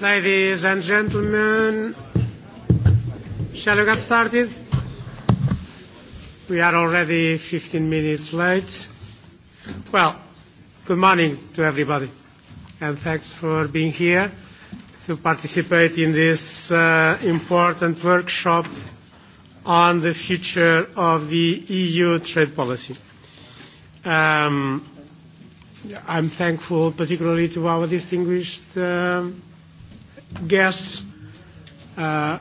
Ladies and gentlemen, shall we get started? We are already 15 minutes late. Well, good morning to everybody, and thanks for being here to participate in this important workshop on the future of the EU trade policy. I'm thankful particularly to our distinguished guests uh,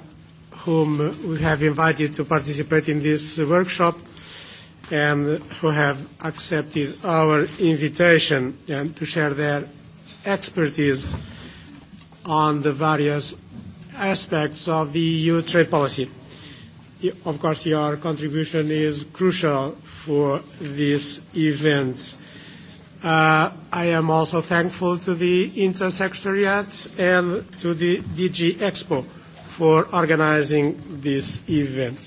whom we have invited to participate in this workshop and who have accepted our invitation and to share their expertise on the various aspects of the EU trade policy. Of course, your contribution is crucial for this event. Uh, I am also thankful to the Intersecretariat and to the DG Expo for organizing this event.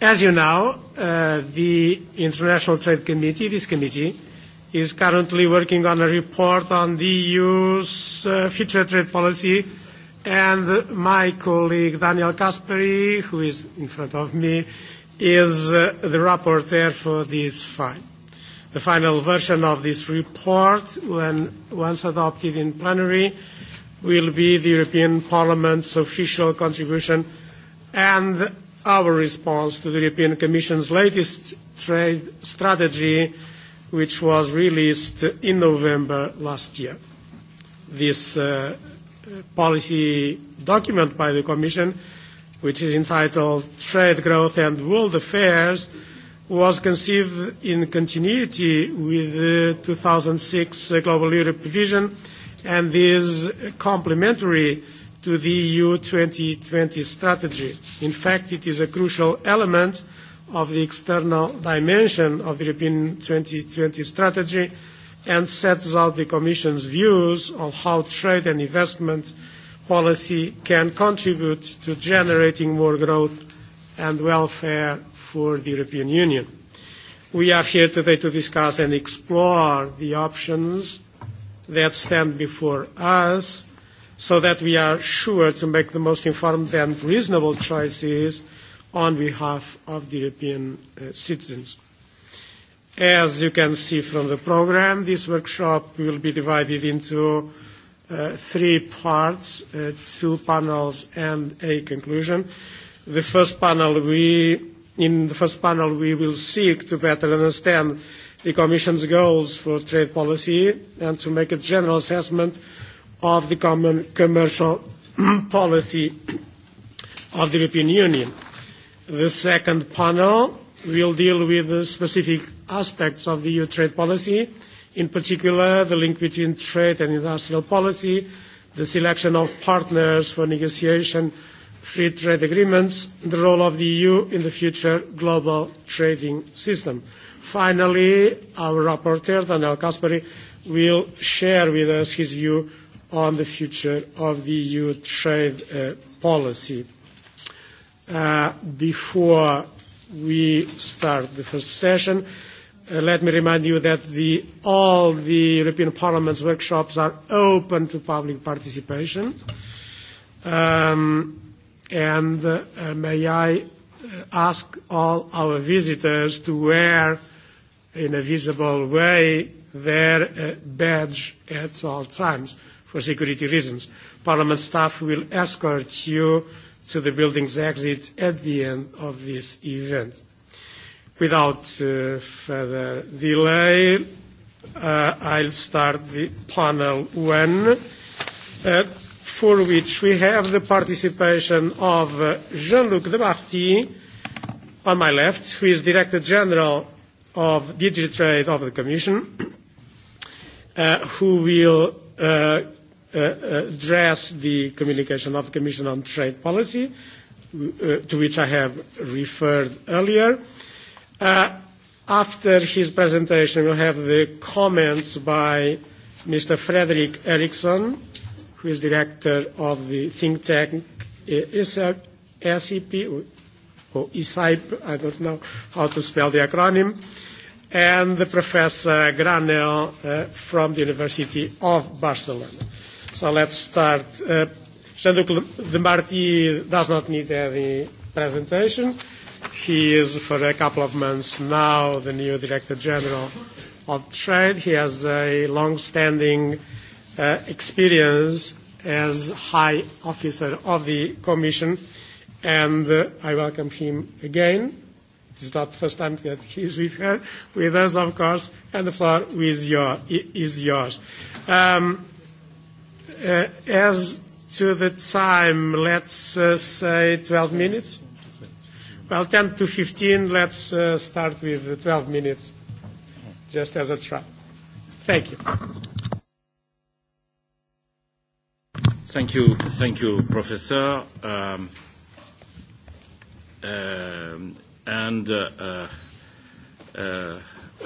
As you know, uh, the International Trade Committee, this committee, is currently working on a report on the EU's uh, future trade policy, and my colleague Daniel Kasperi, who is in front of me, is uh, the rapporteur for this file. The final version of this report, when once adopted in plenary, will be the European Parliament's official contribution and our response to the European Commission's latest trade strategy, which was released in November last year. This uh, policy document by the Commission, which is entitled Trade Growth and World Affairs, was conceived in continuity with the 2006 Global Europe Vision and is complementary to the EU 2020 strategy. In fact, it is a crucial element of the external dimension of the European 2020 strategy and sets out the Commission's views on how trade and investment policy can contribute to generating more growth and welfare for the European Union. We are here today to discuss and explore the options that stand before us so that we are sure to make the most informed and reasonable choices on behalf of the European citizens. As you can see from the program, this workshop will be divided into three parts, two panels and a conclusion. The first panel, we In the first panel, we will seek to better understand the Commission's goals for trade policy and to make a general assessment of the common commercial policy of the European Union. The second panel will deal with the specific aspects of the EU trade policy, in particular the link between trade and industrial policy, the selection of partners for negotiation free trade agreements, the role of the EU in the future global trading system. Finally, our rapporteur, Daniel Caspary, will share with us his view on the future of the EU trade policy. before we start the first session, let me remind you that the, all the European Parliament's workshops are open to public participation. Um, and uh, may I ask all our visitors to wear in a visible way their uh, badge at all times for security reasons. Parliament staff will escort you to the building's exit at the end of this event. Without uh, further delay, uh, I'll start the panel one. Uh, for which we have the participation of Jean-Luc Debarty on my left, who is Director General of Digitrade of the Commission, who will address the communication of the Commission on Trade Policy, to which I have referred earlier. After his presentation, we'll have the comments by Mr. Frederick Eriksson, who is director of the think tank SIP, or ESIP, I don't know how to spell the acronym, and the Professor Granel uh, from the University of Barcelona. So let's start. Uh, Jean-Luc Demarty does not need any presentation. He is, for a couple of months now, the new Director General of Trade. He has a long-standing uh, uh, experience as High Officer of the Commission, and uh, I welcome him again. It's not the first time that he is with, her, with us, of course, and the floor is, your, is yours. Um, uh, as to the time, let's uh, say 12 minutes. Well, 10 to 15, let's uh, start with 12 minutes, just as a try. Thank you. Thank you. Thank you, Professor. Um, um, and uh, uh,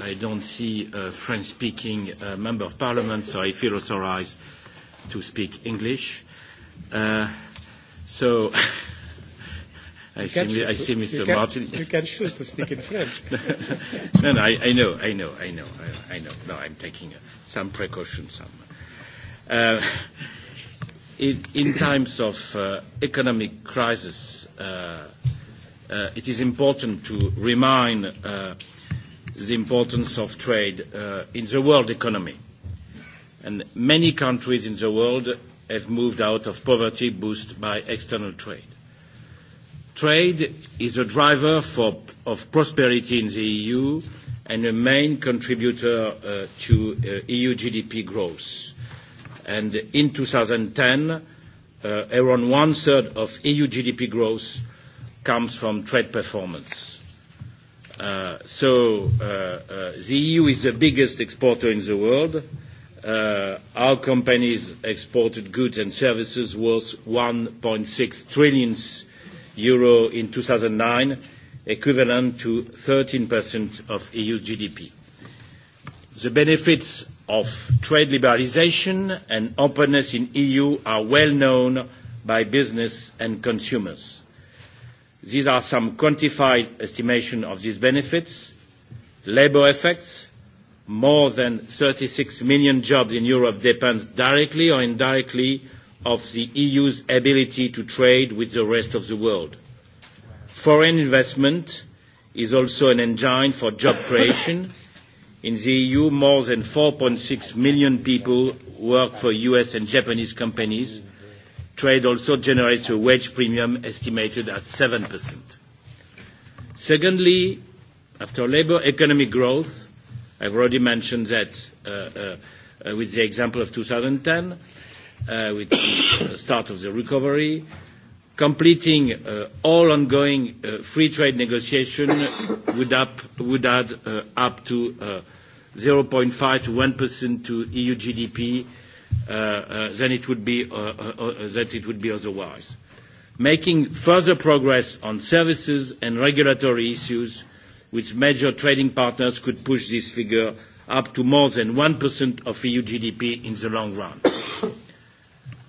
I don't see a French-speaking uh, member of parliament, so I feel authorized to speak English. Uh, so I see, I see Mr. You Martin. You can choose to speak in French. no, no, I, I know, I know, I know, I, I know. No, I'm taking some precautions. Some. Uh, in, in times of uh, economic crisis, uh, uh, it is important to remind uh, the importance of trade uh, in the world economy. And many countries in the world have moved out of poverty boosted by external trade. Trade is a driver for, of prosperity in the EU and a main contributor uh, to uh, EU GDP growth and in 2010, around one-third of EU GDP growth comes from trade performance. So The EU is the biggest exporter in the world. Our companies exported goods and services worth 1.6 trillion euro in 2009, equivalent to 13% of EU GDP. The benefits of trade liberalisation and openness in the EU are well known by business and consumers. These are some quantified estimations of these benefits. Labour effects, more than thirty six million jobs in Europe depends directly or indirectly on the EU's ability to trade with the rest of the world. Foreign investment is also an engine for job creation In the EU, more than 4.6 million people work for US and Japanese companies. Trade also generates a wage premium estimated at 7%. Secondly, after labor, economic growth. I've already mentioned that uh, uh, with the example of 2010, uh, with the start of the recovery, completing all ongoing free trade negotiations would, up, add up to uh, 0.5 to 1% to EU GDP than, it would be, than it would be otherwise. Making further progress on services and regulatory issues with major trading partners could push this figure up to more than 1% of EU GDP in the long run.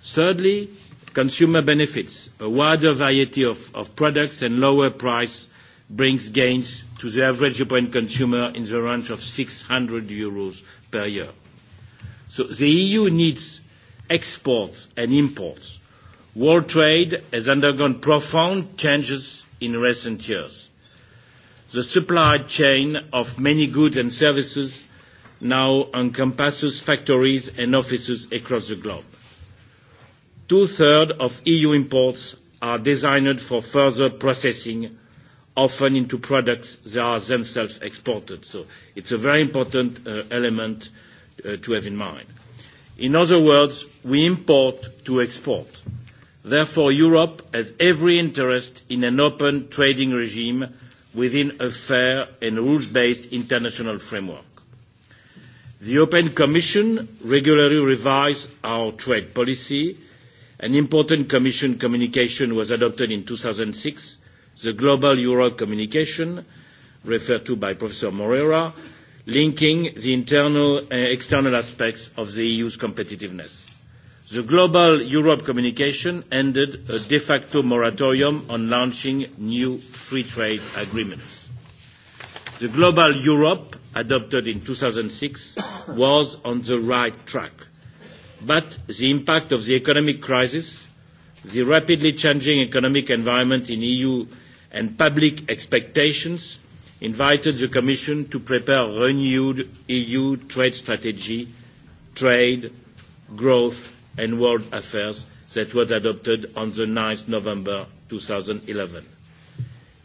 Thirdly, Consumer benefits. A wider variety of products and lower price brings gains to the average European consumer in the range of 600 euros per year. So The EU needs exports and imports. World trade has undergone profound changes in recent years. The supply chain of many goods and services now encompasses factories and offices across the globe. Two-thirds of EU imports are designed for further processing, often into products that are themselves exported. So it's a very important element to have in mind. In other words, we import to export. Therefore, Europe has every interest in an open trading regime within a fair and rules-based international framework. The European Commission regularly revises our trade policy An important Commission communication was adopted in two thousand six, the Global Europe Communication, referred to by Professor Moreira, linking the internal and external aspects of the EU's competitiveness. The Global Europe Communication ended a de facto moratorium on launching new free trade agreements. The Global Europe, adopted in two thousand six, was on the right track but the impact of the economic crisis, the rapidly changing economic environment in EU and public expectations invited the Commission to prepare a renewed EU trade strategy, trade, growth and world affairs that was adopted on the 9th November eleven.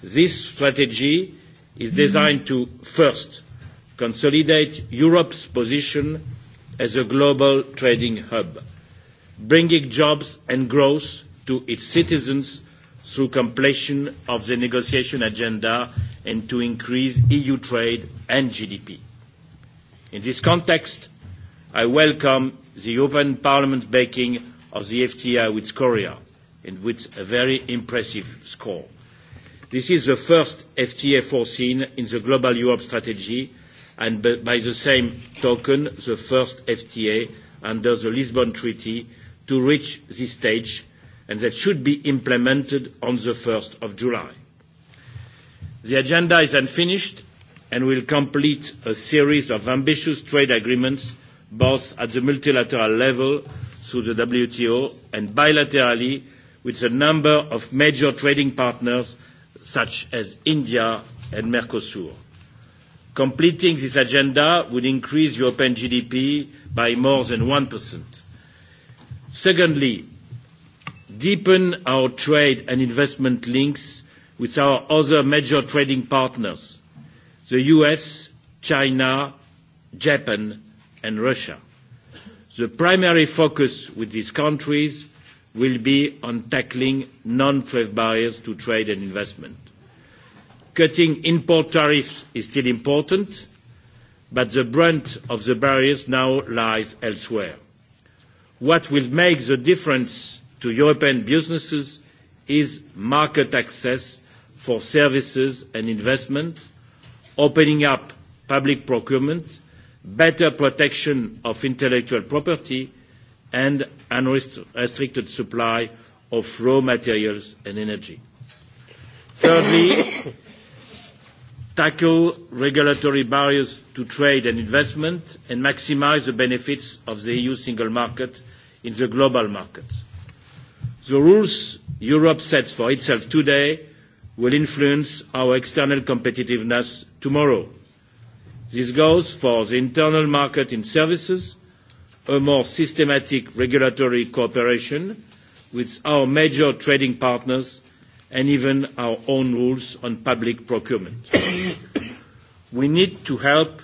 This strategy is designed to, first, consolidate Europe's position as a global trading hub, bringing jobs and growth to its citizens through completion of the negotiation agenda and to increase EU trade and GDP. In this context, I welcome the European Parliament's backing of the FTA with Korea, and with a very impressive score. This is the first FTA foreseen in the Global Europe strategy, and by the same token, the first FTA under the Lisbon Treaty to reach this stage, and that should be implemented on the first of July. The agenda is unfinished and will complete a series of ambitious trade agreements, both at the multilateral level through the WTO and bilaterally with a number of major trading partners such as India and Mercosur. Completing this agenda would increase European GDP by more than 1%. Secondly, deepen our trade and investment links with our other major trading partners, the U.S., China, Japan, and Russia. The primary focus with these countries will be on tackling non-trade barriers to trade and investment. Cutting import tariffs is still important, but the brunt of the barriers now lies elsewhere. What will make the difference to European businesses is market access for services and investment, opening up public procurement, better protection of intellectual property, and unrestricted supply of raw materials and energy. Thirdly, tackle regulatory barriers to trade and investment, and maximise the benefits of the EU single market in the global market. The rules Europe sets for itself today will influence our external competitiveness tomorrow. This goes for the internal market in services, a more systematic regulatory cooperation with our major trading partners, and even our own rules on public procurement we need to help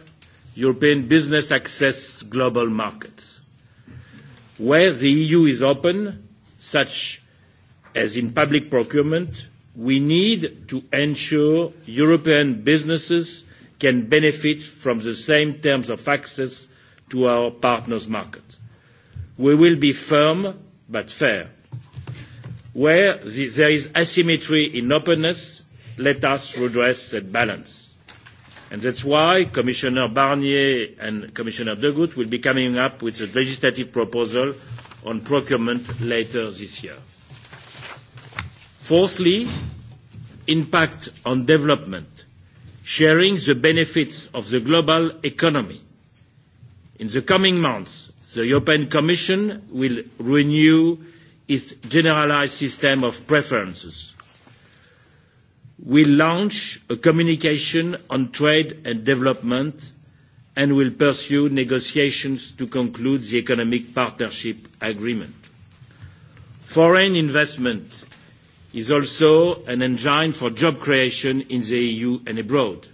European business access global markets. Where the EU is open, such as in public procurement, we need to ensure European businesses can benefit from the same terms of access to our partners' market. We will be firm but fair. Where there is asymmetry in openness, let us redress that balance And That's why Commissioner Barnier and Commissioner De Gucht will be coming up with a legislative proposal on procurement later this year. Fourthly, impact on development, sharing the benefits of the global economy. In the coming months, the European Commission will renew its generalised system of preferences will launch a communication on trade and development and will pursue negotiations to conclude the economic partnership agreement. Foreign investment is also an engine for job creation in the EU and abroad.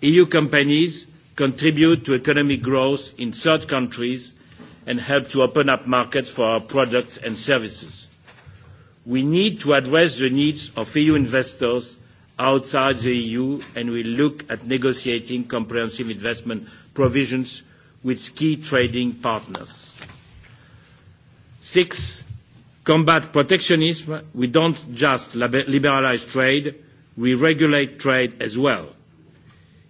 EU companies contribute to economic growth in third countries and help to open up markets for our products and services. We need to address the needs of EU investors outside the EU, and we look at negotiating comprehensive investment provisions with key trading partners. Six, combat protectionism. We don't just liberalise trade, we regulate trade as well.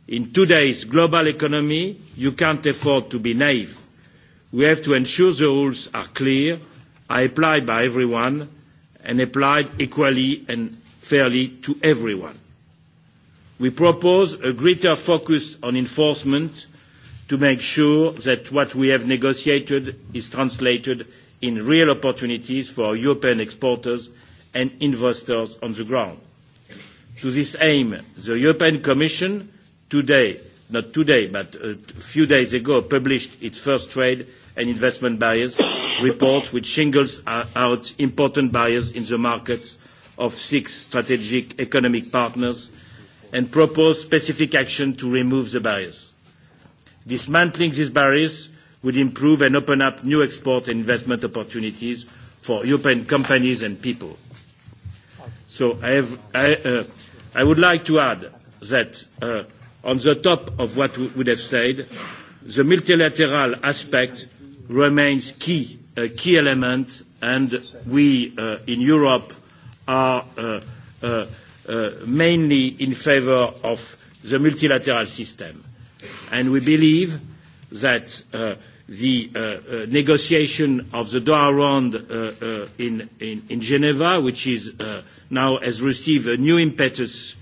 In today's global economy, you can't afford to be naive. We have to ensure the rules are clear, are applied by everyone, and applied equally and fairly to everyone. We propose a greater focus on enforcement to make sure that what we have negotiated is translated in real opportunities for European exporters and investors on the ground. To this aim, the European Commission today, not today, but a few days ago, published its first trade and investment barriers report, which singles out important barriers in the markets of six strategic economic partners and propose specific action to remove the barriers. Dismantling these barriers would improve and open up new export and investment opportunities for European companies and people. So I, would like to add that on the top of what we would have said, the multilateral aspect remains key, a key element, and we uh, in Europe are uh, uh, uh, mainly in favour of the multilateral system. And we believe that uh, the uh, uh, negotiation of the Doha Round uh, uh, in, in, in Geneva, which is uh, now has received a new impetus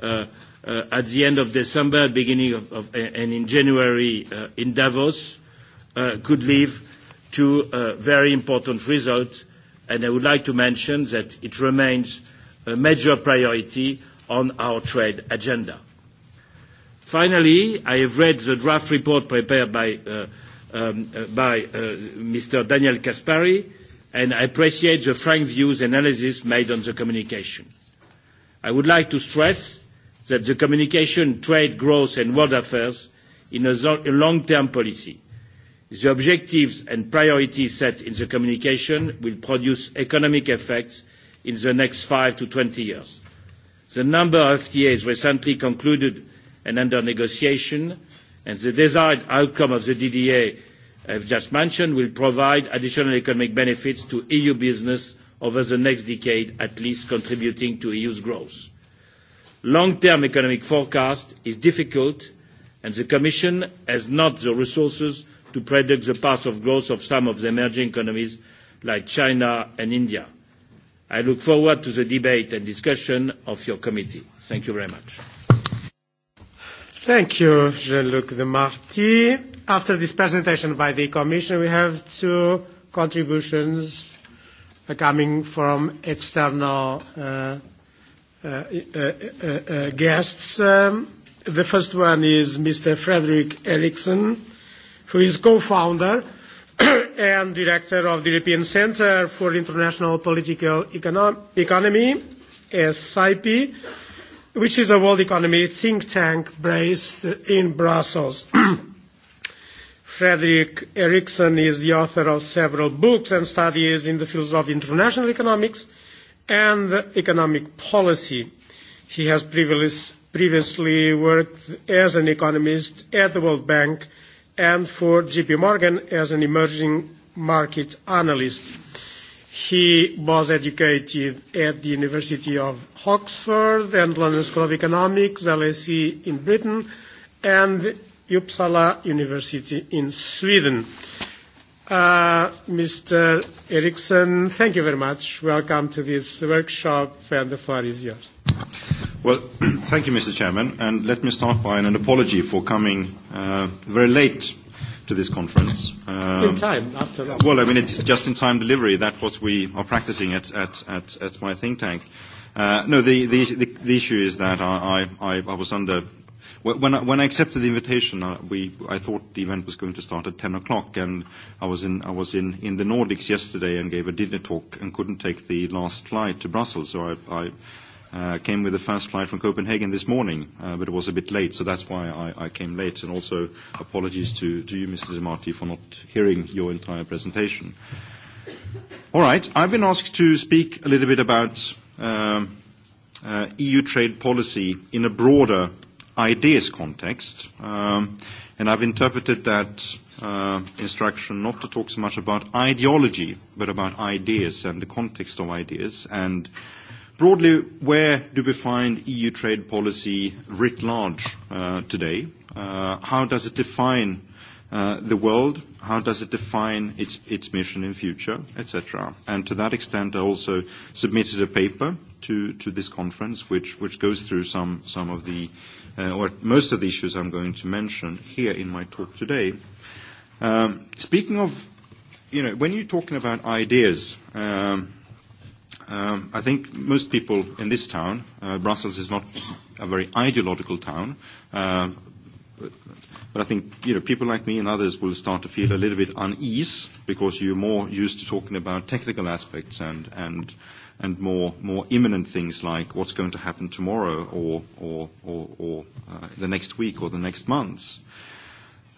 uh, uh, at the end of December, beginning of, of and in January uh, in Davos, could lead to very important results. And I would like to mention that it remains a major priority on our trade agenda. Finally, I have read the draft report prepared by Mr. Daniel Caspary, and I appreciate the frank views and analysis made on the communication. I would like to stress that the communication trade growth and world affairs in a long-term policy. The objectives and priorities set in the communication will produce economic effects in the next five to twenty years. The number of FTAs recently concluded and under negotiation and the desired outcome of the DDA I have just mentioned will provide additional economic benefits to EU business over the next decade, at least contributing to EU's growth. Long-term economic forecast is difficult, and the Commission has not the resources to predict the path of growth of some of the emerging economies like China and India. I look forward to the debate and discussion of your committee. Thank you very much. Thank you, Jean-Luc Demarty. After this presentation by the Commission, we have two contributions coming from external uh, uh, uh, uh, guests. Um, the first one is Mr. Frederick Eriksson who is co-founder and director of the European Centre for International Political Economy, SIP, which is a world economy think tank based in Brussels. Frederick Eriksson is the author of several books and studies in the fields of international economics and economic policy. He has previously worked as an economist at the World Bank and for JP Morgan as an emerging market analyst. He was educated at the University of Oxford and London School of Economics, LSE in Britain, and Uppsala University in Sweden. Uh, Mr. Eriksson, thank you very much. Welcome to this workshop, and the floor is yours. Well, thank you, Mr. Chairman, and let me start by an apology for coming uh, very late to this conference. Um, in time, after all. Well, I mean, it's just in time delivery. That's what we are practicing at, at, at, at my think tank. Uh, no, the, the, the, the issue is that I, I, I was under. When I, when I accepted the invitation, uh, we, I thought the event was going to start at 10 o'clock, and I was, in, I was in, in the Nordics yesterday and gave a dinner talk and couldn't take the last flight to Brussels, so I, I uh, came with a fast flight from Copenhagen this morning, uh, but it was a bit late, so that's why I, I came late. And also apologies to, to you, Mr. DeMarti, for not hearing your entire presentation. All right, I've been asked to speak a little bit about um, uh, EU trade policy in a broader ideas context, um, and I've interpreted that uh, instruction not to talk so much about ideology, but about ideas and the context of ideas. And Broadly, where do we find EU trade policy writ large today? How does it define the world? How does it define its its mission in future, Etc. And To that extent, I also submitted a paper to to this conference, which which goes through some some of the uh or most of the issues I'm going to mention here in my talk today. Speaking of, you know, when you're talking about ideas, um Um, I think most people in this town, uh, Brussels is not a very ideological town, uh, but, but I think you know people like me and others will start to feel a little bit unease because you're more used to talking about technical aspects and and and more more imminent things like what's going to happen tomorrow or or or, or uh, the next week or the next months.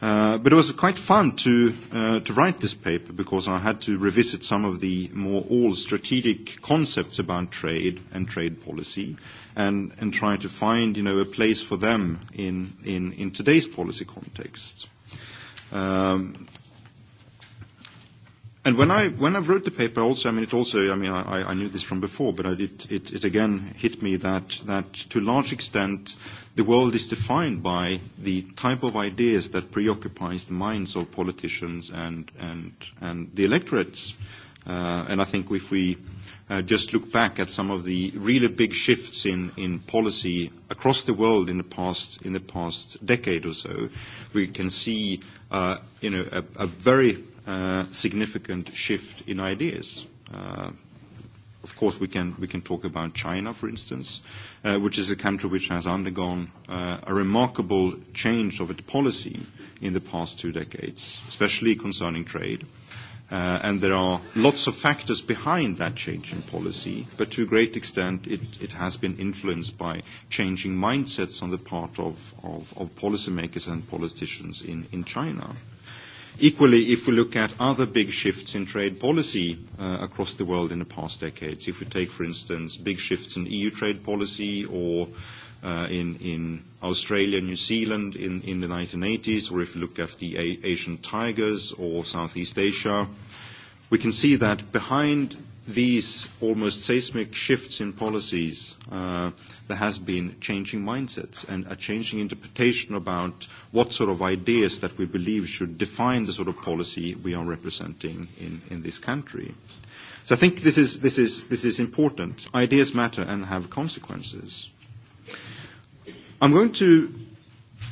Uh, but it was quite fun to, uh, to write this paper because I had to revisit some of the more all strategic concepts about trade and trade policy and, and try to find you know, a place for them in, in, in today's policy context. Um, And when I when I wrote the paper, also, I mean, it also, I mean, I, I knew this from before, but I did, it, it again hit me that that to a large extent, the world is defined by the type of ideas that preoccupies the minds of politicians and and and the electorates. Uh, and I think if we uh, just look back at some of the really big shifts in, in policy across the world in the past in the past decade or so, we can see uh, you know a, a very significant shift in ideas. Uh, of course, we can, we can talk about China, for instance, uh, which is a country which has undergone uh, a remarkable change of its policy in the past two decades, especially concerning trade. Uh, and there are lots of factors behind that change in policy, but to a great extent it, it has been influenced by changing mindsets on the part of, of, of policymakers and politicians in, in China. Uh, Equally, if we look at other big shifts in trade policy uh, across the world in the past decades, if we take, for instance, big shifts in EU trade policy or uh, in, in Australia, New Zealand in, in the 1980s, or if we look at the A- Asian tigers or Southeast Asia, we can see that behind these almost seismic shifts in policies, uh, there has been changing mindsets and a changing interpretation about what sort of ideas that we believe should define the sort of policy we are representing in, in this country. So I think this is, this, is, this is important. Ideas matter and have consequences. I'm going to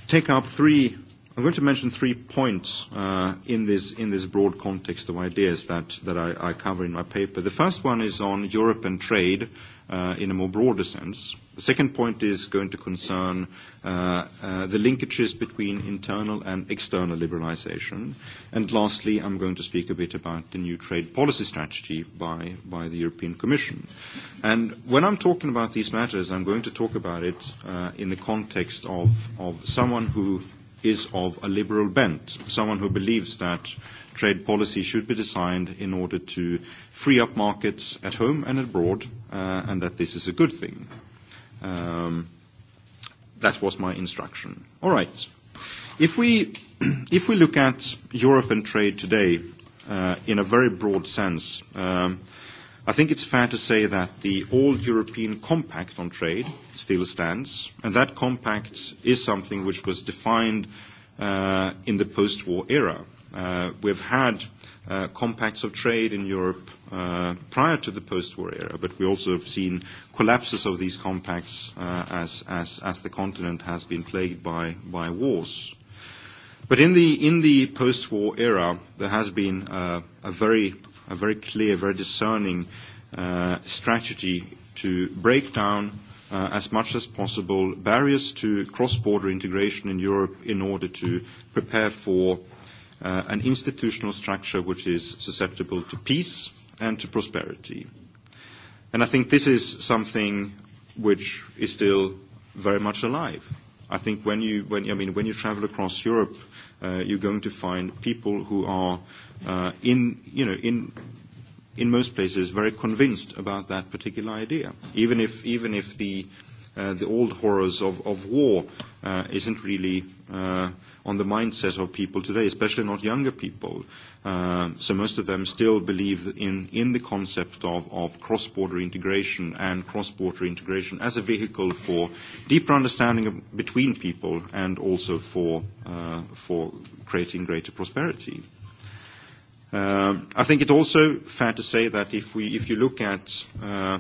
take up three I'm going to mention three points uh, in, this, in this broad context of ideas that, that I, I cover in my paper. The first one is on Europe and trade uh, in a more broader sense. The second point is going to concern uh, uh, the linkages between internal and external liberalisation. And lastly, I'm going to speak a bit about the new trade policy strategy by, by the European Commission. And when I'm talking about these matters, I'm going to talk about it uh, in the context of, of someone who is of a liberal bent, someone who believes that trade policy should be designed in order to free up markets at home and abroad, uh, and that this is a good thing. Um, that was my instruction. All right. If we, if we look at Europe and trade today uh, in a very broad sense, um, – I think it's fair to say that the old european Compact on Trade still stands, and that compact is something which was defined in the post-war era. we've had compacts of trade in Europe prior to the post-war era, but we also have seen collapses of these compacts as, as, as the continent has been plagued by, by wars. But in the, in the post-war era, there has been a very a very clear, very discerning uh, strategy to break down uh, as much as possible barriers to cross-border integration in Europe in order to prepare for uh, an institutional structure which is susceptible to peace and to prosperity. And I think this is something which is still very much alive. I think when you, when, I mean, when you travel across Europe, uh, you're going to find people who are uh, uh, in, you know, in, in most places very convinced about that particular idea, even if, even if the, uh, the old horrors of, of war uh, isn't really uh, on the mindset of people today, especially not younger people. Uh, so most of them still believe in, in the concept of, of cross-border integration and cross-border integration as a vehicle for deeper understanding of, between people and also for, uh, for creating greater prosperity. I think it also fair to say that if we, if you look at, uh,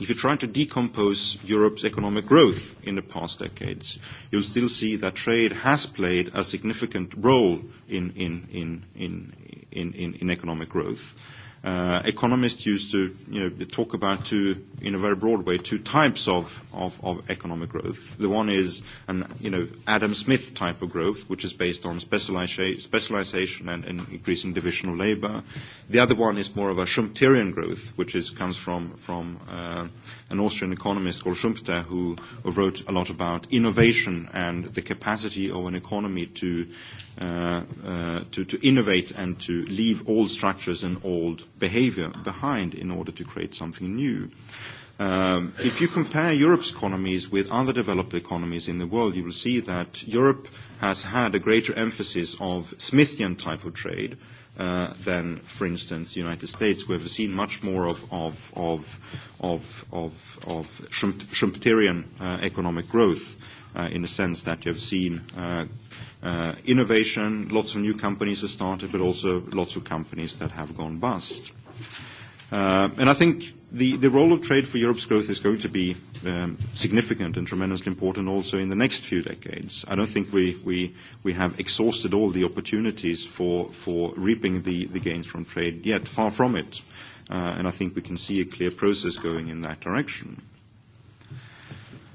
if you try to decompose Europe's economic growth in the past decades, you'll still see that trade has played a significant role in in in in in, in, in economic growth uh, economists used to you know, talk about two, in a very broad way, two types of, of, of economic growth. The one is an you know, Adam Smith type of growth, which is based on specialization and, and increasing division of labor. The other one is more of a Schumpeterian growth, which is, comes from, from uh, an Austrian economist called Schumpeter, who wrote a lot about innovation and the capacity of an economy to, uh, uh, to, to innovate and to leave old structures and old behavior behind in order to create something new. Um, if you compare Europe's economies with other developed economies in the world, you will see that Europe has had a greater emphasis of Smithian type of trade uh, than, for instance, the United States, where we've seen much more of, of, of, of, of, of Schumpeterian uh, economic growth uh, in the sense that you have seen uh, uh, innovation, lots of new companies have started, but also lots of companies that have gone bust. Uh, and I think the, the role of trade for Europe's growth is going to be um, significant and tremendously important also in the next few decades. I don't think we, we, we have exhausted all the opportunities for, for reaping the, the gains from trade yet, far from it. Uh, and I think we can see a clear process going in that direction.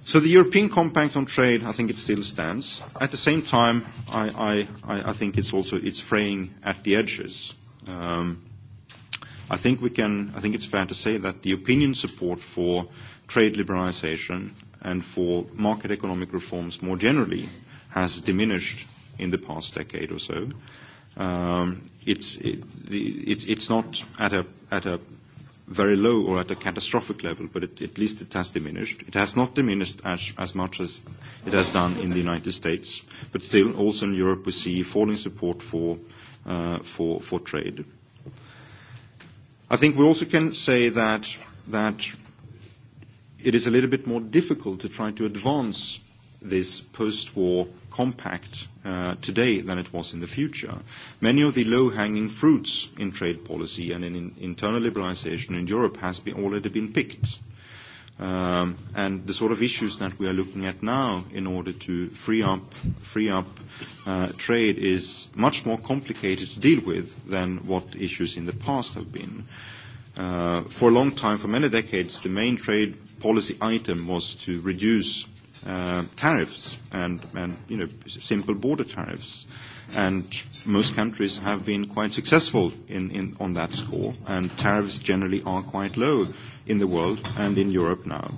So the European Compact on Trade, I think it still stands. At the same time, I, I, I think it's also it's fraying at the edges. Um, I think we can. I think it's fair to say that the opinion support for trade liberalisation and for market economic reforms more generally has diminished in the past decade or so. Um, it's it, it's it's not at a at a very low or at a catastrophic level, but it, at least it has diminished. It has not diminished as, as much as it has done in the United States, but still also in Europe we see falling support for, uh, for, for trade. I think we also can say that, that it is a little bit more difficult to try to advance this post-war compact uh, today than it was in the future. Many of the low-hanging fruits in trade policy and in, in internal liberalisation in Europe has been, already been picked. Um, and the sort of issues that we are looking at now in order to free up, free up uh, trade is much more complicated to deal with than what issues in the past have been. Uh, for a long time, for many decades, the main trade policy item was to reduce uh, tariffs and, and you know, simple border tariffs. And most countries have been quite successful in, in, on that score, and tariffs generally are quite low in the world and in Europe now.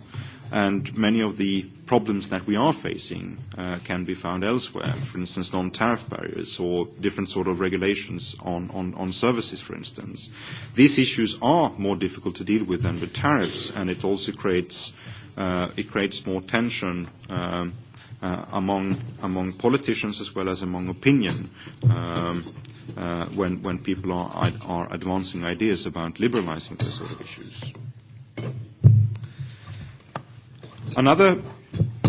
And many of the problems that we are facing uh, can be found elsewhere, for instance, non-tariff barriers or different sort of regulations on, on, on services, for instance. These issues are more difficult to deal with than with tariffs, and it also creates uh, uh, it creates more tension uh, among among politicians as well as among opinion. Um, uh, when, when people are, are advancing ideas about liberalizing those sort of issues. Another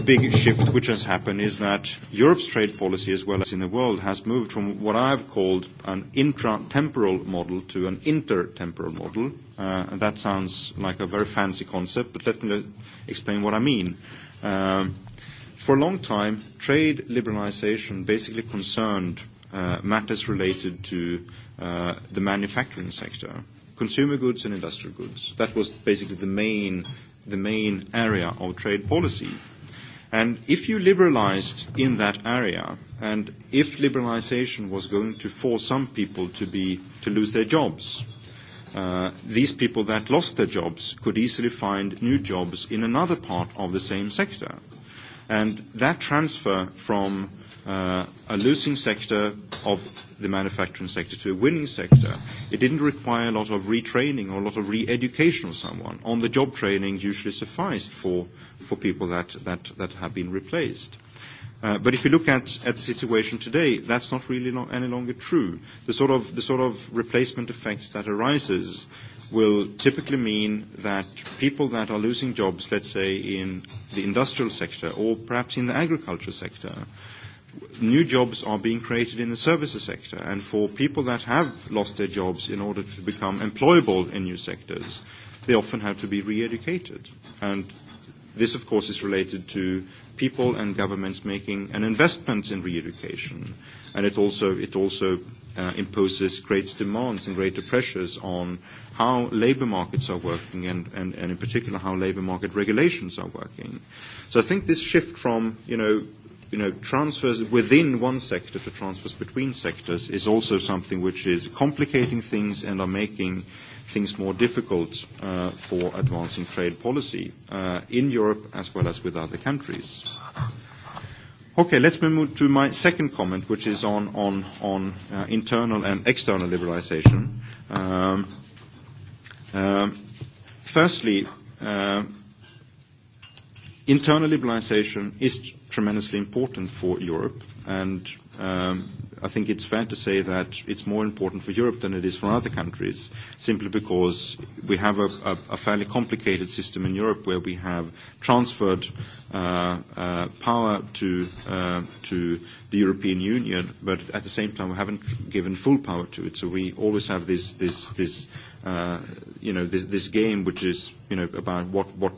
big shift which has happened is that Europe's trade policy, as well as in the world, has moved from what I've called an intra-temporal model to an intertemporal model. Uh, and that sounds like a very fancy concept, but let me explain what I mean. Um, for a long time, trade liberalization basically concerned uh, matters related to uh, the manufacturing sector, consumer goods and industrial goods. That was basically the main the main area of trade policy. And if you liberalized in that area, and if liberalization was going to force some people to, be, to lose their jobs, uh, these people that lost their jobs could easily find new jobs in another part of the same sector. And that transfer from uh, a losing sector of the manufacturing sector to a winning sector. It didn't require a lot of retraining or a lot of re-education of someone. On-the-job training usually sufficed for, for people that, that, that have been replaced. Uh, but if you look at, at the situation today, that's not really not any longer true. The sort, of, the sort of replacement effects that arises will typically mean that people that are losing jobs, let's say in the industrial sector or perhaps in the agriculture sector, uh, new jobs are being created in the services sector, and for people that have lost their jobs in order to become employable in new sectors, they often have to be re-educated. And this, of course, is related to people and governments making an investment in re-education, and it also, it also uh, imposes great demands and greater pressures on how labour markets are working and, and, and in particular how labour market regulations are working. So I think this shift from, you know, you know, transfers within one sector to transfers between sectors is also something which is complicating things and are making things more difficult uh, for advancing trade policy uh, in Europe as well as with other countries. Okay, let's move to my second comment, which is on, on, on uh, internal and external liberalization. Um, um, firstly, uh Internal liberalization is tremendously important for Europe, and um, I think it's fair to say that it's more important for Europe than it is for other countries, simply because we have a, a, a fairly complicated system in Europe where we have transferred uh, uh, power to, uh, to the European Union, but at the same time we haven't given full power to it. So we always have this, this, this, uh, you know, this, this game which is you know, about what, what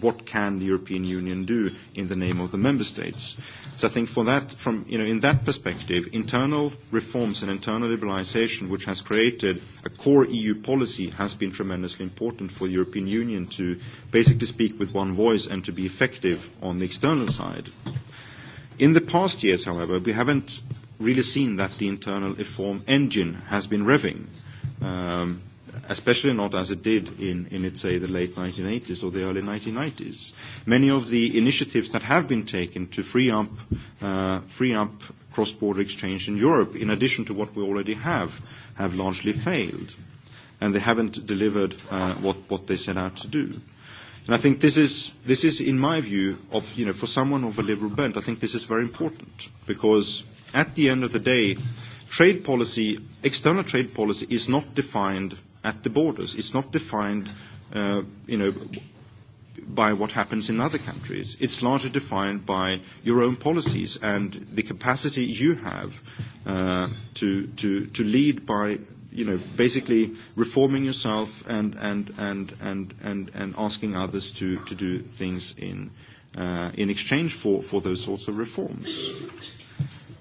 what can the European Union do in the name of the member states? So I think for that, from, you know, in that perspective, internal reforms and internal liberalisation, which has created a core EU policy, has been tremendously important for the European Union to basically speak with one voice and to be effective on the external side. In the past years, however, we haven't really seen that the internal reform engine has been revving. Um, especially not as it did in, in let's say, the late 1980s or the early 1990s. Many of the initiatives that have been taken to free up, uh, free up cross-border exchange in Europe, in addition to what we already have, have largely failed, and they haven't delivered uh, what, what they set out to do. And I think this is, this is, in my view, of, you know, for someone of a liberal bent, I think this is very important because at the end of the day, trade policy, external trade policy, is not defined at the borders. It's not defined, uh, you know, by what happens in other countries. It's largely defined by your own policies and the capacity you have uh, to, to, to lead by, you know, basically reforming yourself and, and, and, and, and, and asking others to, to do things in, uh, in exchange for, for those sorts of reforms.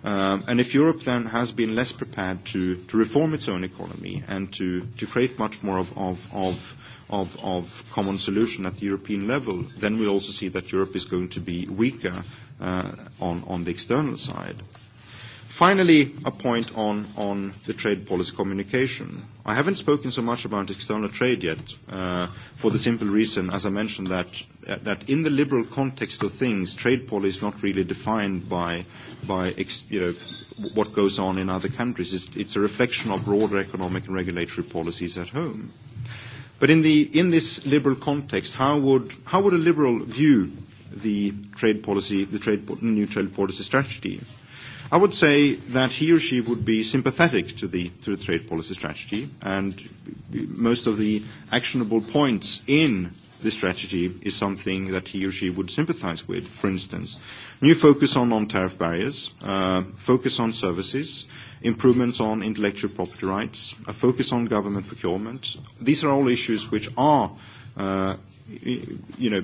Um, and if Europe then has been less prepared to, to reform its own economy and to, to create much more of, of, of, of, of common solution at the European level, then we also see that Europe is going to be weaker uh, on, on the external side. Finally, a point on, on the trade policy communication. I haven't spoken so much about external trade yet for the simple reason, as I mentioned, that, that in the liberal context of things, trade policy is not really defined by, by ex, you know, what goes on in other countries. It's, it's a reflection of broader economic and regulatory policies at home. But in, the, in this liberal context, how would, how would a liberal view the trade policy, the trade, new trade policy strategy? I would say that he or she would be sympathetic to the, to the trade policy strategy, and most of the actionable points in the strategy is something that he or she would sympathize with. For instance, new focus on non-tariff barriers, uh, focus on services, improvements on intellectual property rights, a focus on government procurement. These are all issues which are, uh, you know,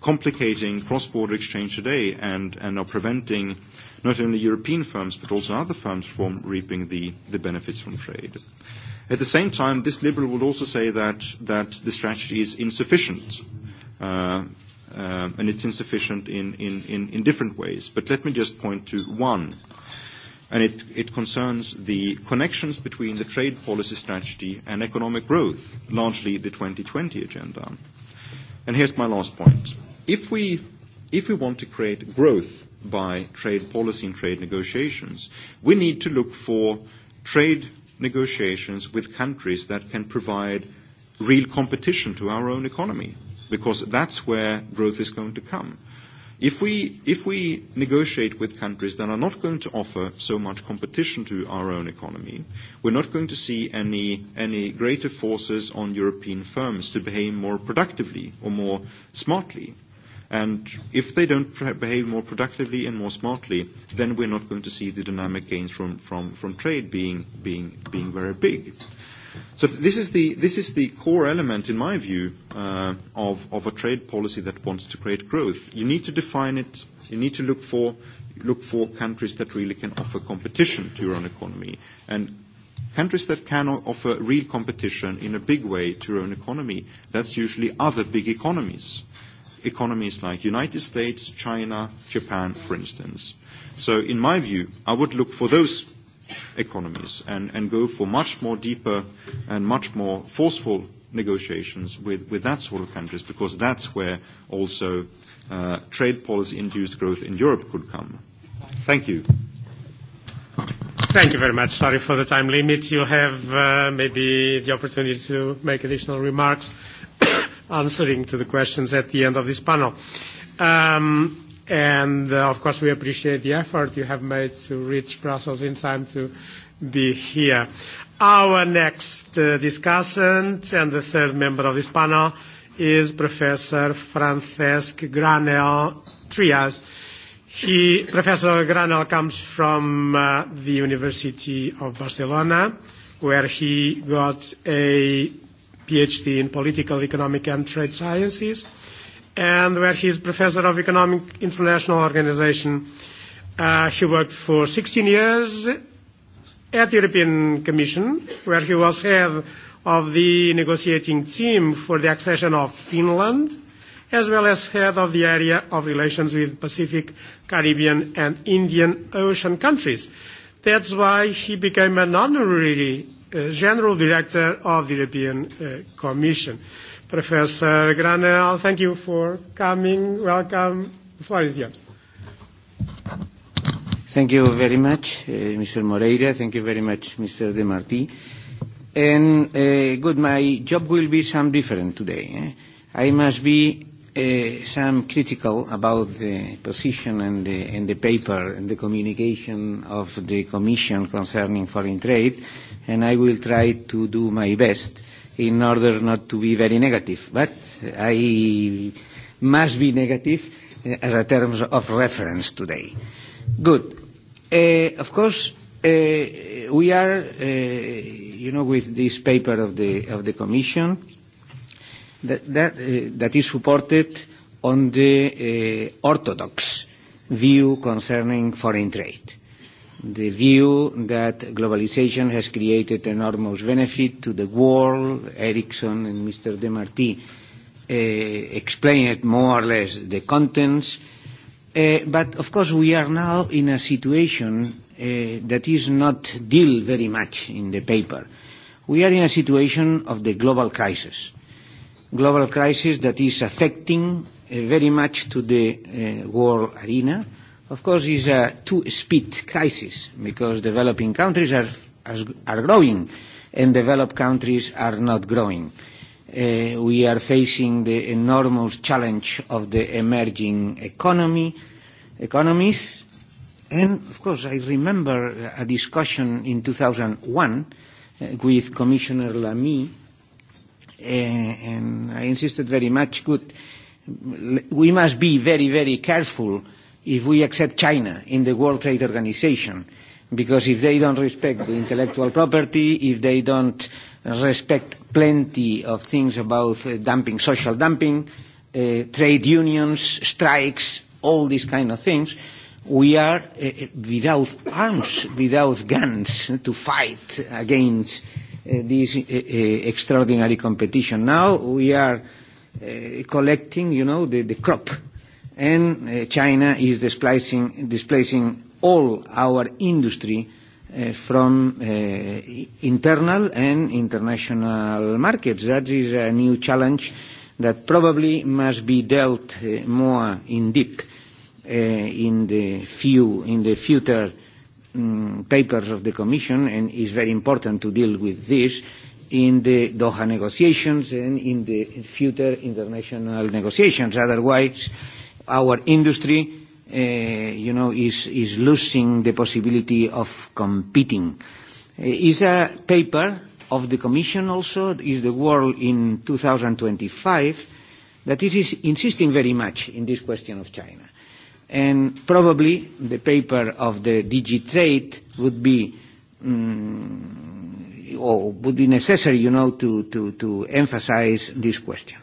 complicating cross-border exchange today and, and are preventing not only European firms but also other firms from reaping the, the benefits from trade. At the same time, this liberal would also say that, that the strategy is insufficient. Uh, uh, and it's insufficient in, in, in, in different ways. But let me just point to one and it, it concerns the connections between the trade policy strategy and economic growth, largely the 2020 agenda. And here's my last point. If we, if we want to create growth by trade policy and trade negotiations. We need to look for trade negotiations with countries that can provide real competition to our own economy, because that's where growth is going to come. If we, if we negotiate with countries that are not going to offer so much competition to our own economy, we're not going to see any, any greater forces on European firms to behave more productively or more smartly. And if they don't behave more productively and more smartly, then we're not going to see the dynamic gains from, from, from trade being, being, being very big. So this is the, this is the core element, in my view, uh, of, of a trade policy that wants to create growth. You need to define it. You need to look for, look for countries that really can offer competition to your own economy. And countries that can offer real competition in a big way to your own economy, that's usually other big economies economies like United States, China, Japan, for instance. So in my view, I would look for those economies and, and go for much more deeper and much more forceful negotiations with, with that sort of countries because that's where also uh, trade policy induced growth in Europe could come. Thank you. Thank you very much. Sorry for the time limit. You have uh, maybe the opportunity to make additional remarks answering to the questions at the end of this panel. Um, and uh, of course, we appreciate the effort you have made to reach Brussels in time to be here. Our next uh, discussant and the third member of this panel is Professor Francesc Granel Trias. He, Professor Granel comes from uh, the University of Barcelona, where he got a PhD in Political, Economic and Trade Sciences, and where he is Professor of Economic International Organization. Uh, he worked for 16 years at the European Commission, where he was head of the negotiating team for the accession of Finland, as well as head of the area of relations with Pacific, Caribbean, and Indian Ocean countries. That's why he became an honorary General Director of the European Commission. Professor Granel, thank you for coming. Welcome. The floor is yours. Thank you very much, uh, Mr. Moreira. Thank you very much, Mr. De Marti. And uh, good, my job will be some different today. Eh? I must be some critical about the position and the, and the paper and the communication of the Commission concerning foreign trade, and I will try to do my best in order not to be very negative. But I must be negative as a terms of reference today. Good. Uh, of course, uh, we are, uh, you know, with this paper of the, of the Commission, that is supported on the orthodox view concerning foreign trade. The view that globalization has created enormous benefit to the world. Ericsson and Mr. De Marti explained more or less the contents. But of course, we are now in a situation that is not dealt very much in the paper. We are in a situation of the global crisis global crisis that is affecting very much to the world arena. Of course, it's a two-speed crisis because developing countries are, are growing and developed countries are not growing. we are facing the enormous challenge of the emerging economy, economies. And, of course, I remember a discussion in 2001 uh, with Commissioner Lamy and I insisted very much, good, we must be very, very careful if we accept China in the World Trade Organization, because if they don't respect the intellectual property, if they don't respect plenty of things about uh, dumping, social dumping, uh, trade unions, strikes, all these kind of things, we are uh, without arms, without guns to fight against this extraordinary competition. Now we are collecting, you know, the crop, and China is displacing all our industry from internal and international markets. That is a new challenge that probably must be dealt more in depth in the future papers of the Commission, and it's very important to deal with this in the Doha negotiations and in the future international negotiations. Otherwise, our industry, uh, you know, is, is losing the possibility of competing. Is a paper of the Commission also, is the world in 2025, that is insisting very much in this question of China and probably the paper of the Trade would be um, or would be necessary, you know, to, to, to emphasize this question.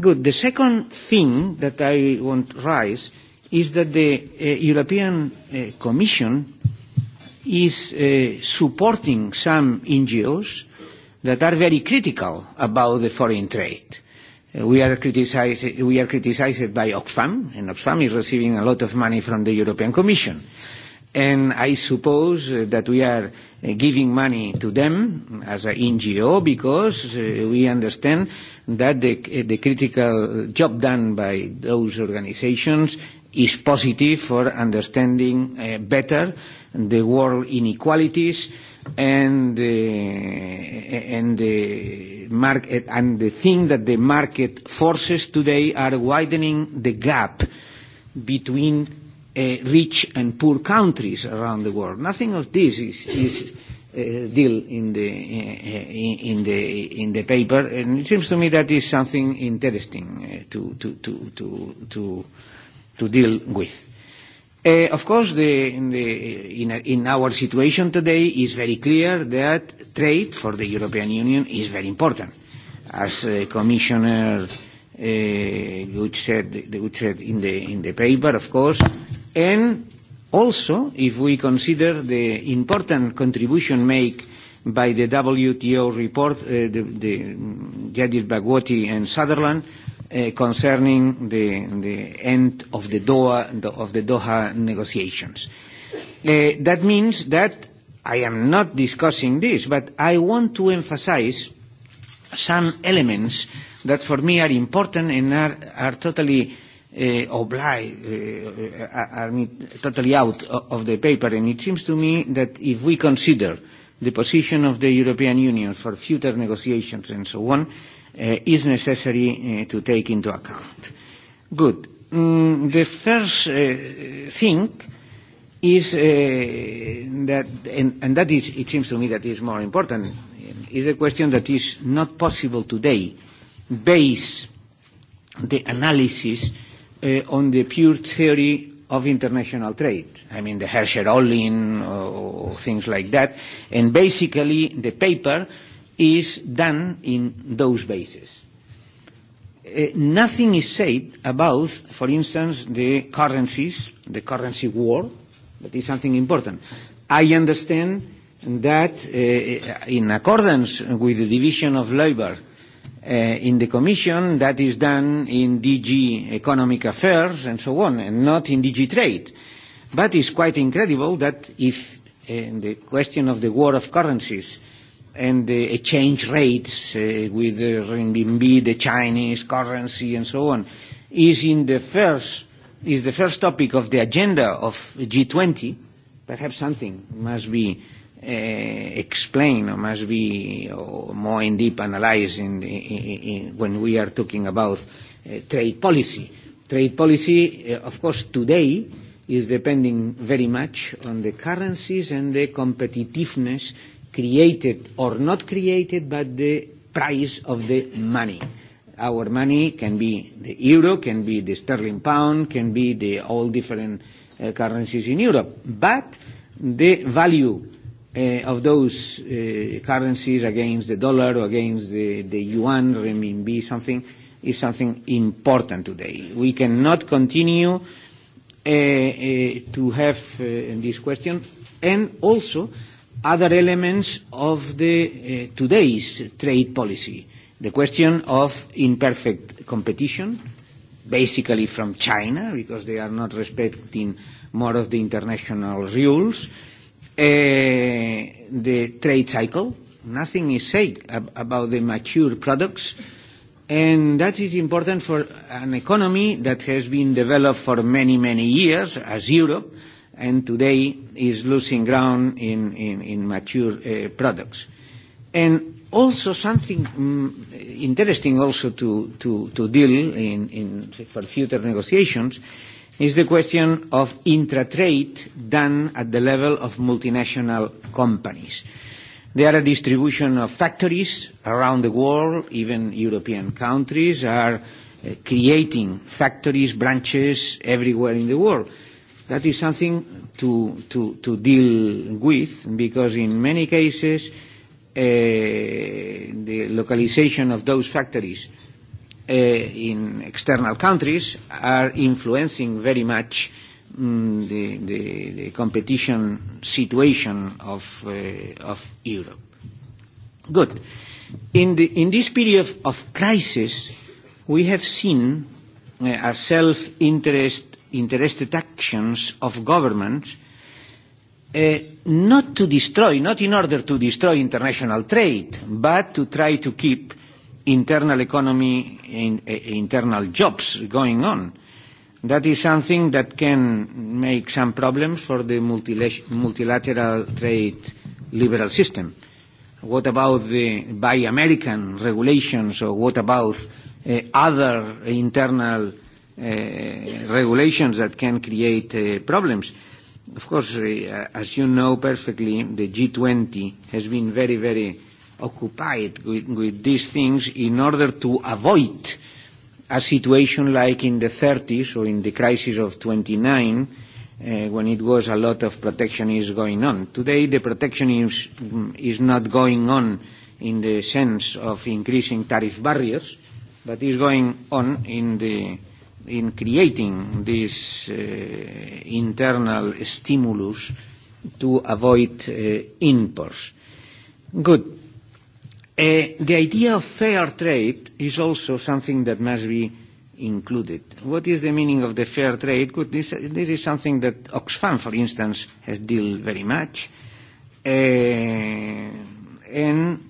Good. The second thing that I want to raise is that the uh, European uh, Commission is uh, supporting some NGOs that are very critical about the foreign trade. Uh, we are criticized, we are criticized by Oxfam, and Oxfam is receiving a lot of money from the European Commission. And I suppose that we are giving money to them as an NGO because we understand that the, the critical job done by those organizations is positive for understanding better the world inequalities and the and the market and the thing that the market forces today are widening the gap between uh, rich and poor countries around the world. Nothing of this is, is uh, deal in the uh, in the in the paper, and it seems to me that is something interesting uh, to to to to to to deal with of course, the, the, in, our situation today, it's very clear that trade for the European Union is very important. As Commissioner Good said, in, the, in the paper, of course, and also if we consider the important contribution made by the WTO report, Judith the, the Bagwati and Sutherland, concerning the, the end of the Doha, of the Doha negotiations. that means that I am not discussing this, but I want to emphasize some elements that for me are important and are, are totally uh, obliged, uh, are, are totally out of the paper. And it seems to me that if we consider the position of the European Union for future negotiations and so on, uh, is necessary uh, to take into account. Good. Mm, the first uh, thing is uh, that, and, and that is, it seems to me that is more important, is a question that is not possible today base the analysis uh, on the pure theory of international trade. I mean, the Herscher-Ollin or things like that. And basically, the paper uh, is done in those bases. Nothing is said about, for instance, the currencies, the currency war. That is something important. I understand that in accordance with the division of labor in the Commission, that is done in DG Economic Affairs and so on, and not in DG Trade. But it's quite incredible that if the question of the war of currencies and the exchange rates with the renminbi, the Chinese currency, and so on, is in the first is the first topic of the agenda of G20. Perhaps something must be uh, explained or must be or more in deep analyzed in, in, in, when we are talking about uh, trade policy. Trade policy, uh, of course, today is depending very much on the currencies and the competitiveness created or not created by the price of the money. Our money can be the euro, can be the sterling pound, can be the all different uh, currencies in Europe. But the value uh, of those uh, currencies against the dollar or against the, the yuan, renminbi, something, is something important today. We cannot continue uh, uh, to have uh, this question. And also, other elements of the, uh, today's trade policy. The question of imperfect competition, basically from China, because they are not respecting more of the international rules. Uh, the trade cycle, nothing is said ab about the mature products. And that is important for an economy that has been developed for many, many years as Europe, and today is losing ground in, in, in mature uh, products. And also something interesting also to, to, to deal in, in for future negotiations is the question of intra-trade done at the level of multinational companies. There are distribution of factories around the world, even European countries are creating factories, branches everywhere in the world That is something to, to, to deal with because in many cases uh, the localization of those factories uh, in external countries are influencing very much um, the, the, the competition situation of, uh, of Europe. Good. In, the, in this period of crisis, we have seen a self-interest interested actions of governments uh, not to destroy, not in order to destroy international trade, but to try to keep internal economy and uh, internal jobs going on. That is something that can make some problems for the multilateral trade liberal system. What about the Buy American regulations or what about uh, other internal regulations that can create problems. Of course, as you know perfectly, the G20 has been very, very occupied with, with these things in order to avoid a situation like in the 30s or in the crisis of 29 uh, when it was a lot of protectionism going on. Today the protectionism is not going on in the sense of increasing tariff barriers, but is going on in the in creating this uh, internal stimulus to avoid uh, imports. Good. Uh, the idea of fair trade is also something that must be included. What is the meaning of the fair trade? Good, this, this is something that Oxfam, for instance, has dealt very much, uh, and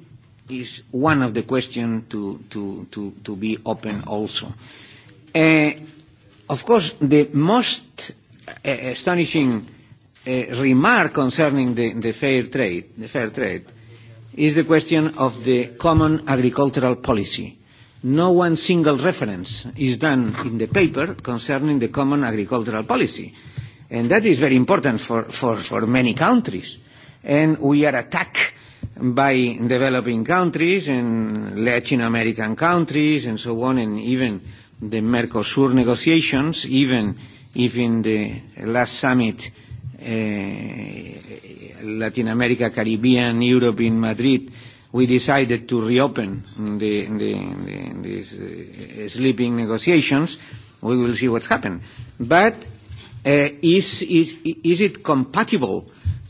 is one of the questions to, to, to, to be open also. Uh, Uh, of course, the most uh, astonishing uh, remark concerning the, the fair trade, the fair trade, is the question of the common agricultural policy. No one single reference is done in the paper concerning the common agricultural policy, and that is very important for, for, for many countries. And we are attacked by developing countries and Latin American countries and so on, and even the Mercosur negotiations, even if in the last summit uh, Latin America, Caribbean, Europe in Madrid, we decided to reopen the, the, the, these uh, sleeping negotiations. We will see what happened. But uh, is, is, is it compatible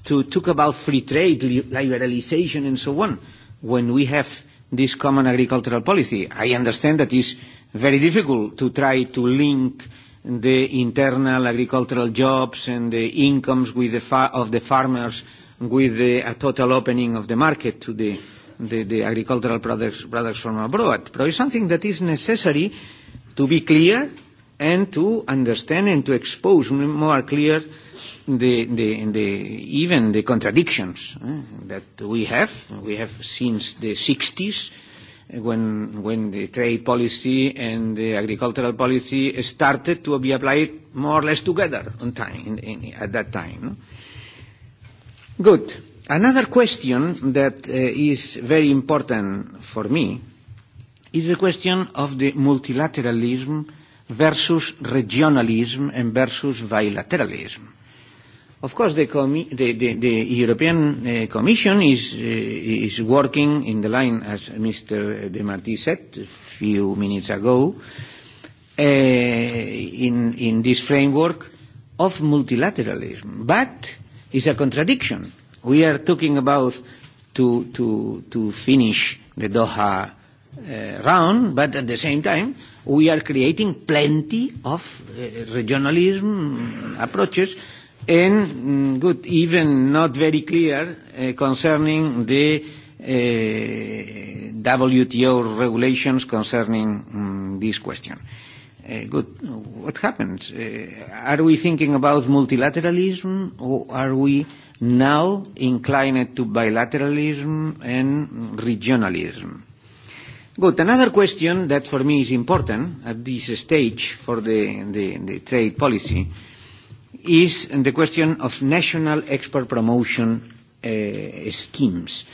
to talk about free trade, liberalization, and so on when we have this common agricultural policy? I understand that is very difficult to try to link the internal agricultural jobs and the incomes with the fa of the farmers with the a total opening of the market to the the the agricultural products products from abroad. But it's something that is necessary to be clear and to understand and to expose more clear the the the even the contradictions eh, that we have. We have since the 60s when, when the trade policy and the agricultural policy started to be applied more or less together on time, in, in, at that time. Good. Another question that uh, is very important for me is the question of the multilateralism versus regionalism and versus bilateralism Of course, the, com the, the, the European uh, Commission is, uh, is working in the line, as Mr. De Marti said a few minutes ago, uh, in, in this framework of multilateralism. But it's a contradiction. We are talking about to, to, to finish the Doha uh, round, but at the same time, we are creating plenty of uh, regionalism approaches and good, even not very clear uh, concerning the uh, WTO regulations concerning um, this question. Uh, good. What happens? Uh, are we thinking about multilateralism or are we now inclined to bilateralism and regionalism? Good. Another question that for me is important at this stage for the, the, the trade policy is the question of national export promotion uh, schemes.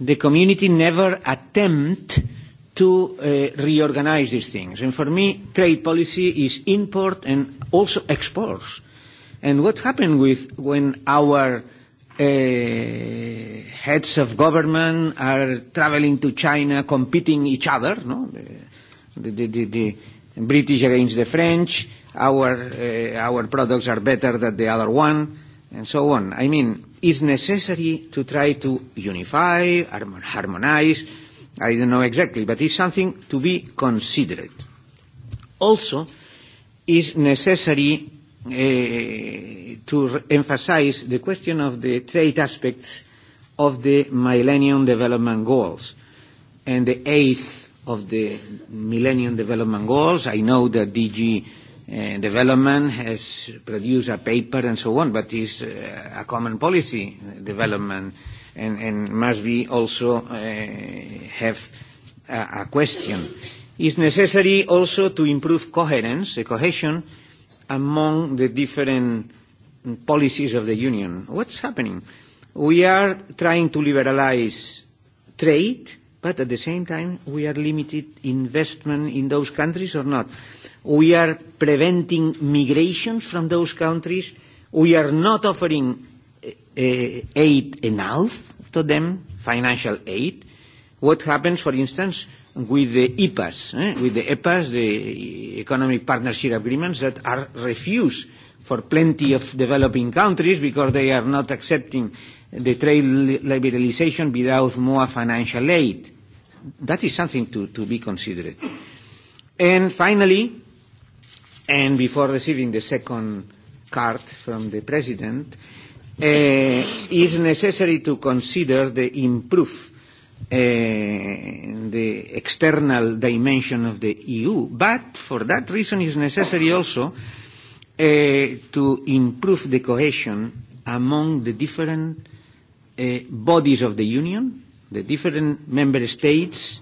The community never attempt to uh, reorganize these things. And for me, trade policy is import and also exports. And what happened with when our uh, heads of government are traveling to China, competing each other, no? the, the, the, the British against the French, our, uh, our products are better than the other one, and so on. I mean, it's necessary to try to unify, harmonize, I don't know exactly, but it's something to be considered. Also, it's necessary uh, to emphasize the question of the trade aspects of the Millennium Development Goals and the eighth of the Millennium Development Goals. I know that DG uh, development has produced a paper and so on, but it's uh, a common policy development and, and must be also uh, have a, a question. It's necessary also to improve coherence, uh, cohesion among the different policies of the Union. What's happening? We are trying to liberalize trade, but at the same time we are limited investment in those countries or not. We are preventing migrations from those countries. We are not offering uh, aid enough to them, financial aid. What happens, for instance, with the EPAs, eh? with the EPAs, the Economic Partnership Agreements, that are refused for plenty of developing countries because they are not accepting the trade liberalization without more financial aid. That is something to, to be considered. And finally, and before receiving the second card from the President, uh, is necessary to consider the improve uh, the external dimension of the EU. But for that reason, it's necessary also uh, to improve the cohesion among the different uh, bodies of the Union, the different member states,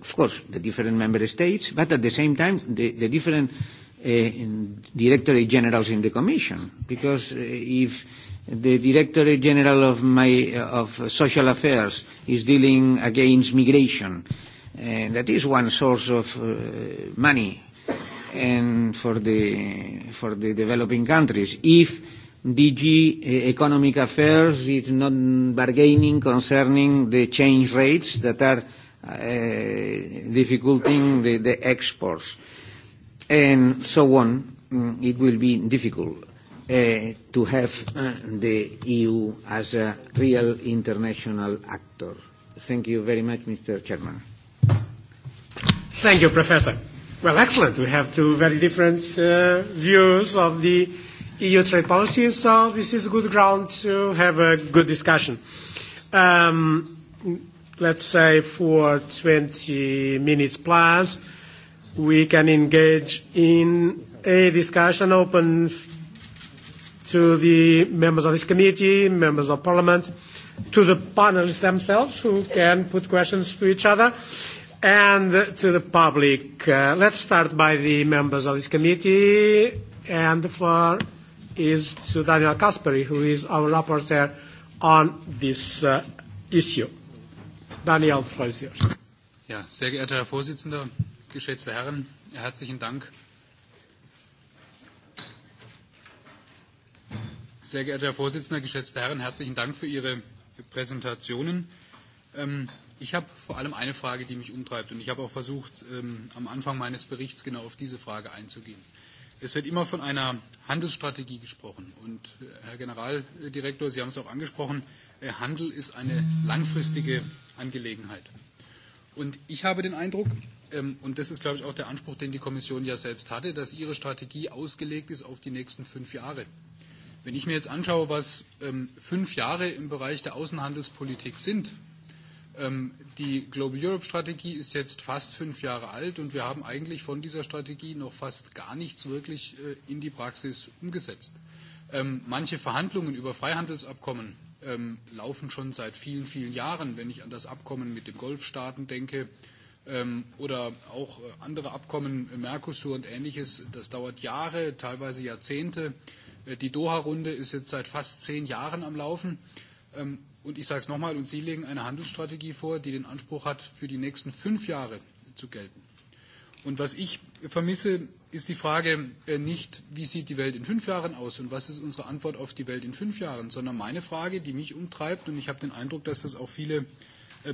of course, the different member states, but at the same time, the, the different uh, directorate generals in the Commission, because if the directorate general of my of social affairs is dealing against migration, and that is one source of uh, money, and for the for the developing countries. If DG Economic Affairs is not bargaining concerning the change rates that are uh, difficulting the, the exports. Uh, and so on, it will be difficult to have the EU as a real international actor. Thank you very much, Mr. Chairman. Thank you, Professor. Well, excellent. We have two very different uh, views of the EU trade policy, so this is good ground to have a good discussion. Um, let's say for 20 minutes plus, we can engage in a discussion open to the members of this committee, members of parliament, to the panelists themselves who can put questions to each other and to the public. Uh, let's start by the members of this committee and the floor is to Daniel Kasperi, who is our rapporteur on this uh, issue. Daniel, the floor is yours. Ja, sehr geehrter Herr Vorsitzender, geschätzte Herren, herzlichen Dank. Sehr geehrter Herr Vorsitzender, geschätzte Herren, herzlichen Dank für Ihre Präsentationen. Ich habe vor allem eine Frage, die mich umtreibt, und ich habe auch versucht, am Anfang meines Berichts genau auf diese Frage einzugehen. Es wird immer von einer Handelsstrategie gesprochen. Und Herr Generaldirektor, Sie haben es auch angesprochen, Handel ist eine langfristige Angelegenheit. Und ich habe den Eindruck, Und das ist, glaube ich, auch der Anspruch, den die Kommission ja selbst hatte, dass ihre Strategie ausgelegt ist auf die nächsten fünf Jahre. Wenn ich mir jetzt anschaue, was fünf Jahre im Bereich der Außenhandelspolitik sind, die Global Europe Strategie ist jetzt fast fünf Jahre alt und wir haben eigentlich von dieser Strategie noch fast gar nichts wirklich in die Praxis umgesetzt. Manche Verhandlungen über Freihandelsabkommen laufen schon seit vielen, vielen Jahren. Wenn ich an das Abkommen mit den Golfstaaten denke, oder auch andere Abkommen, Mercosur und ähnliches, das dauert Jahre, teilweise Jahrzehnte. Die Doha-Runde ist jetzt seit fast zehn Jahren am Laufen. Und ich sage es nochmal, und Sie legen eine Handelsstrategie vor, die den Anspruch hat, für die nächsten fünf Jahre zu gelten. Und was ich vermisse, ist die Frage nicht, wie sieht die Welt in fünf Jahren aus und was ist unsere Antwort auf die Welt in fünf Jahren, sondern meine Frage, die mich umtreibt, und ich habe den Eindruck, dass das auch viele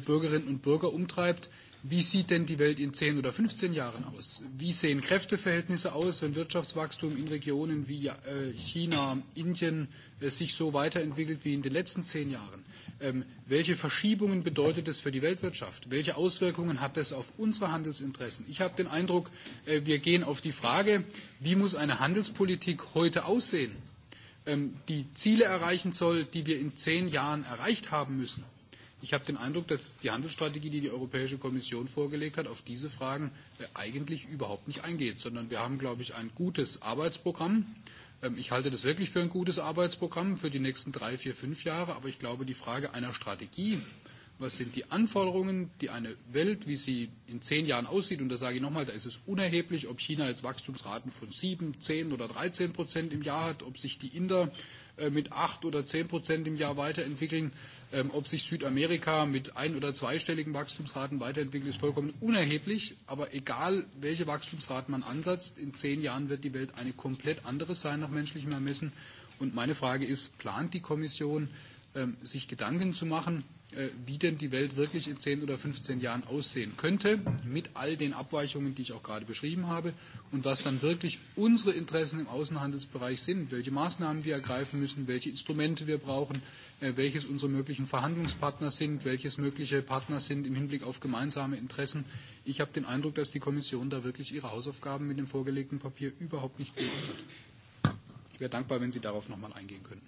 Bürgerinnen und Bürger umtreibt, Wie sieht denn die Welt in zehn oder fünfzehn Jahren aus? Wie sehen Kräfteverhältnisse aus, wenn Wirtschaftswachstum in Regionen wie China, Indien sich so weiterentwickelt wie in den letzten zehn Jahren? Welche Verschiebungen bedeutet das für die Weltwirtschaft? Welche Auswirkungen hat das auf unsere Handelsinteressen? Ich habe den Eindruck, wir gehen auf die Frage, wie muss eine Handelspolitik heute aussehen, die Ziele erreichen soll, die wir in zehn Jahren erreicht haben müssen Ich habe den Eindruck, dass die Handelsstrategie, die die Europäische Kommission vorgelegt hat, auf diese Fragen eigentlich überhaupt nicht eingeht, sondern wir haben, glaube ich, ein gutes Arbeitsprogramm. Ich halte das wirklich für ein gutes Arbeitsprogramm für die nächsten drei, vier, fünf Jahre. Aber ich glaube, die Frage einer Strategie, was sind die Anforderungen, die eine Welt, wie sie in zehn Jahren aussieht, und da sage ich nochmal, da ist es unerheblich, ob China jetzt Wachstumsraten von sieben, zehn oder dreizehn Prozent im Jahr hat, ob sich die Inder mit acht oder zehn Prozent im Jahr weiterentwickeln. Ob sich Südamerika mit ein- oder zweistelligen Wachstumsraten weiterentwickelt, ist vollkommen unerheblich. Aber egal, welche Wachstumsraten man ansetzt, in zehn Jahren wird die Welt eine komplett andere sein nach menschlichem Ermessen. Und meine Frage ist, plant die Kommission, sich Gedanken zu machen wie denn die Welt wirklich in 10 oder 15 Jahren aussehen könnte, mit all den Abweichungen, die ich auch gerade beschrieben habe, und was dann wirklich unsere Interessen im Außenhandelsbereich sind, welche Maßnahmen wir ergreifen müssen, welche Instrumente wir brauchen, welches unsere möglichen Verhandlungspartner sind, welches mögliche Partner sind im Hinblick auf gemeinsame Interessen. Ich habe den Eindruck, dass die Kommission da wirklich ihre Hausaufgaben mit dem vorgelegten Papier überhaupt nicht gemacht hat. Ich wäre dankbar, wenn Sie darauf noch einmal eingehen könnten.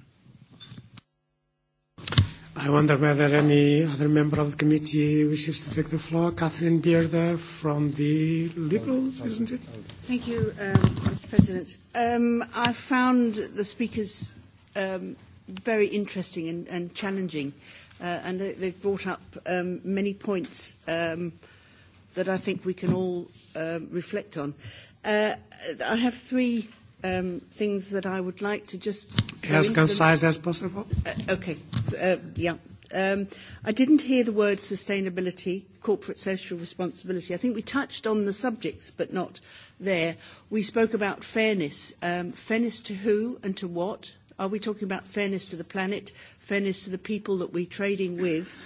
I wonder whether any other member of the committee wishes to take the floor. Catherine Bierda from the Liberals, isn't it? Thank you, um, Mr. President. Um, I found the speakers um, very interesting and, and challenging, uh, and they, they've brought up um, many points um, that I think we can all um, reflect on. Uh, I have three um, things that I would like to just. As concise as possible. Uh, okay. Uh, yeah. Um, I didn't hear the word sustainability, corporate social responsibility. I think we touched on the subjects, but not there. We spoke about fairness. Um, fairness to who and to what? Are we talking about fairness to the planet, fairness to the people that we're trading with?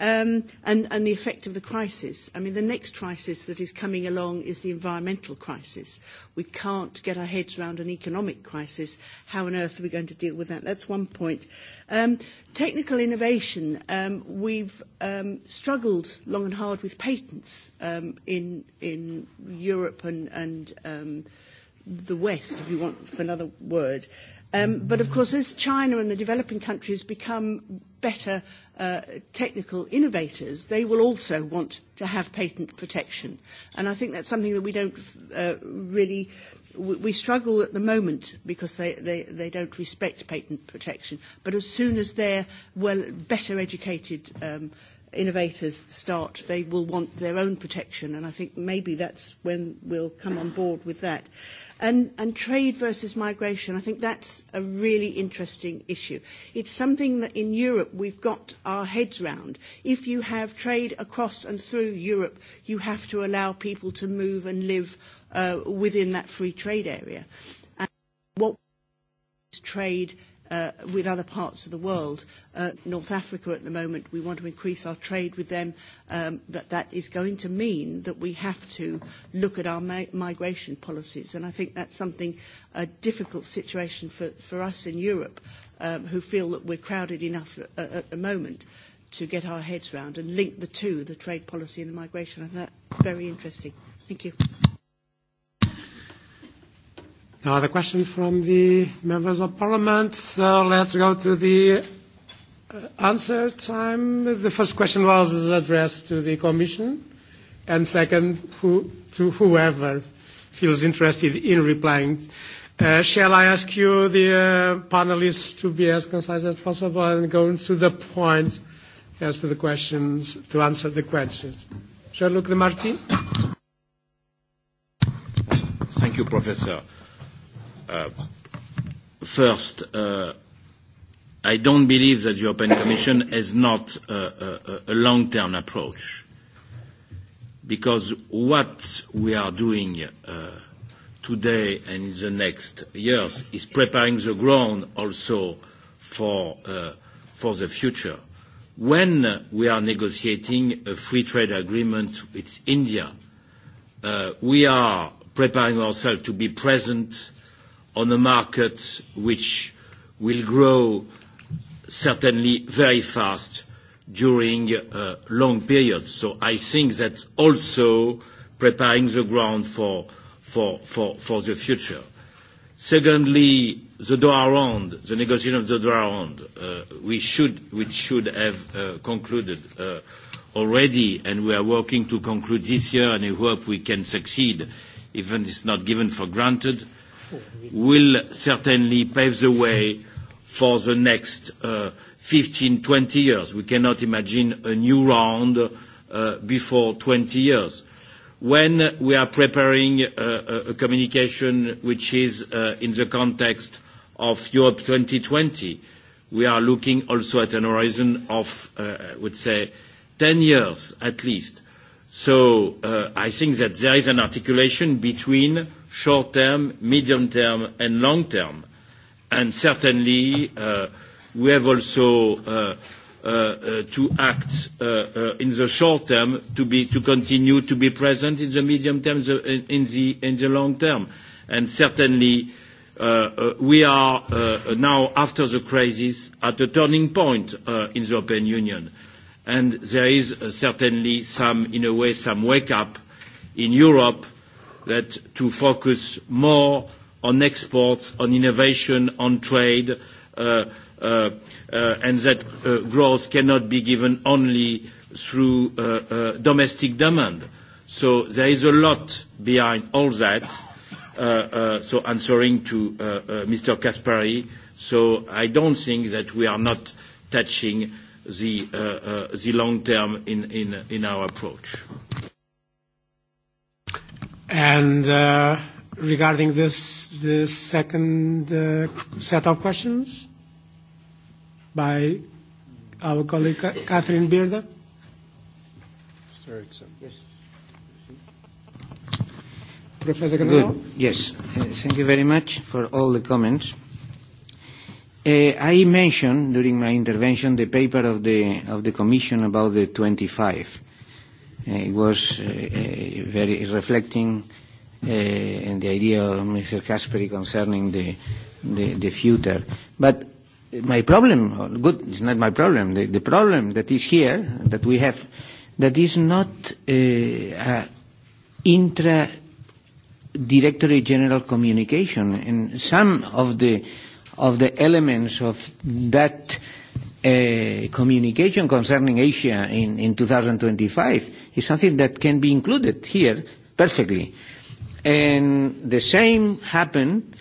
um, and, and the effect of the crisis. I mean, the next crisis that is coming along is the environmental crisis. We can't get our heads around an economic crisis. How on earth are we going to deal with that? That's one point. Um, technical innovation. Um, we've um, struggled long and hard with patents um, in, in Europe and, and um, the West, if you want for another word but of course, as China and the developing countries become better technical innovators, they will also want to have patent protection. And I think that's something that we don't really, we struggle at the moment because they, they, they don't respect patent protection. But as soon as they're well, better educated um, uh, innovators start, they will want their own protection, and I think maybe that's when we'll come on board with that. And, and trade versus migration, I think that's a really interesting issue. It's something that in Europe we've got our heads round. If you have trade across and through Europe, you have to allow people to move and live uh, within that free trade area. And what is trade with other parts of the world. North Africa at the moment, we want to increase our trade with them, but that is going to mean that we have to look at our migration policies. I think that's something, a difficult situation for, for us in Europe, who feel that we're crowded enough at, the moment to get our heads round and link the two, the trade policy and the migration. I think that very interesting. Thank you. No other question from the members of parliament, so let's go to the answer time. The first question was addressed to the commission, and second, who to whoever feels interested in replying. Shall I ask you, the panelists, to be as concise as possible and go to the point as to the questions, to answer the questions? Jean-Luc Demarty? Thank you, Professor. First, I don't believe that the European Commission has not a long-term approach, because what we are doing today and in the next years is preparing the ground also for the future. When we are negotiating a free trade agreement with India, we are preparing ourselves to be present on a market which will grow certainly very fast during long periods. So I think that's also preparing the ground for the future. Secondly, the Doha Round, the negotiation of the Doha Round, we should have concluded already, and we are working to conclude this year, and I hope we can succeed, even if it's not given for granted will certainly pave the way for the next uh, 15, 20 years. We cannot imagine a new round uh, before 20 years. When we are preparing uh, a communication which is uh, in the context of Europe 2020, we are looking also at an horizon of, uh, I would say, 10 years at least. So uh, I think that there is an articulation between short term, medium term, and long term. And certainly, we have also to act in the short term to continue to be present in the medium term, in the long term. certainly, we are now, after the crisis, at a turning point in the European Union. And there is certainly some, in a way, some wake up in Europe that to focus more on exports, on innovation, on trade, and that growth cannot be given only through domestic demand. So there is a lot behind all that. So answering to Mr. Caspary, so I don't think that we are not touching the long term in our approach. And uh, regarding this, the second uh, set of questions by our colleague Catherine Birda. Yes. Professor Good. Yes. Uh, thank you very much for all the comments. Uh, I mentioned during my intervention the paper of the, of the Commission about the 25 it was uh, very reflecting uh, and the idea of Mr. Kasperi concerning the, the, the future. But my problem, good, it's not my problem, the, the problem that is here, that we have, that is not uh, uh, intra directory general communication and some of the of the elements of that uh, a communication concerning Asia in, in 2025 is something that can be included here perfectly. And the same happened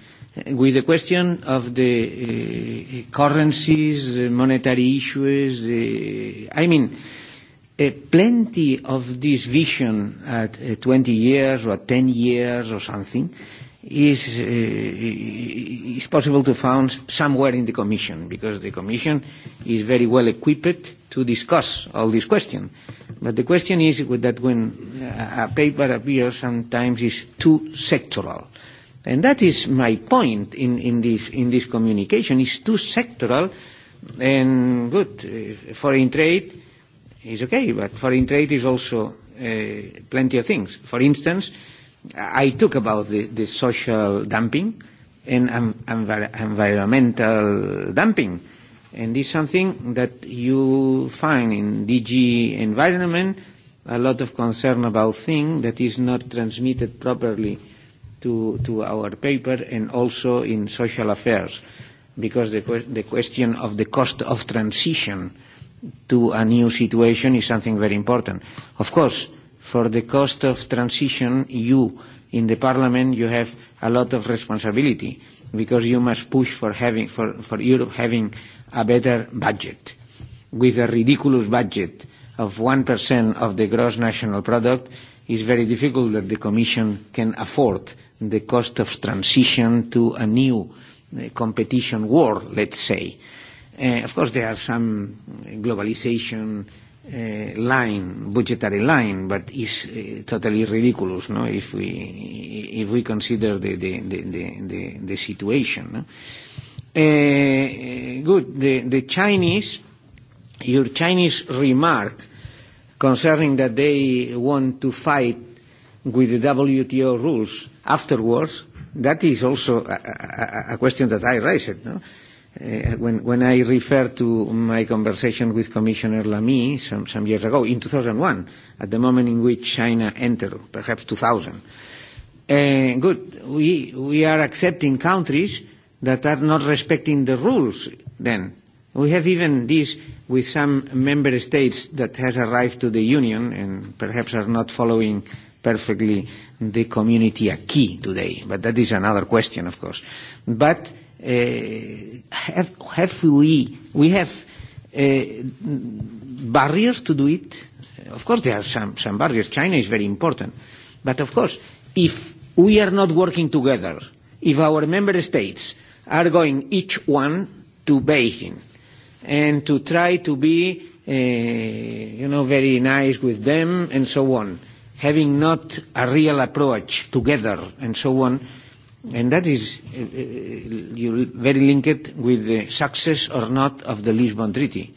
with the question of the uh, currencies, the monetary issues. The, I mean, uh, plenty of this vision at uh, 20 years or 10 years or something is, uh, is possible to find somewhere in the Commission, because the Commission is very well equipped to discuss all these questions. But the question is that when a paper appears, sometimes it's too sectoral. And that is my point in, in, this, in this communication. It's too sectoral and good. Foreign trade is okay, but foreign trade is also uh, plenty of things. For instance, uh, I talk about the, the social dumping and um, envir- environmental dumping. And this is something that you find in DG environment, a lot of concern about things that is not transmitted properly to, to our paper and also in social affairs because the, the question of the cost of transition to a new situation is something very important. Of course, for the cost of transition, you in the parliament, you have a lot of responsibility because you must push for having for, for Europe having a better budget. With a ridiculous budget of 1% of the gross national product, it's very difficult that the Commission can afford the cost of transition to a new competition war, let's say. Uh, of course, there are some globalization line, budgetary line, but is uh, totally ridiculous, no? If we if we consider the the the the, the, the situation. No? Uh, good. The the Chinese, your Chinese remark concerning that they want to fight with the WTO rules afterwards, that is also a, a, a question that I raised. No? Uh, when when I refer to my conversation with Commissioner Lamy some some years ago, in 2001, at the moment in which China entered, perhaps 2000. Good. We we are accepting countries that are not respecting the rules then. We have even this with some member states that has arrived to the Union and perhaps are not following perfectly the community acquis today, but that is another question, of course. But have, have we, we have uh, barriers to do it? Of course there are some, some barriers. China is very important. But of course, if we are not working together, if our member states are going each one to Beijing and to try to be uh, you know, very nice with them and so on, having not a real approach together and so on, And that is uh, uh, very linked with the success or not of the Lisbon Treaty.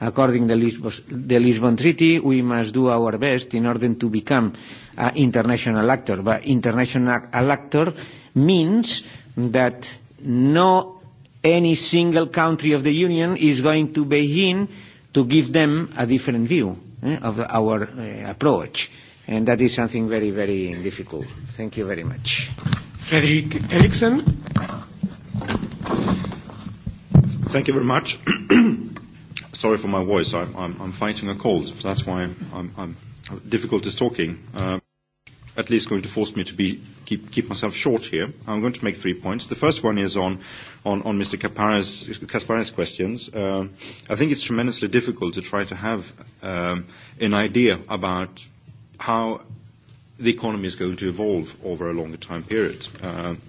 According to the Lisbon, the Lisbon Treaty, we must do our best in order to become an international actor. But international actor means that no any single country of the Union is going to begin to give them a different view eh, of our uh, approach. And that is something very, very difficult. Thank you very much. Fredrik Eriksen. Thank you very much. Sorry for my voice. I'm I'm I'm fighting a cold. so That's why I'm I'm difficult is talking. Um At least going to force me to be keep keep myself short here. I'm going to make three points. The first one is on on on Mr. Kasparin's questions. Um I think it's tremendously difficult to try to have um an idea about how the economy is going to evolve over a longer time period. Um,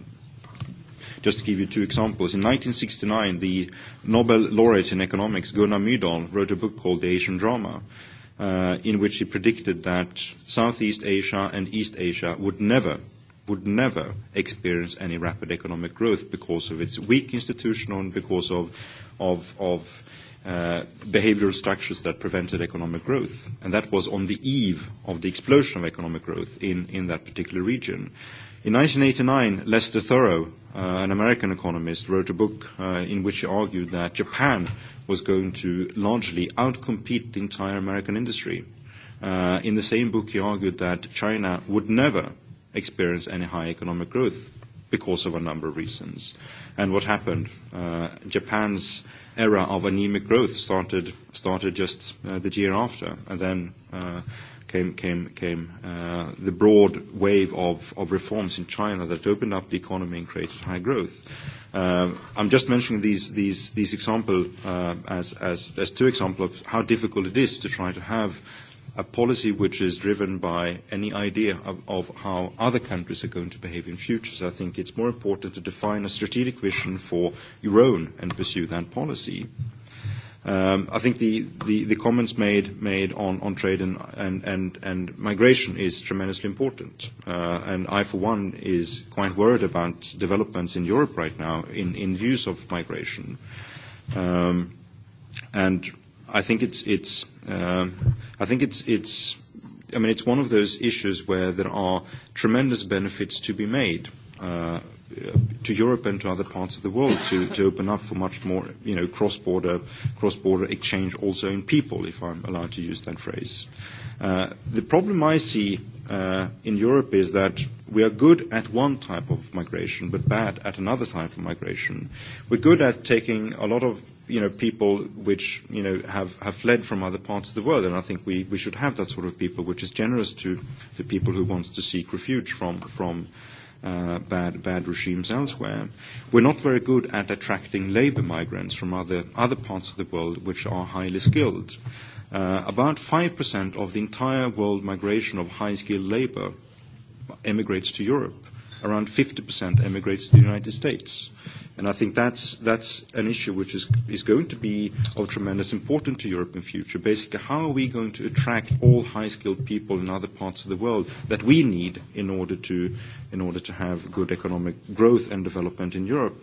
just to give you two examples, in 1969, the Nobel laureate in economics, Gunnar Myrdal, wrote a book called The Asian Drama, uh, in which he predicted that Southeast Asia and East Asia would never would never experience any rapid economic growth because of its weak institution and because of, of, of uh, behavioral structures that prevented economic growth. And that was on the eve of the explosion of economic growth in, in that particular region. In 1989, Lester Thoreau, uh, an American economist, wrote a book uh, in which he argued that Japan was going to largely outcompete the entire American industry. Uh, in the same book, he argued that China would never experience any high economic growth because of a number of reasons. And what happened? Uh, Japan's era of anemic growth started started just uh, the year after, and then uh, came came came uh, the broad wave of, of reforms in China that opened up the economy and created high growth. Uh, I'm just mentioning these these these examples uh, as as as two examples of how difficult it is to try to have a policy which is driven by any idea of, of how other countries are going to behave in future. So I think it's more important to define a strategic vision for your own and pursue that policy. Um, I think the, the, the comments made, made on, on trade and, and, and, and migration is tremendously important. Uh, and I, for one, is quite worried about developments in Europe right now in, in views of migration. Um, and I think it's, it's Um, I think it's, it's, I mean, it's one of those issues where there are tremendous benefits to be made uh, to Europe and to other parts of the world to, to open up for much more, you know, cross-border, cross-border exchange also in people, if I'm allowed to use that phrase. Uh, the problem I see uh, in Europe is that we are good at one type of migration, but bad at another type of migration. We're good at taking a lot of you know, people which, you know, have, have fled from other parts of the world. And I think we, we should have that sort of people which is generous to the people who want to seek refuge from, from uh, bad, bad regimes elsewhere. We're not very good at attracting labor migrants from other, other parts of the world which are highly skilled. Uh, about 5% of the entire world migration of high-skilled labor emigrates to Europe. Around 50% emigrates to the United States. And I think that's, that's an issue which is, is going to be of tremendous importance to Europe in the future. Basically, how are we going to attract all high-skilled people in other parts of the world that we need in order to, in order to have good economic growth and development in Europe?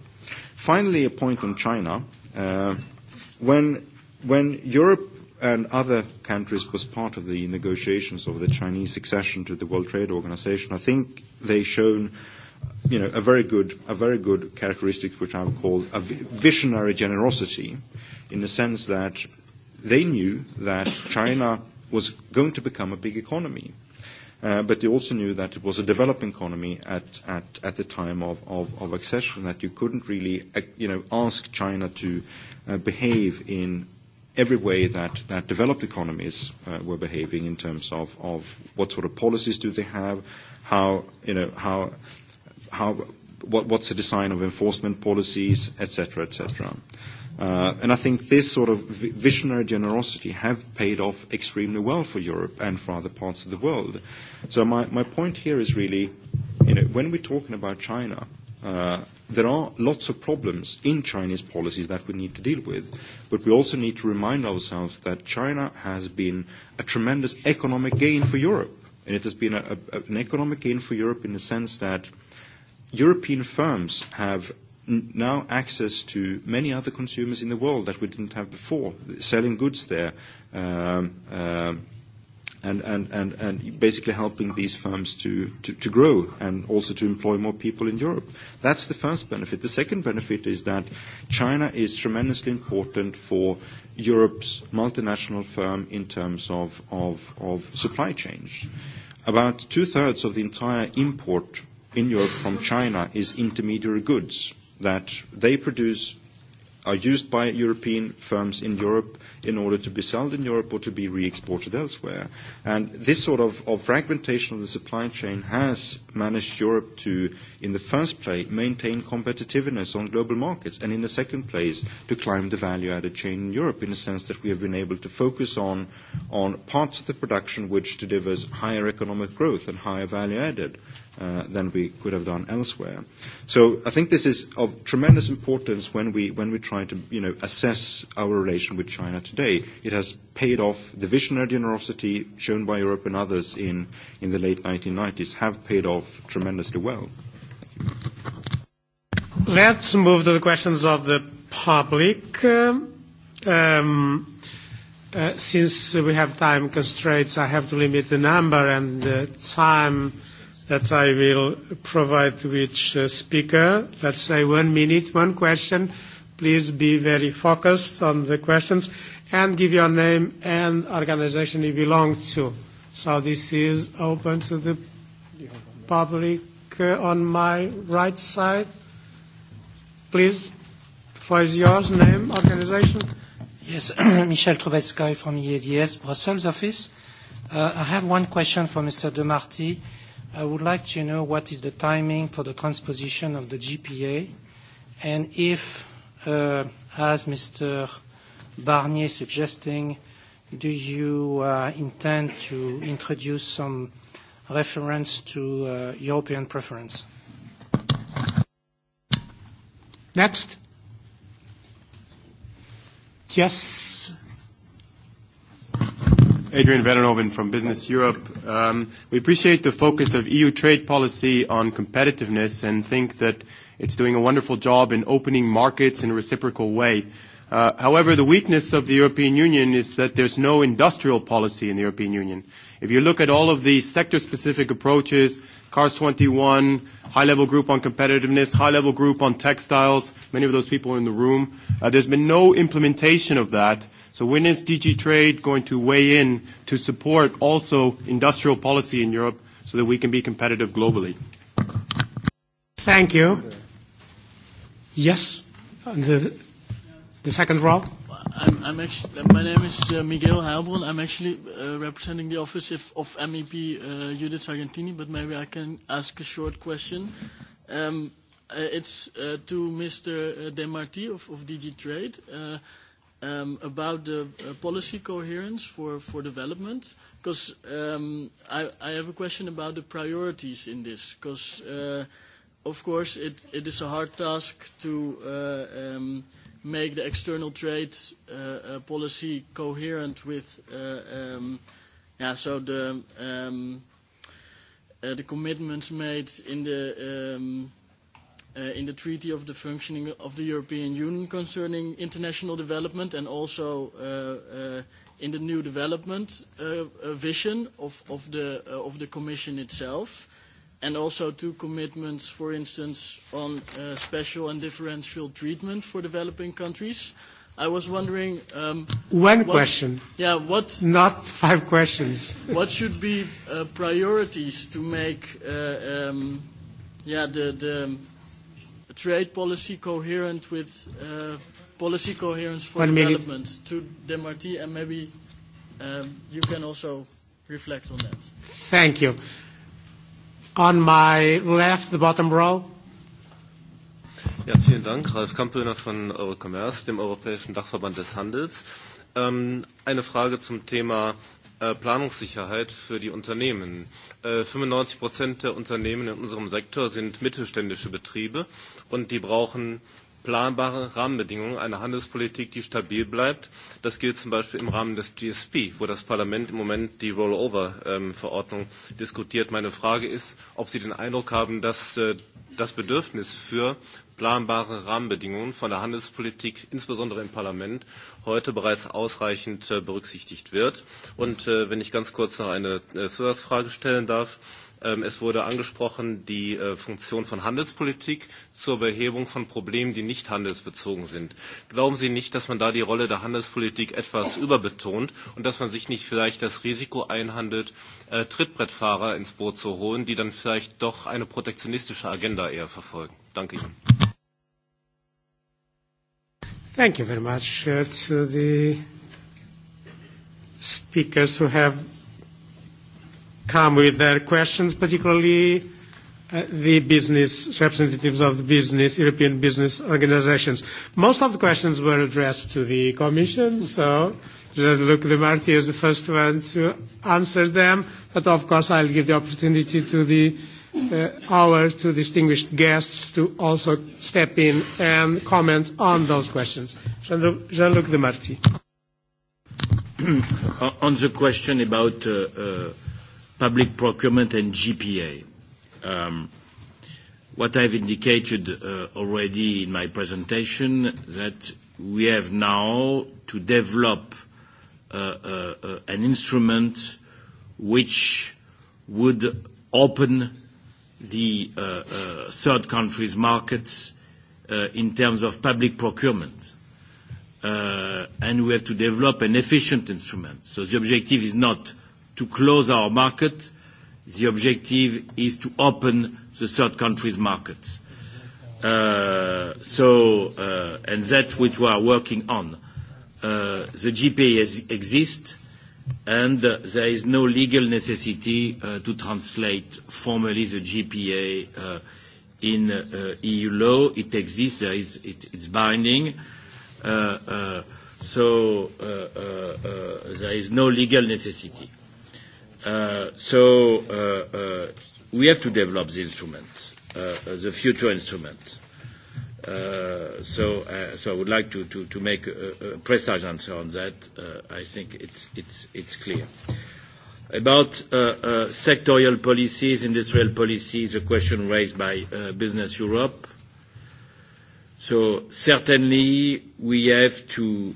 Finally, a point on China. Uh, when, when Europe and other countries was part of the negotiations over the Chinese accession to the World Trade Organization, I think they shown you know, a very good, a very good characteristic which I would call a visionary generosity, in the sense that they knew that China was going to become a big economy, uh, but they also knew that it was a developing economy at at, at the time of, of, of accession that you couldn't really, uh, you know, ask China to uh, behave in every way that, that developed economies uh, were behaving in terms of, of what sort of policies do they have, how you know how how, what, what's the design of enforcement policies, etc., etc. Uh, and I think this sort of visionary generosity have paid off extremely well for Europe and for other parts of the world. So my, my point here is really, you know, when we're talking about China, uh, there are lots of problems in Chinese policies that we need to deal with, but we also need to remind ourselves that China has been a tremendous economic gain for Europe. And it has been a, a, an economic gain for Europe in the sense that European firms have now access to many other consumers in the world that we didn't have before, selling goods there, um, uh, and, and, and, and basically helping these firms to, to, to grow and also to employ more people in Europe. That's the first benefit. The second benefit is that China is tremendously important for Europe's multinational firm in terms of, of, of supply chains. About two-thirds of the entire import in Europe from China is intermediary goods that they produce are used by European firms in Europe in order to be sold in Europe or to be re-exported elsewhere. And this sort of, of fragmentation of the supply chain has managed Europe to, in the first place, maintain competitiveness on global markets, and in the second place, to climb the value-added chain in Europe in the sense that we have been able to focus on, on parts of the production which delivers higher economic growth and higher value added than we could have done elsewhere. So I think this is of tremendous importance when we when we try to you know assess our relation with China today. It has paid off. The visionary generosity shown by Europe and others in in the late 1990s have paid off tremendously well. Let's move to the questions of the public. Um, uh, since we have time constraints, I have to limit the number and the time that I will provide to each uh, speaker. Let's say one minute, one question. Please be very focused on the questions and give your name and organization you belong to. So this is open to the public uh, on my right side. Please, for floor yours, name, organization. Yes, Michel Trubetskoy from EADS Brussels office. Uh, I have one question for Mr. De Marty. I would like to know what is the timing for the transposition of the GPA, and if, as Mr. Barnier suggesting, do you intend to introduce some reference to European preference? Next. Yes, Adrian Vandenhoven from Business Europe. we appreciate the focus of EU trade policy on competitiveness and think that it's doing a wonderful job in opening markets in a reciprocal way. however, the weakness of the European Union is that there's no industrial policy in the European Union. If you look at all of the sector-specific approaches, CARS 21, high-level group on competitiveness, high-level group on textiles, many of those people are in the room, there's been no implementation of that So when is DG Trade going to weigh in to support also industrial policy in Europe so that we can be competitive globally? Thank you. Yes, the, the second row. I'm, I'm actually, my name is uh, Miguel Heilbron. I'm actually uh, representing the office of, of MEP uh, Judith Sargentini, but maybe I can ask a short question. Um, uh, it's uh, to Mr. Demarty of, of DG Trade. Uh, um, about the uh, policy coherence for, for development, because um, I, I have a question about the priorities in this, because uh, of course it, it is a hard task to uh, um, make the external trade uh, uh, policy coherent with, uh, um, yeah, so the um, uh, the commitments made in the um, in the Treaty of the Functioning of the European Union concerning international development and also in the new development vision of, of, the, of the Commission itself, and also to commitments, for instance, on special and differential treatment for developing countries. I was wondering. Um, One what, question. Yeah, what? Not five questions. what should be uh, priorities to make uh, um, yeah, the, the trade policy coherent with uh, policy coherence for One development minute. to Demarty, and maybe um, you can also reflect on that. Thank you. On my left, the bottom row. Ja, vielen Dank. Ralf Kampöner von Eurocommerce, dem Europäischen Dachverband des Handels. Ähm, eine Frage zum Thema äh, Planungssicherheit für die Unternehmen. 95 Prozent der Unternehmen in unserem Sektor sind mittelständische Betriebe und die brauchen planbare Rahmenbedingungen, eine Handelspolitik, die stabil bleibt. Das gilt zum Beispiel im Rahmen des GSP, wo das Parlament im Moment die Rollover-Verordnung diskutiert. Meine Frage ist, ob Sie den Eindruck haben, dass das Bedürfnis für planbare Rahmenbedingungen von der Handelspolitik, insbesondere im Parlament, heute bereits ausreichend berücksichtigt wird. Und wenn ich ganz kurz noch eine Zusatzfrage stellen darf. Es wurde angesprochen, die Funktion von Handelspolitik zur Behebung von Problemen, die nicht handelsbezogen sind. Glauben Sie nicht, dass man da die Rolle der Handelspolitik etwas überbetont und dass man sich nicht vielleicht das Risiko einhandelt, Trittbrettfahrer ins Boot zu holen, die dann vielleicht doch eine protektionistische Agenda eher verfolgen? Danke Ihnen. Thank you very much uh, to the speakers who have come with their questions, particularly uh, the business representatives of the business, European business organizations. Most of the questions were addressed to the Commission, so Jean-Luc Demarty is the first one to answer them, but of course I'll give the opportunity to the hour to distinguished guests to also step in and comment on those questions. Jean-Luc Demarty. On the question about public procurement and GPA, what I've indicated already in my presentation, that we have now to develop an instrument which would open the third countries' markets in terms of public procurement. and we have to develop an efficient instrument. So the objective is not to close our market, the objective is to open the third countries' markets. That which and we are working on. the GPA exists and there is no legal necessity to translate formally the GPA in EU law. It exists, there is, it, it's binding. so there is no legal necessity. so we have to develop the instrument, the future instrument So I would like to make a precise answer on that. I think it's clear. About sectorial policies, industrial policies, a question raised by Business Europe. So certainly, we have to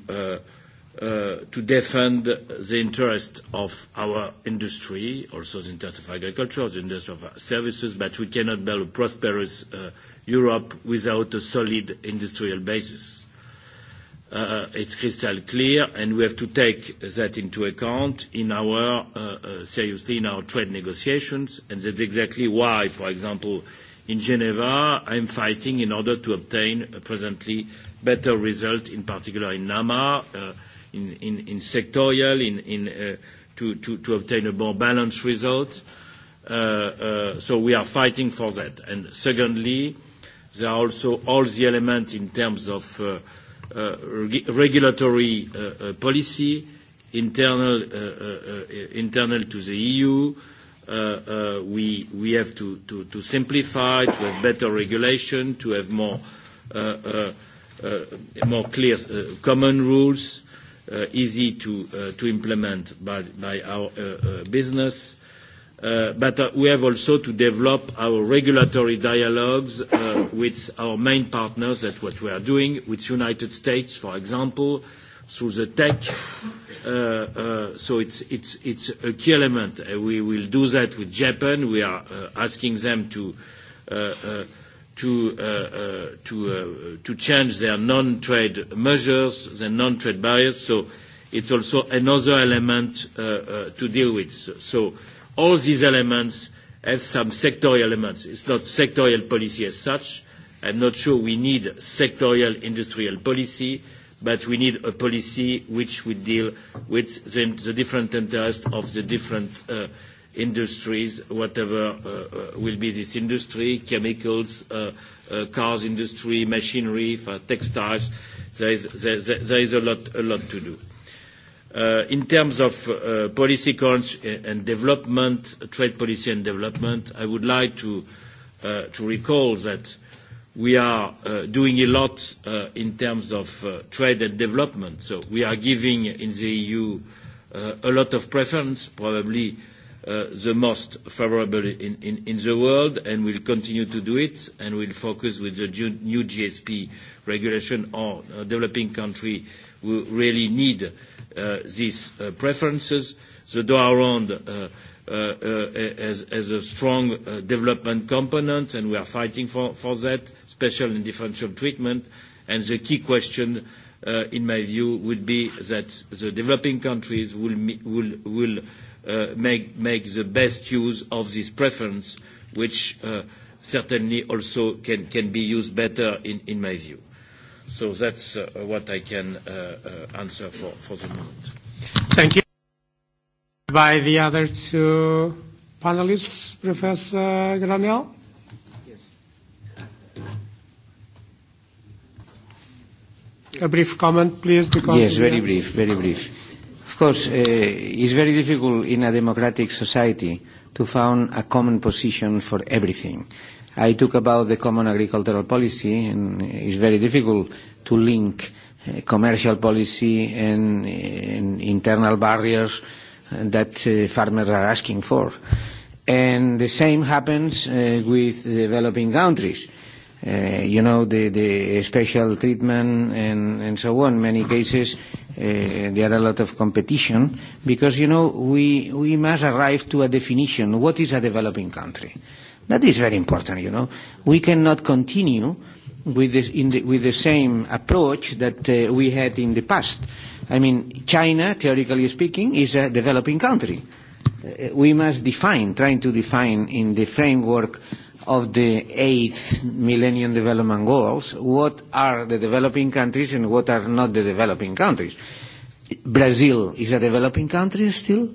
defend the interest of our industry, also the interest of agriculture, the interest of services, but we cannot build a prosperous uh Europe without a solid industrial basis. It's crystal clear, and we have to take that into account in our seriously in our trade negotiations, and that's exactly why, for example, in Geneva, I'm fighting in order to obtain a presently better result, in particular in NAMA, in sectorial, in to obtain a more balanced result. So we are fighting for that. And secondly, There are also all the elements in terms of regulatory policy, internal, to the EU. we, have to, simplify, to have better regulation, to have more, clear common rules, easy to, implement by, our business but we have also to develop our regulatory dialogues with our main partners. That's what we are doing with United States, for example, through the tech. So it's a key element. We will do that with Japan. We are asking them to change their non-trade measures, their non-trade barriers. So it's also another element to deal with. So All these elements have some sectorial elements. It's not sectorial policy as such. I'm not sure we need sectorial industrial policy, but we need a policy which would deal with the, the different interests of the different uh, industries, whatever uh, will be this industry, chemicals, uh, uh, cars industry, machinery, for textiles. There is, there, there is a, lot, a lot to do in terms of policy and development, trade policy and development, I would like to recall that we are doing a lot in terms of trade and development. So we are giving in the EU a lot of preference, probably the most favorable in the world, and we'll continue to do it, and we'll focus with the new GSP regulation on developing country we really need these preferences. The Doha Round has a strong development component, and we are fighting for that, special and differential treatment. and The key question, in my view, would be that the developing countries will make the best use of this preference, which certainly also can be used better in my view. So that's what I can answer for, the moment. Thank you. By the other two panelists, Professor Granell? Yes. A brief comment, please, because... Yes, very brief, very brief. Of course, it's very difficult in a democratic society to found a common position for everything. I talk about the common agricultural policy, and it's very difficult to link uh, commercial policy and, and internal barriers that uh, farmers are asking for. And the same happens uh, with developing countries. Uh, you know, the, the special treatment and, and so on. Many cases, uh, there are a lot of competition because, you know, we, we must arrive to a definition. What is a developing country? Uh, That is very important, you know. We cannot continue with, this, in the, with the same approach that uh, we had in the past. I mean, China, theoretically speaking, is a developing country. Uh, we must define, trying to define in the framework of the eighth millennium development goals, what are the developing countries and what are not the developing countries. Brazil is a developing country still. Uh,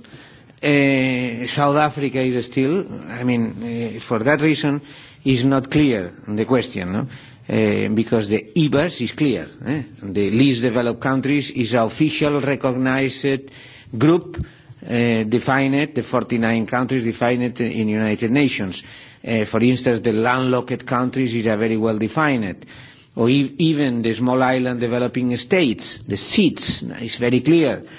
uh, South Africa is still, I mean, uh, for that reason, is not clear the question, no? Uh, because the EBAS is clear. Eh? The least developed countries is an official recognized group uh, defined, the 49 countries defined in United Nations. Uh, for instance, the landlocked countries is a very well defined. Or e even the small island developing states, the seats, is very clear. Uh,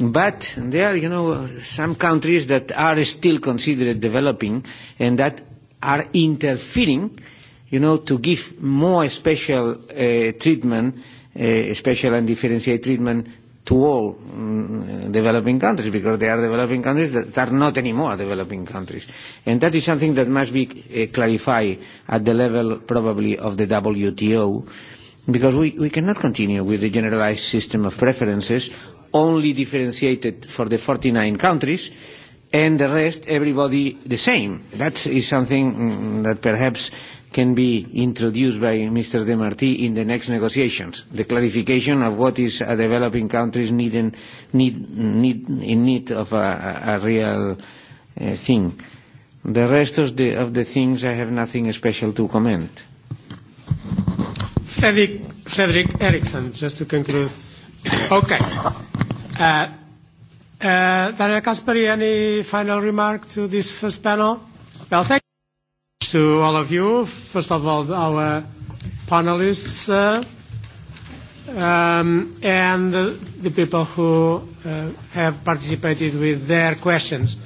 But there are, you know, some countries that are still considered developing and that are interfering, you know, to give more special uh, treatment, uh, special and differentiated treatment to all um, developing countries because they are developing countries that are not anymore developing countries. And that is something that must be uh, clarified at the level probably of the WTO because we, we cannot continue with the generalized system of preferences only differentiated for the 49 countries, and the rest, everybody the same. That is something that perhaps can be introduced by Mr. De Marti in the next negotiations. The clarification of what is a developing countries need in, need, need, in need of a, a real uh, thing. The rest of the, of the things, I have nothing special to comment. Frederick, Erickson, just to conclude. Okay. Daniel Caspary, any final remark to this first panel? Well, thank you to all of you. First of all, our panelists, and the people who have participated with their questions.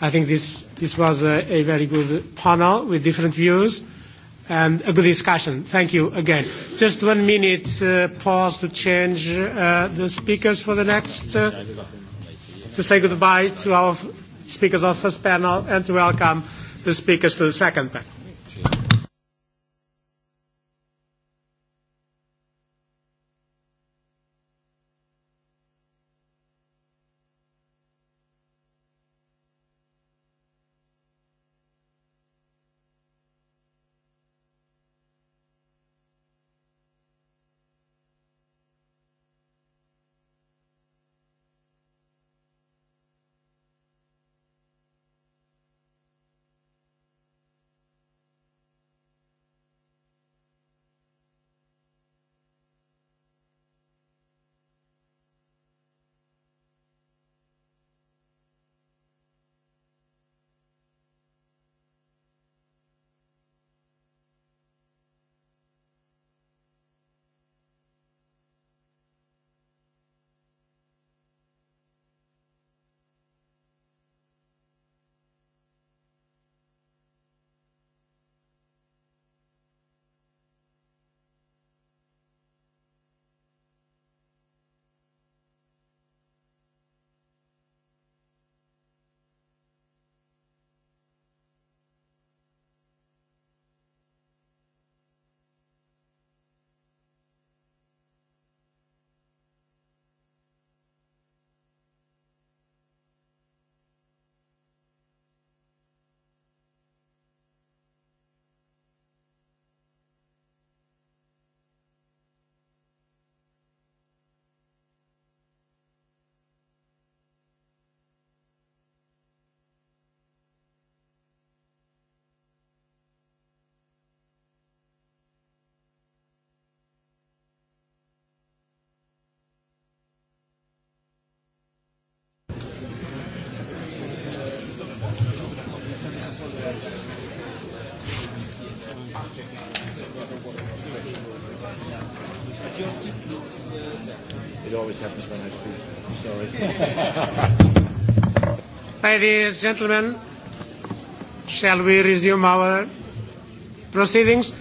I think this this was a very good panel with different views and a good discussion. Thank you again. Just one minute uh, pause to change uh, the speakers for the next, uh, to say goodbye to our speakers of the first panel and to welcome the speakers to the second panel. It always happens when I speak. Sorry. Ladies, gentlemen, shall we resume our proceedings?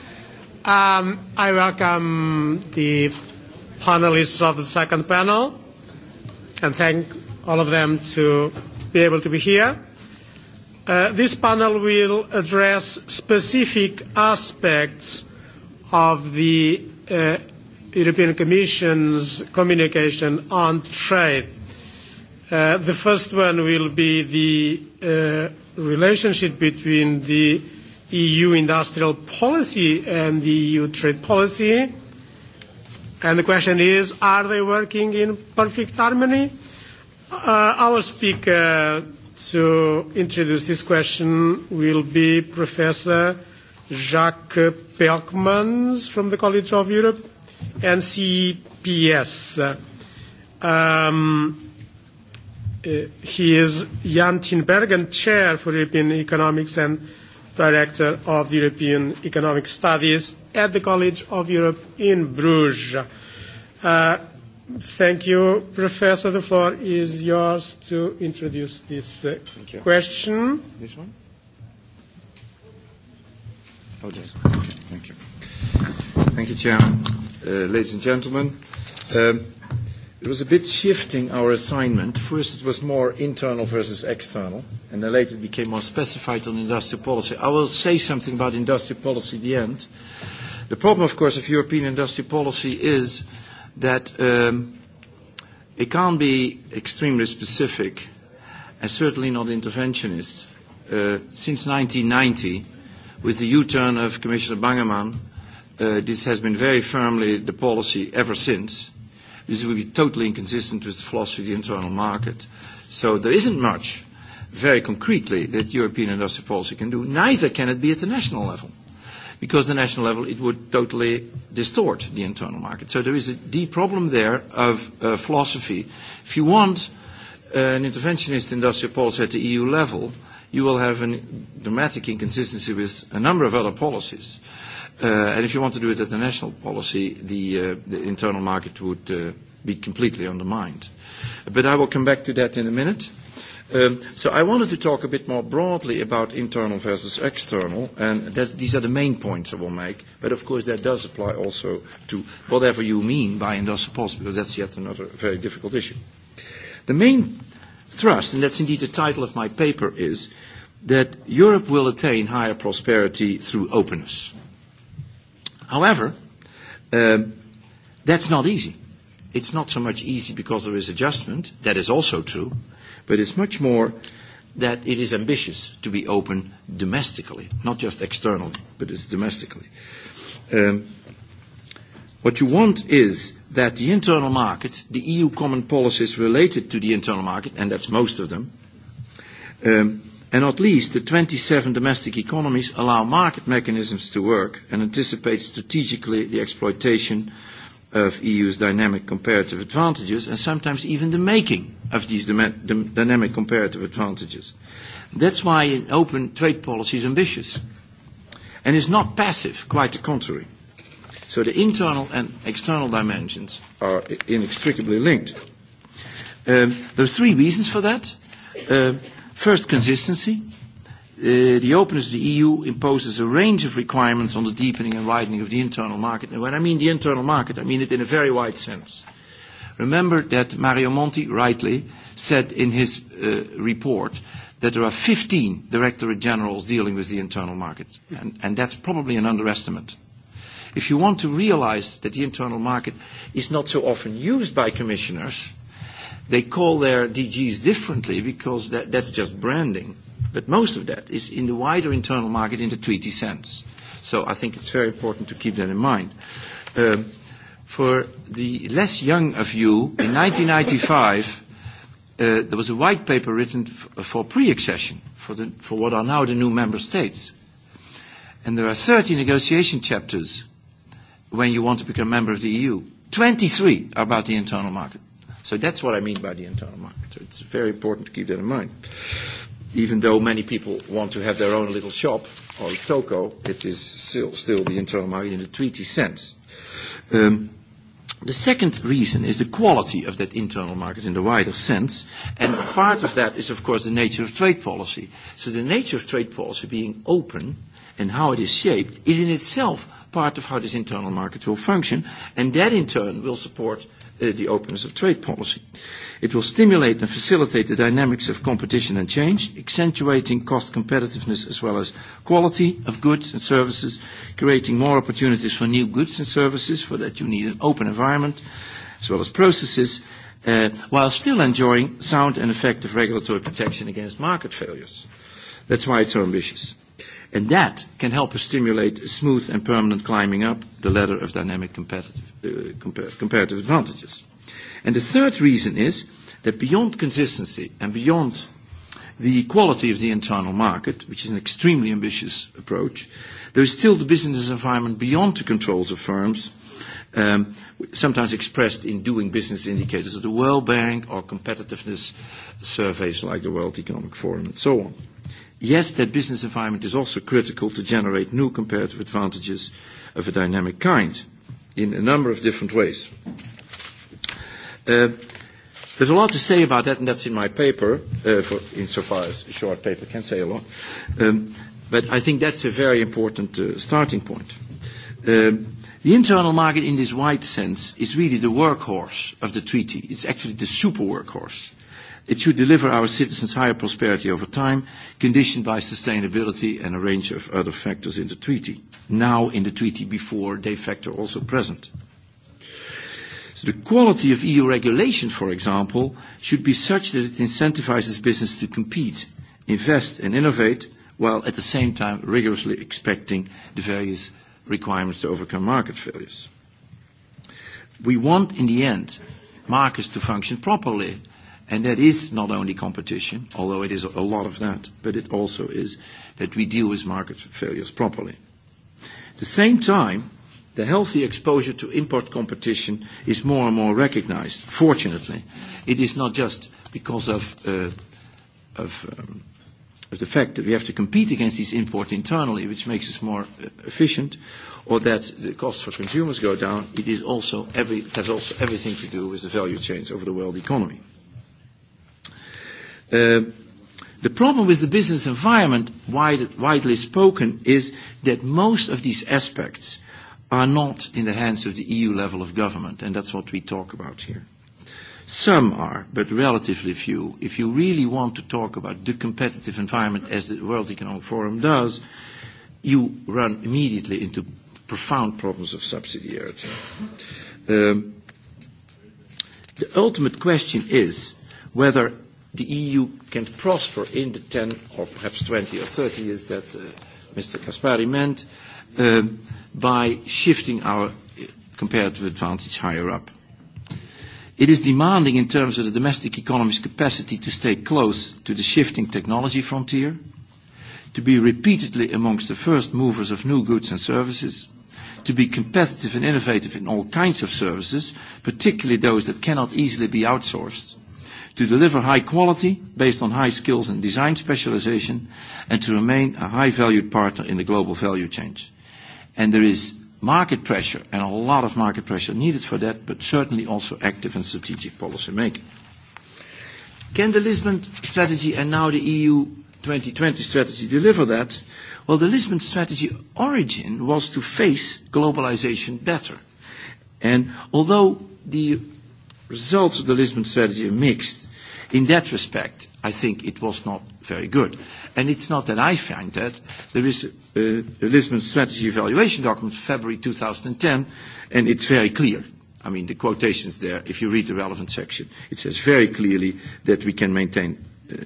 Um, I welcome the panelists of the second panel and thank all of them to be able to be here. Uh, this panel will address specific aspects of the uh, European Commission's communication on trade. the first one will be the relationship between the EU industrial policy and the EU trade policy. And the question is, are they working in perfect harmony? Uh, our speaker to introduce this question will be Professor Jacques Pelkmans from the College of Europe NCPS. Um, uh, he is Jan Tinbergen, Chair for European Economics and Director of European Economic Studies at the College of Europe in Bruges. Uh, thank you, Professor. The floor is yours to introduce this uh, question. This one? Oh, yes. Okay, thank you. Thank you, Chairman. ladies and gentlemen, it was a bit shifting our assignment. First, it was more internal versus external, and then later it became more specified on industrial policy. I will say something about industrial policy at the end. The problem, of course, of European industrial policy is that it can't be extremely specific, and certainly not interventionist. since 1990, with the U-turn of Commissioner Bangemann, uh, this has been very firmly the policy ever since. This would be totally inconsistent with the philosophy of the internal market. So there isn't much, very concretely, that European industrial policy can do. Neither can it be at the national level, because the national level it would totally distort the internal market. So there is a deep problem there of uh, philosophy. If you want uh, an interventionist industrial policy at the EU level, you will have a dramatic inconsistency with a number of other policies Uh, and if you want to do it at the national policy, the, uh, the internal market would uh, be completely undermined. But I will come back to that in a minute. Um, so I wanted to talk a bit more broadly about internal versus external, and that's, these are the main points I will make. But of course, that does apply also to whatever you mean by industrial policy, because that's yet another very difficult issue. The main thrust, and that's indeed the title of my paper, is that Europe will attain higher prosperity through openness. However, um, that's not easy. It's not so much easy because there is adjustment, that is also true, but it's much more that it is ambitious to be open domestically, not just externally, but it's domestically. Um, what you want is that the internal market, the EU common policies related to the internal market, and that's most of them, um, And not least, the 27 domestic economies allow market mechanisms to work and anticipate strategically the exploitation of EU's dynamic comparative advantages and sometimes even the making of these dynamic comparative advantages. That's why an open trade policy is ambitious and is not passive, quite the contrary. So the internal and external dimensions are inextricably linked. Um, there are three reasons for that. First, consistency. Uh, the openness of the EU imposes a range of requirements on the deepening and widening of the internal market. And when I mean the internal market, I mean it in a very wide sense. Remember that Mario Monti rightly said in his uh, report that there are 15 directorate generals dealing with the internal market, and, and that's probably an underestimate. If you want to realize that the internal market is not so often used by commissioners, They call their DGs differently because that, that's just branding. But most of that is in the wider internal market in the treaty sense. So I think it's very important to keep that in mind. Um, for the less young of you, in 1995, uh, there was a white paper written f- for pre-accession, for, the, for what are now the new member states. And there are 30 negotiation chapters when you want to become a member of the EU. 23 are about the internal market. So that's what I mean by the internal market. So it's very important to keep that in mind. Even though many people want to have their own little shop or toko, it is still, still the internal market in the treaty sense. Um, the second reason is the quality of that internal market in the wider sense, and part of that is, of course, the nature of trade policy. So the nature of trade policy being open and how it is shaped is in itself part of how this internal market will function, and that in turn will support the openness of trade policy. It will stimulate and facilitate the dynamics of competition and change, accentuating cost competitiveness as well as quality of goods and services, creating more opportunities for new goods and services. For that, you need an open environment as well as processes, uh, while still enjoying sound and effective regulatory protection against market failures. That's why it's so ambitious. And that can help us stimulate a smooth and permanent climbing up the ladder of dynamic competitiveness comparative advantages. And the third reason is that beyond consistency and beyond the quality of the internal market, which is an extremely ambitious approach, there is still the business environment beyond the controls of firms, um, sometimes expressed in doing business indicators of the World Bank or competitiveness surveys like the World Economic Forum and so on. Yes, that business environment is also critical to generate new comparative advantages of a dynamic kind in a number of different ways. Uh, there's a lot to say about that, and that's in my paper, uh, for, insofar as a short paper can say a lot. Um, but I think that's a very important uh, starting point. Um, the internal market in this wide sense is really the workhorse of the treaty. It's actually the super workhorse. It should deliver our citizens higher prosperity over time, conditioned by sustainability and a range of other factors in the treaty, now in the treaty before de facto also present. The quality of EU regulation, for example, should be such that it incentivizes business to compete, invest and innovate, while at the same time rigorously expecting the various requirements to overcome market failures. We want, in the end, markets to function properly And that is not only competition, although it is a lot of that, but it also is that we deal with market failures properly. At the same time, the healthy exposure to import competition is more and more recognized. Fortunately, it is not just because of, the fact that we have to compete against these imports internally, which makes us more efficient, or that the costs for consumers go down. It is also every, it has also everything to do with the value chains over the world economy the problem with the business environment, wide, widely spoken, is that most of these aspects are not in the hands of the EU level of government, and that's what we talk about here. Some are, but relatively few. If you really want to talk about the competitive environment as the World Economic Forum does, you run immediately into profound problems of subsidiarity. Um, the ultimate question is whether the EU can prosper in the 10 or perhaps 20 or 30 years that Mr. Kaspari meant by shifting our comparative advantage higher up. It is demanding in terms of the domestic economy's capacity to stay close to the shifting technology frontier, to be repeatedly amongst the first movers of new goods and services, to be competitive and innovative in all kinds of services, particularly those that cannot easily be outsourced, to deliver high quality based on high skills and design specialization, and to remain a high-valued partner in the global value And There is market pressure, and a lot of market pressure needed for that, but certainly also active and strategic policy making. Can the Lisbon strategy and now the EU 2020 strategy deliver that? Well, the Lisbon strategy origin was to face globalization better. And although the results of the Lisbon strategy are mixed, In that respect, I think it was not very good. And it's not that I find that. There is a, a Lisbon Strategy Evaluation document, February 2010, and it's very clear. I mean, the quotations there, if you read the relevant section, it says very clearly that we can maintain uh,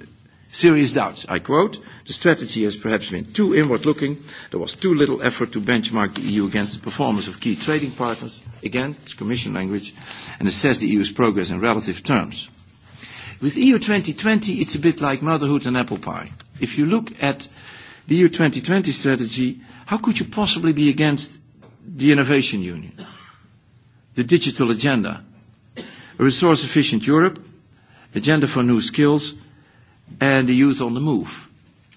serious doubts. I quote, the strategy has perhaps been too inward-looking. There was too little effort to benchmark the EU against the performance of key trading partners. Again, it's commission language. And assess the EU's progress in relative terms. With EU 2020, it's a bit like motherhood and apple pie. If you look at the EU 2020 strategy, how could you possibly be against the Innovation Union, the digital agenda, a resource efficient Europe, agenda for new skills, and the youth on the move?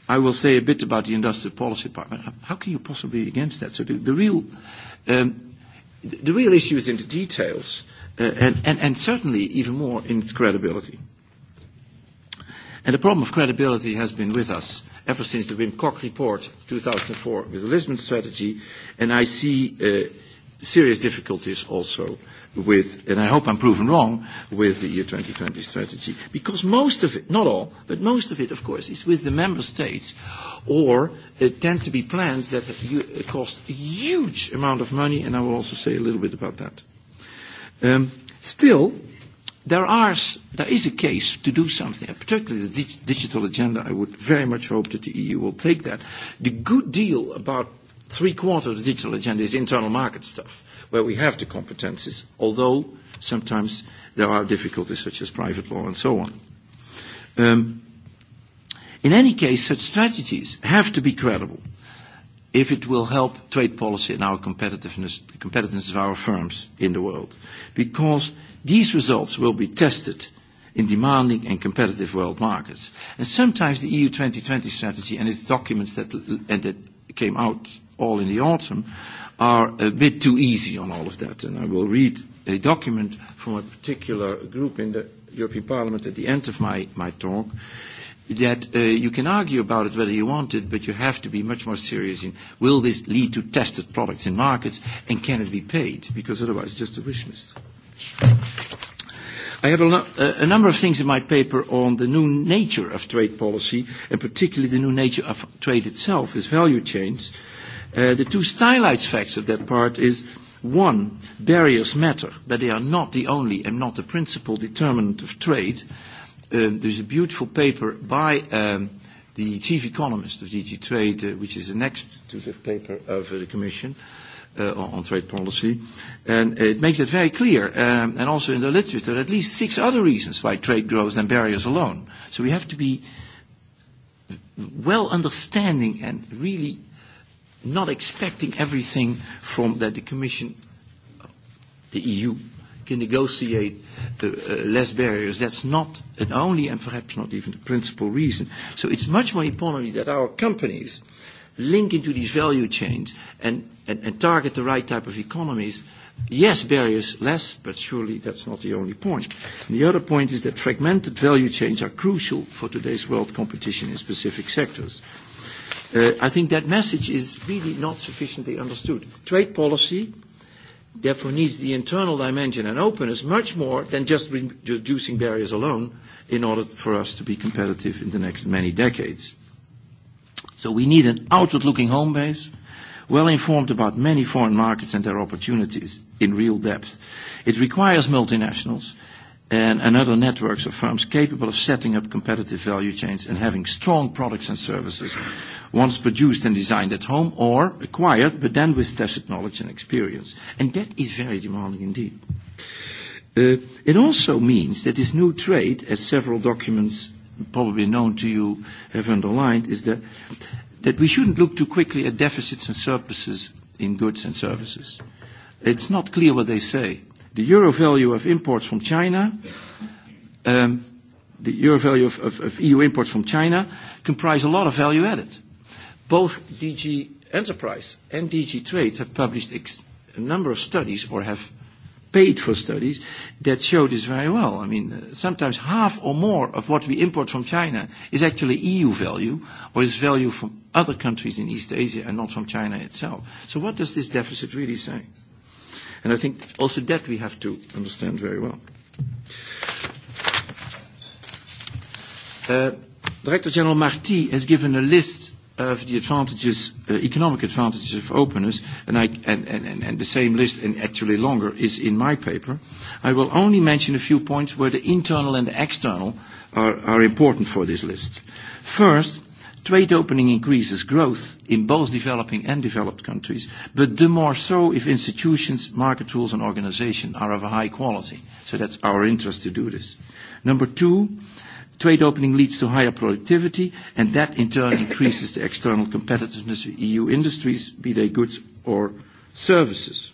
I will say a bit about the industrial policy department. How can you possibly be against that? So the, the real, um, the real issue is in the details, uh, and, and, and certainly even more in its credibility. And the problem of credibility has been with us ever since the Wim Kok report 2004 with the Lisbon strategy, and I see uh, serious difficulties also with, and I hope I'm proven wrong, with the year 2020 strategy. Because most of it, not all, but most of it, of course, is with the member states, or it tend to be plans that cost a huge amount of money, and I will also say a little bit about that. Um, still, there, are, there is a case to do something, particularly the digital agenda. I would very much hope that the EU will take that. The good deal about three quarters of the digital agenda is internal market stuff, where we have the competences, although sometimes there are difficulties such as private law and so on. Um, in any case, such strategies have to be credible if it will help trade policy and our competitiveness, the competitiveness of our firms in the world. Because these results will be tested in demanding and competitive world markets. And sometimes the EU 2020 strategy and its documents that, and that came out all in the autumn are a bit too easy on all of that. And I will read a document from a particular group in the European Parliament at the end of my, my talk that uh, you can argue about it whether you want it, but you have to be much more serious in will this lead to tested products in markets and can it be paid? Because otherwise it's just a wish list. I have a, uh, a number of things in my paper on the new nature of trade policy and particularly the new nature of trade itself, is value chains. Uh, the two stylized facts of that part is one, barriers matter, but they are not the only and not the principal determinant of trade um, there's a beautiful paper by um, the chief economist of DG Trade, uh, which is next to the paper of uh, the Commission uh, on trade policy. And it makes it very clear, um, and also in the literature, at least six other reasons why trade grows than barriers alone. So we have to be well understanding and really not expecting everything from that the Commission, the EU, can negotiate the uh, less barriers. That's not an only and perhaps not even the principal reason. So it's much more important that our companies link into these value chains and, and, and target the right type of economies. Yes, barriers less, but surely that's not the only point. And the other point is that fragmented value chains are crucial for today's world competition in specific sectors. Uh, I think that message is really not sufficiently understood. Trade policy, therefore needs the internal dimension and openness much more than just reducing barriers alone in order for us to be competitive in the next many decades. So we need an outward-looking home base, well informed about many foreign markets and their opportunities in real depth. It requires multinationals and, other networks of firms capable of setting up competitive value chains and having strong products and services once produced and designed at home or acquired, but then with tacit knowledge and experience. And that is very demanding indeed. Uh, it also means that this new trade, as several documents probably known to you have underlined, is that, that we shouldn't look too quickly at deficits and surpluses in goods and services. It's not clear what they say The euro value of imports from China, um, the euro value of, of, of EU imports from China comprise a lot of value added. Both DG Enterprise and DG Trade have published ex- a number of studies or have paid for studies that show this very well. I mean, uh, sometimes half or more of what we import from China is actually EU value or is value from other countries in East Asia and not from China itself. So what does this deficit really say? And I think also that we have to understand very well. Uh, Director General Marti has given a list of the advantages, uh, economic advantages of openness, and, I, and, and, and the same list, and actually longer, is in my paper. I will only mention a few points where the internal and the external are, are important for this list. First, Trade opening increases growth in both developing and developed countries, but the more so if institutions, market rules, and organization are of a high quality. So that's our interest to do this. Number two, trade opening leads to higher productivity, and that in turn increases the external competitiveness of EU industries, be they goods or services.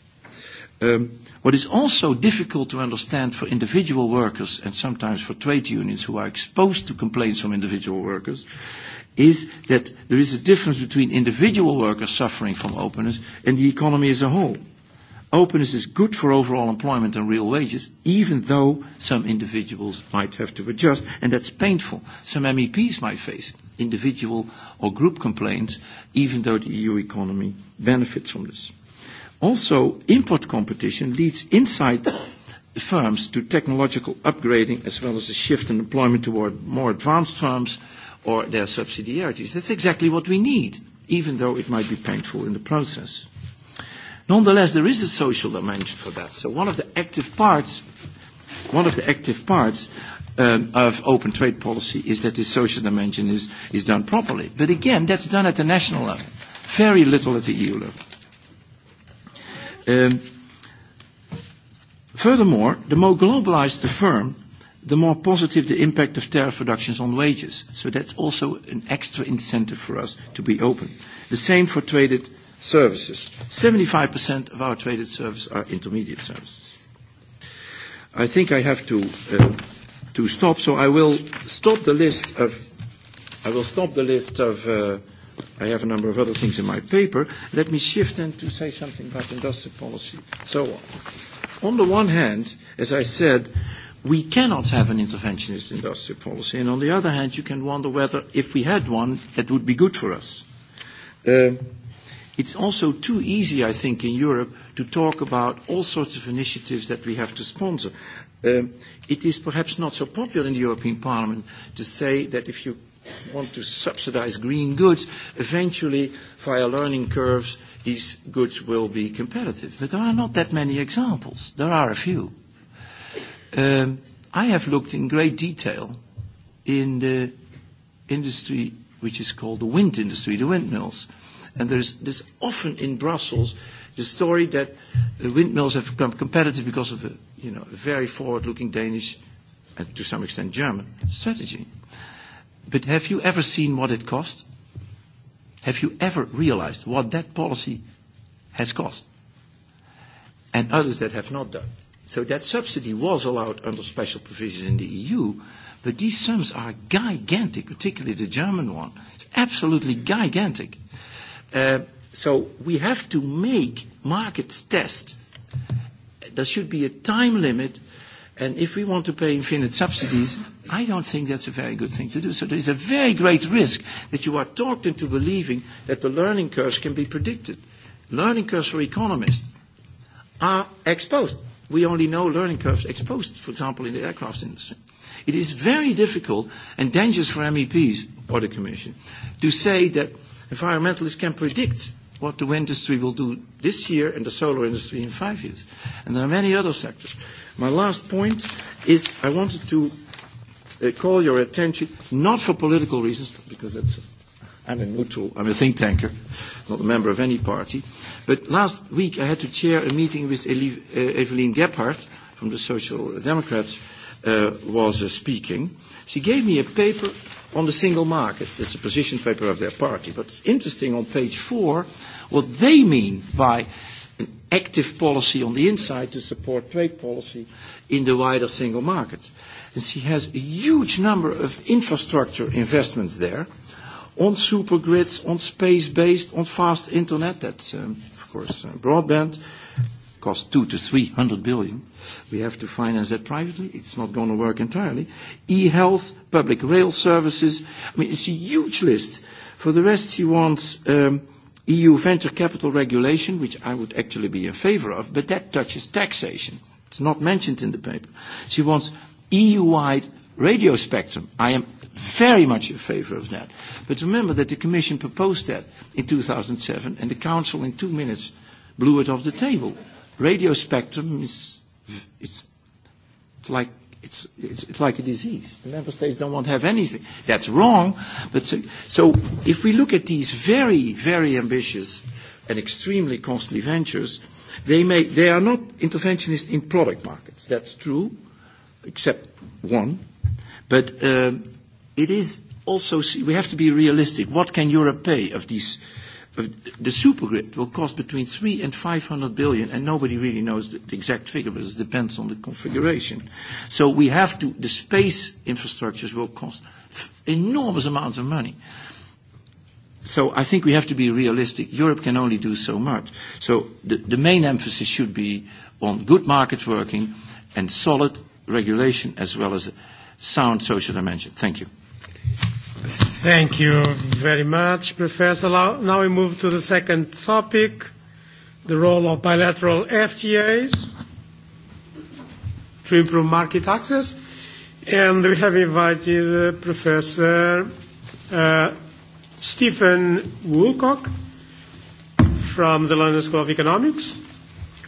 Um, What is also difficult to understand for individual workers and sometimes for trade unions who are exposed to complaints from individual workers is that there is a difference between individual workers suffering from openness and the economy as a whole. Openness is good for overall employment and real wages, even though some individuals might have to adjust, and that's painful. Some MEPs might face individual or group complaints, even though the EU economy benefits from this. Also, import competition leads inside firms to technological upgrading as well as a shift in employment toward more advanced firms – or their subsidiarities. That's exactly what we need, even though it might be painful in the process. Nonetheless, there is a social dimension for that. So one of the active parts, one of the active parts um, of open trade policy is that this social dimension is, is done properly. But again, that's done at the national level, very little at the EU level. Um, furthermore, the more globalized the firm, the more positive the impact of tariff reductions on wages. So that's also an extra incentive for us to be open. The same for traded services. 75% of our traded services are intermediate services. I think I have to, uh, to stop, so I will stop the list of, I will stop the list of, uh, I have a number of other things in my paper. Let me shift then to say something about industrial policy. So on the one hand, as I said, we cannot have an interventionist industrial policy. And on the other hand, you can wonder whether, if we had one, that would be good for us. Uh, it's also too easy, I think, in Europe to talk about all sorts of initiatives that we have to sponsor. Um, it is perhaps not so popular in the European Parliament to say that if you want to subsidize green goods, eventually, via learning curves, these goods will be competitive. But there are not that many examples. There are a few. Um, I have looked in great detail in the industry which is called the wind industry, the windmills. And there's, there's often in Brussels the story that the windmills have become competitive because of a, you know, a very forward-looking Danish and to some extent German strategy. But have you ever seen what it cost? Have you ever realized what that policy has cost? And others that have not done. So that subsidy was allowed under special provisions in the EU, but these sums are gigantic, particularly the German one. It's absolutely gigantic. Uh, so we have to make markets test. There should be a time limit, and if we want to pay infinite subsidies, I don't think that's a very good thing to do. So there's a very great risk that you are talked into believing that the learning curves can be predicted. Learning curves for economists are exposed We only know learning curves exposed, for example, in the aircraft industry. It is very difficult and dangerous for MEPs or the Commission to say that environmentalists can predict what the wind industry will do this year and the solar industry in five years. And there are many other sectors. My last point is I wanted to call your attention, not for political reasons, because that's, I'm a neutral, I'm a think tanker, not a member of any party. But last week I had to chair a meeting with Evelyn Gebhardt from the Social Democrats uh, was uh, speaking. She gave me a paper on the single market. It's a position paper of their party, but it's interesting on page four what they mean by an active policy on the inside to support trade policy in the wider single market. And she has a huge number of infrastructure investments there – on supergrids, on space-based, on fast internet. That's, um, of course, uh, broadband. Costs two to three hundred billion. We have to finance that privately. It's not going to work entirely. E-health, public rail services. I mean, it's a huge list. For the rest, she wants um, EU venture capital regulation, which I would actually be in favor of, but that touches taxation. It's not mentioned in the paper. She wants EU-wide radio spectrum. I am very much in favour of that. But remember that the Commission proposed that in 2007, and the Council in two minutes blew it off the table. Radio spectrum is it's, it's like it's, it's, it's like a disease. The member states don't want to have anything. That's wrong. But so, so if we look at these very, very ambitious and extremely costly ventures, they, may, they are not interventionist in product markets. That's true, except one. But um, it is also, we have to be realistic. What can Europe pay of these? Of the supergrid will cost between three and five hundred billion, and nobody really knows the exact figure, but it depends on the configuration. So we have to, the space infrastructures will cost f enormous amounts of money. So I think we have to be realistic. Europe can only do so much. So the, the main emphasis should be on good market working and solid regulation as well as a sound social dimension. Thank you. Thank you very much, Professor. Now we move to the second topic, the role of bilateral FTAs to improve market access. And we have invited Professor uh, Stephen Woolcock from the London School of Economics,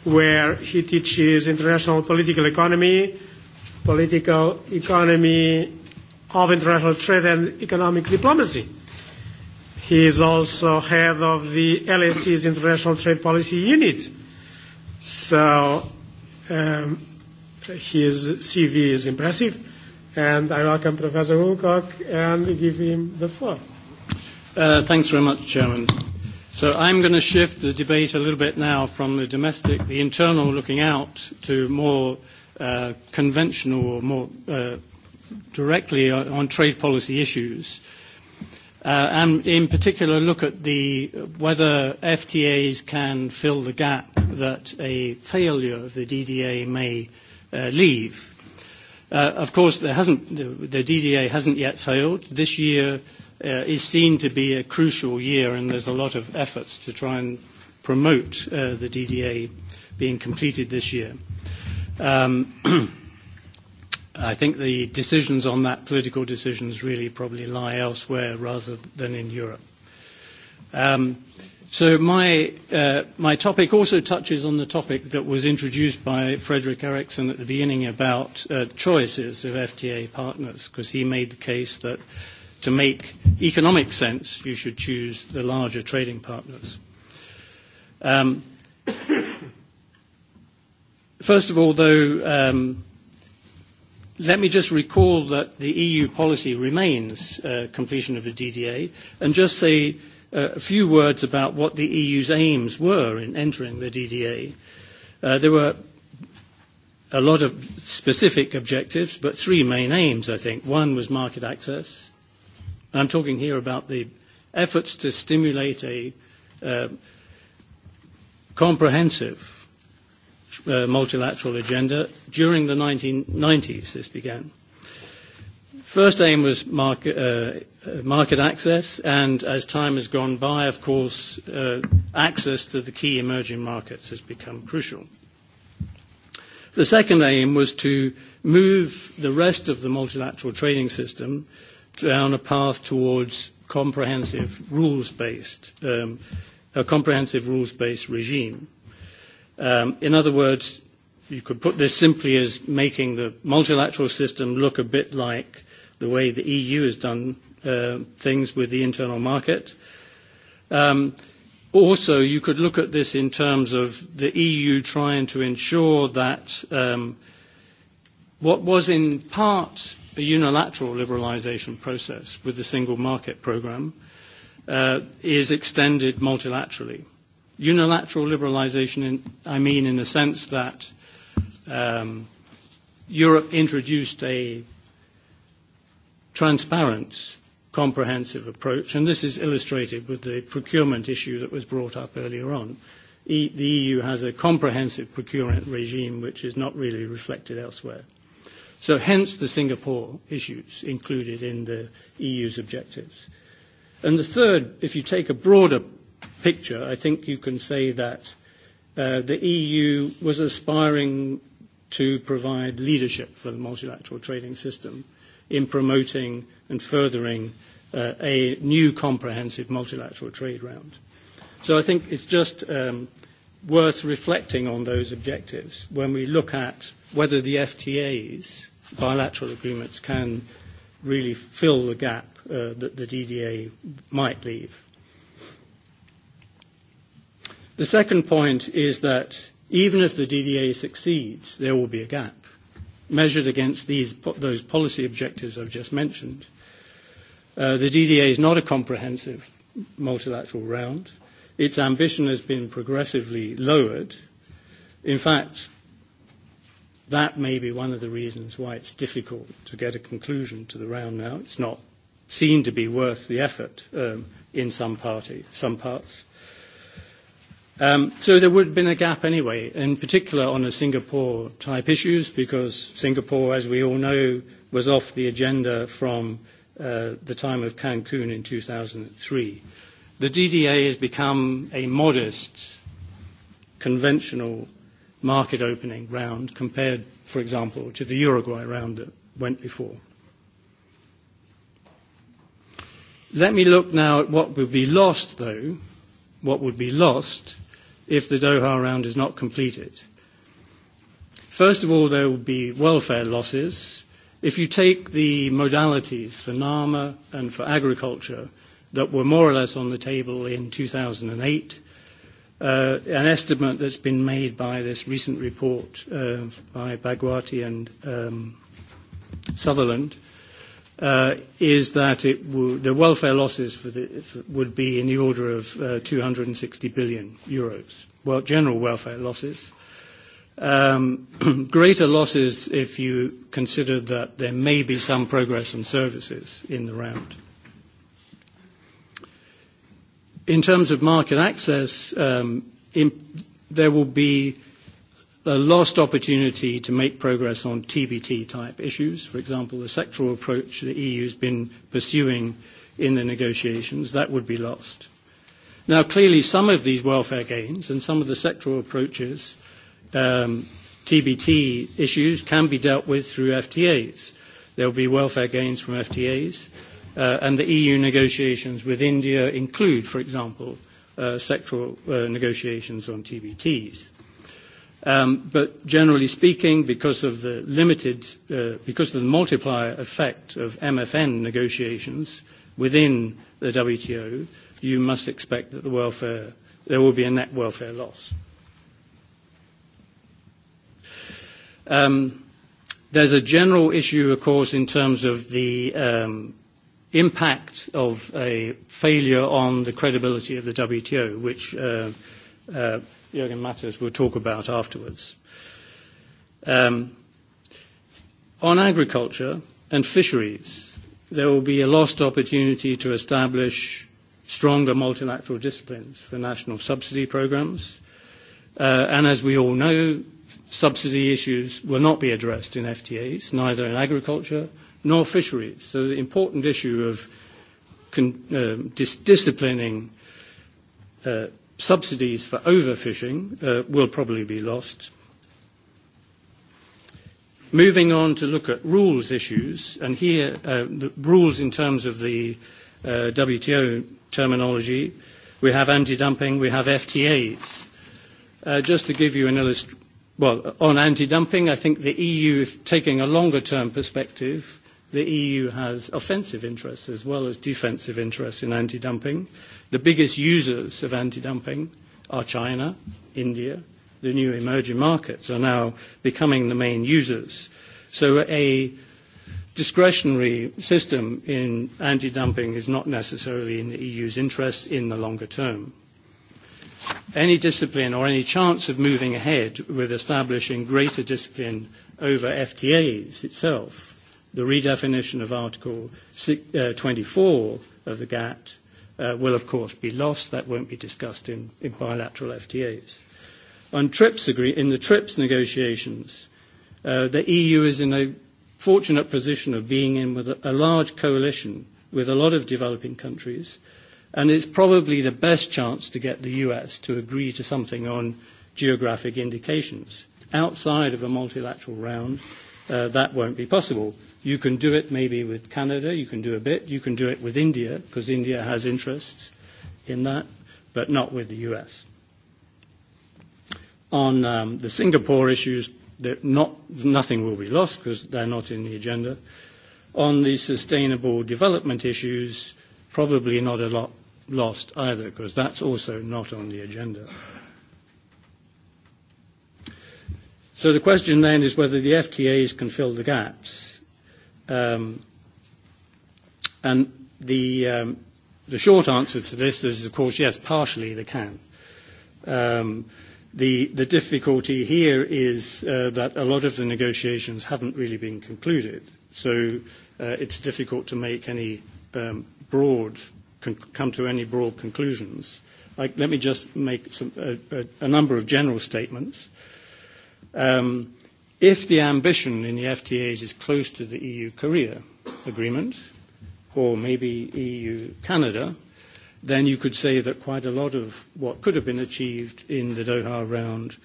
where he teaches international political economy, political economy of International Trade and Economic Diplomacy. He is also head of the LSE's International Trade Policy Unit. So um, his CV is impressive. And I welcome Professor Wilcock and give him the floor. Uh, thanks very much, Chairman. So I'm going to shift the debate a little bit now from the domestic, the internal looking out, to more uh, conventional or more uh, directly on trade policy issues, and in particular look at the, whether FTAs can fill the gap that a failure of the DDA may leave. of course, there hasn't, the DDA hasn't yet failed. This year is seen to be a crucial year, and there's a lot of efforts to try and promote the DDA being completed this year. Um, I think the decisions on that, political decisions, really probably lie elsewhere rather than in Europe. Um, so my, uh, my topic also touches on the topic that was introduced by Frederick Erickson at the beginning about uh, choices of FTA partners, because he made the case that to make economic sense, you should choose the larger trading partners. Um, first of all, though, um, Let me just recall that the EU policy remains completion of the DDA, and just say a few words about what the EU's aims were in entering the DDA. There were a lot of specific objectives, but three main aims, I think. One was market access. and I'm talking here about the efforts to stimulate a comprehensive uh, multilateral agenda. During the 1990s, this began. First aim was market, uh, market access, and as time has gone by, of course, uh, access to the key emerging markets has become crucial. The second aim was to move the rest of the multilateral trading system down a path towards comprehensive rules-based, um, a comprehensive rules-based regime in other words, you could put this simply as making the multilateral system look a bit like the way the EU has done things with the internal market. also, you could look at this in terms of the EU trying to ensure that what was in part a unilateral liberalisation process with the single market programme is extended multilaterally Unilateral liberalisation, in, I mean, in the sense that um, Europe introduced a transparent, comprehensive approach, and this is illustrated with the procurement issue that was brought up earlier on. E- the EU has a comprehensive procurement regime which is not really reflected elsewhere. So hence the Singapore issues included in the EU's objectives. And the third, if you take a broader picture, I think you can say that uh, the EU was aspiring to provide leadership for the multilateral trading system in promoting and furthering uh, a new comprehensive multilateral trade round. So I think it's just um, worth reflecting on those objectives when we look at whether the FTAs, bilateral agreements, can really fill the gap uh, that the DDA might leave. The second point is that even if the DDA succeeds, there will be a gap measured against these, those policy objectives I've just mentioned. Uh, the DDA is not a comprehensive multilateral round. Its ambition has been progressively lowered. In fact, that may be one of the reasons why it's difficult to get a conclusion to the round now. It's not seen to be worth the effort um, in some party, some parts. Um, so there would have been a gap anyway, in particular on the Singapore type issues, because Singapore, as we all know, was off the agenda from uh, the time of Cancun in 2003. The DDA has become a modest, conventional market opening round compared, for example, to the Uruguay round that went before. Let me look now at what would be lost, though. What would be lost if the Doha round is not completed. First of all, there will be welfare losses. If you take the modalities for NAMA and for agriculture that were more or less on the table in 2008, eight, an estimate that's been made by this recent report by Bagwati and Sutherland – is that it the welfare losses for the, would be in the order of uh, 260 billion euros, well, general welfare losses. Um, greater losses if you consider that there may be some progress on services in the round. In terms of market access, um, in, there will be the lost opportunity to make progress on TBT-type issues. For example, the sectoral approach the EU has been pursuing in the negotiations, that would be lost. Now, clearly, some of these welfare gains and some of the sectoral approaches, TBT issues, can be dealt with through FTAs. There will be welfare gains from FTAs, and the EU negotiations with India include, for example, sectoral negotiations on TBTs. But generally speaking, because of the limited, because of the multiplier effect of MFN negotiations within the WTO, you must expect that the welfare, there will be a net welfare loss. There's a general issue, of course, in terms of the impact of a failure on the credibility of the WTO, which Jürgen Matters will talk about afterwards. Um, on agriculture and fisheries, there will be a lost opportunity to establish stronger multilateral disciplines for national subsidy programs. Uh, and as we all know, subsidy issues will not be addressed in FTAs, neither in agriculture nor fisheries. So the important issue of con- uh, dis- disciplining uh, subsidies for overfishing will probably be lost. Moving on to look at rules issues, and here the rules in terms of the WTO terminology, we have anti-dumping, we have FTAs. Just to give you an illustration, well, on anti-dumping, I think the EU, taking a longer-term perspective, the EU has offensive interests as well as defensive interests in anti-dumping. The biggest users of anti-dumping are China, India. The new emerging markets are now becoming the main users. So a discretionary system in anti-dumping is not necessarily in the EU's interests in the longer term. Any discipline or any chance of moving ahead with establishing greater discipline over FTAs itself the redefinition of Article 24 of the GATT will, of course, be lost. That won't be discussed in bilateral FTAs. On TRIPS agree In the TRIPS negotiations, the EU is in a fortunate position of being in with a large coalition with a lot of developing countries, and it's probably the best chance to get the U.S. to agree to something on geographic indications. Outside of a multilateral round, that won't be possible. You can do it maybe with Canada, you can do a bit, you can do it with India, because India has interests in that, but not with the US. On um, the Singapore issues, not, nothing will be lost because they're not in the agenda. On the sustainable development issues, probably not a lot lost either because that's also not on the agenda. So the question then is whether the FTAs can fill the gaps. Um, and the, um, the short answer to this is, of course, yes, partially they can. Um, the, the difficulty here is uh, that a lot of the negotiations haven't really been concluded. So uh, it's difficult to make any um, broad, come to any broad conclusions. Like, let me just make some, a, a, a number of general statements. Um, If the ambition in the FTAs is close to the EU-Korea agreement, or maybe EU-Canada, then you could say that quite a lot of what could have been achieved in the Doha round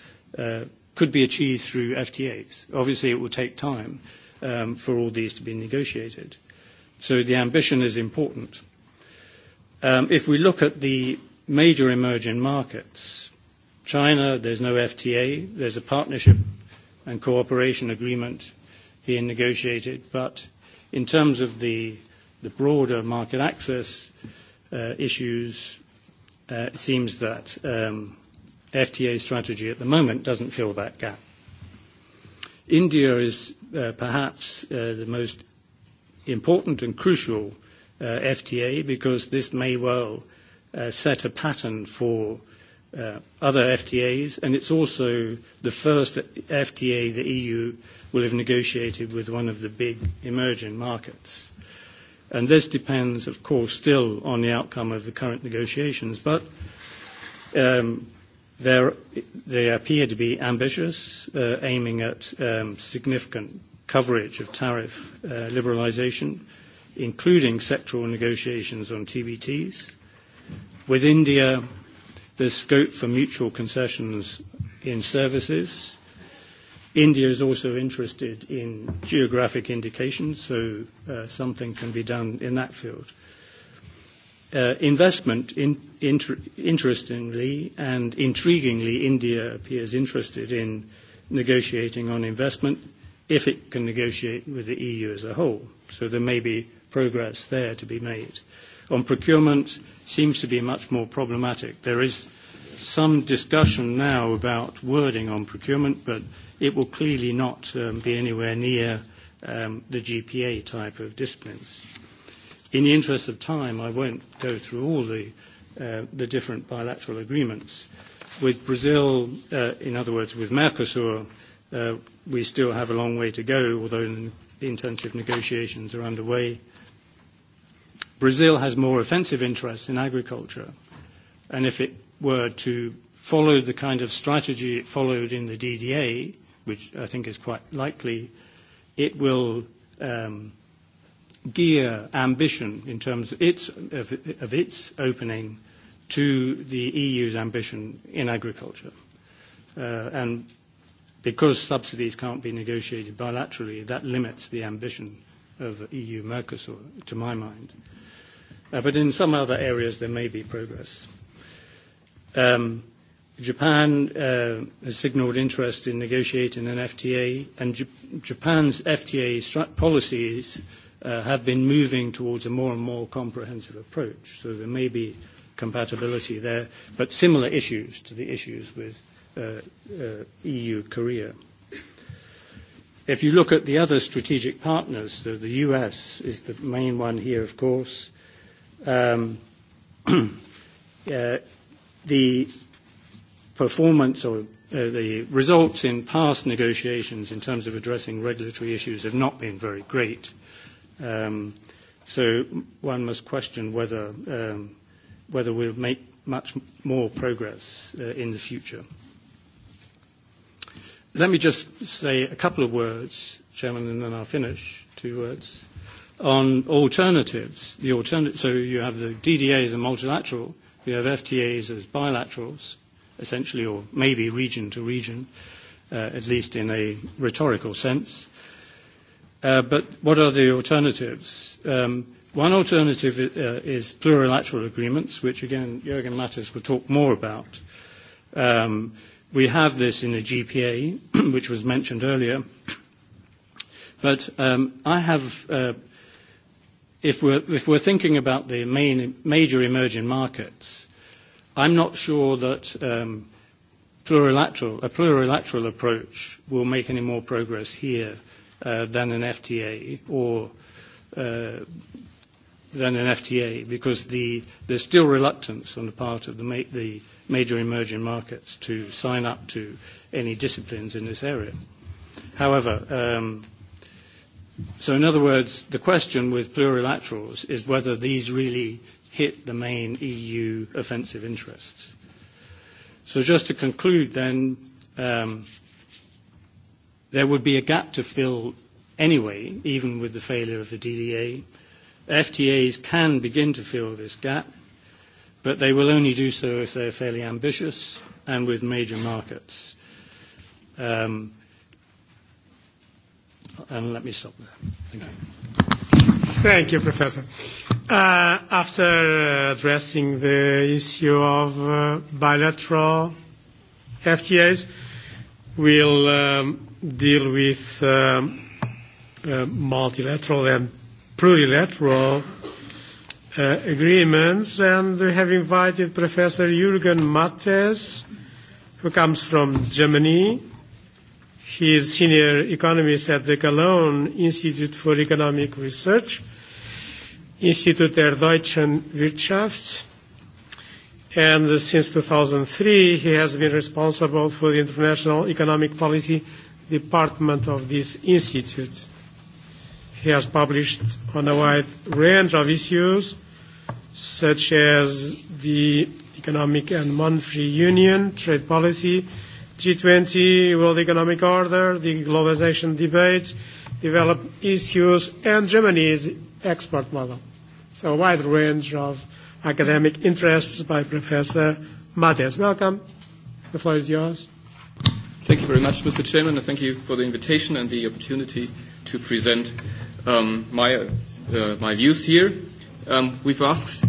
could be achieved through FTAs. Obviously, it will take time for all these to be negotiated. So the ambition is important. If we look at the major emerging markets, China, there's no FTA. There's a partnership and cooperation agreement being negotiated. But in terms of the, the broader market access uh, issues, uh, it seems that um, FTA strategy at the moment doesn't fill that gap. India is uh, perhaps uh, the most important and crucial uh, FTA because this may well uh, set a pattern for uh, other FTAs, and it's also the first FTA the EU will have negotiated with one of the big emerging markets. And this depends, of course, still on the outcome of the current negotiations, but um, there, they appear to be ambitious, uh, aiming at um, significant coverage of tariff uh, liberalisation, including sectoral negotiations on TBTs. With India, There's scope for mutual concessions in services. India is also interested in geographic indications, so something can be done in that field. Investment, interestingly and intriguingly, India appears interested in negotiating on investment if it can negotiate with the EU as a whole. So there may be progress there to be made. On procurement, seems to be much more problematic. There is some discussion now about wording on procurement, but it will clearly not um, be anywhere near um, the GPA type of disciplines. In the interest of time, I won't go through all the, uh, the different bilateral agreements. With Brazil, uh, in other words, with Mercosur, uh, we still have a long way to go, although intensive negotiations are underway. Uh, Brazil has more offensive interests in agriculture, and if it were to follow the kind of strategy it followed in the DDA, which I think is quite likely, it will um, gear ambition in terms of its, of, of its opening to the EU's ambition in agriculture. Uh, and because subsidies can't be negotiated bilaterally, that limits the ambition of EU-Mercosur, to my mind. Uh, but in some other areas, there may be progress. Japan has signaled interest in negotiating an FTA, and Japan's FTA policies have been moving towards a more and more comprehensive approach. So there may be compatibility there, but similar issues to the issues with EU-Korea. If you look at the other strategic partners, so the U.S. is the main one here, of course the performance or the results in past negotiations in terms of addressing regulatory issues have not been very great. So one must question whether um whether we'll make much more progress uh in the future. Let me just say a couple of words, Chairman, and then I'll finish. Two words on alternatives. The alternative, so you have the DDA as a multilateral, you have FTAs as bilaterals, essentially, or maybe region to region, uh, at least in a rhetorical sense. Uh, but what are the alternatives? Um, one alternative uh, is plurilateral agreements, which again, Jürgen Mattes will talk more about. Um, we have this in the GPA, which was mentioned earlier. But um, I have uh, if we're, if we're thinking about the main, major emerging markets, I'm not sure that a plurilateral approach will make any more progress here than an FTA or than an FTA because the, there's still reluctance on the part of the, ma- the major emerging markets to sign up to any disciplines in this area. However, So in other words, the question with plurilaterals is whether these really hit the main EU offensive interests. So just to conclude then, um, there would be a gap to fill anyway, even with the failure of the DDA. FTAs can begin to fill this gap, but they will only do so if they're fairly ambitious and with major markets. Um, and let me stop there. Thank you. Thank you, Professor. Uh, after addressing the issue of uh, bilateral FTAs, we'll um, deal with um, uh, multilateral and plurilateral uh, agreements, and we have invited Professor Jürgen Mattes, who comes from Germany, He is senior economist at the Cologne Institute for Economic Research, Institut der Deutschen Wirtschaft, and since 2003 he has been responsible for the International Economic Policy Department of this institute. He has published on a wide range of issues, such as the economic and monetary union, trade policy, G20, World Economic Order, the globalization debate, develop issues, and Germany's export model. So a wide range of academic interests by Professor Mathias. Welcome. The floor is yours. Thank you very much, Mr. Chairman, and thank you for the invitation and the opportunity to present um, my, uh, my views here. Um, we've, asked,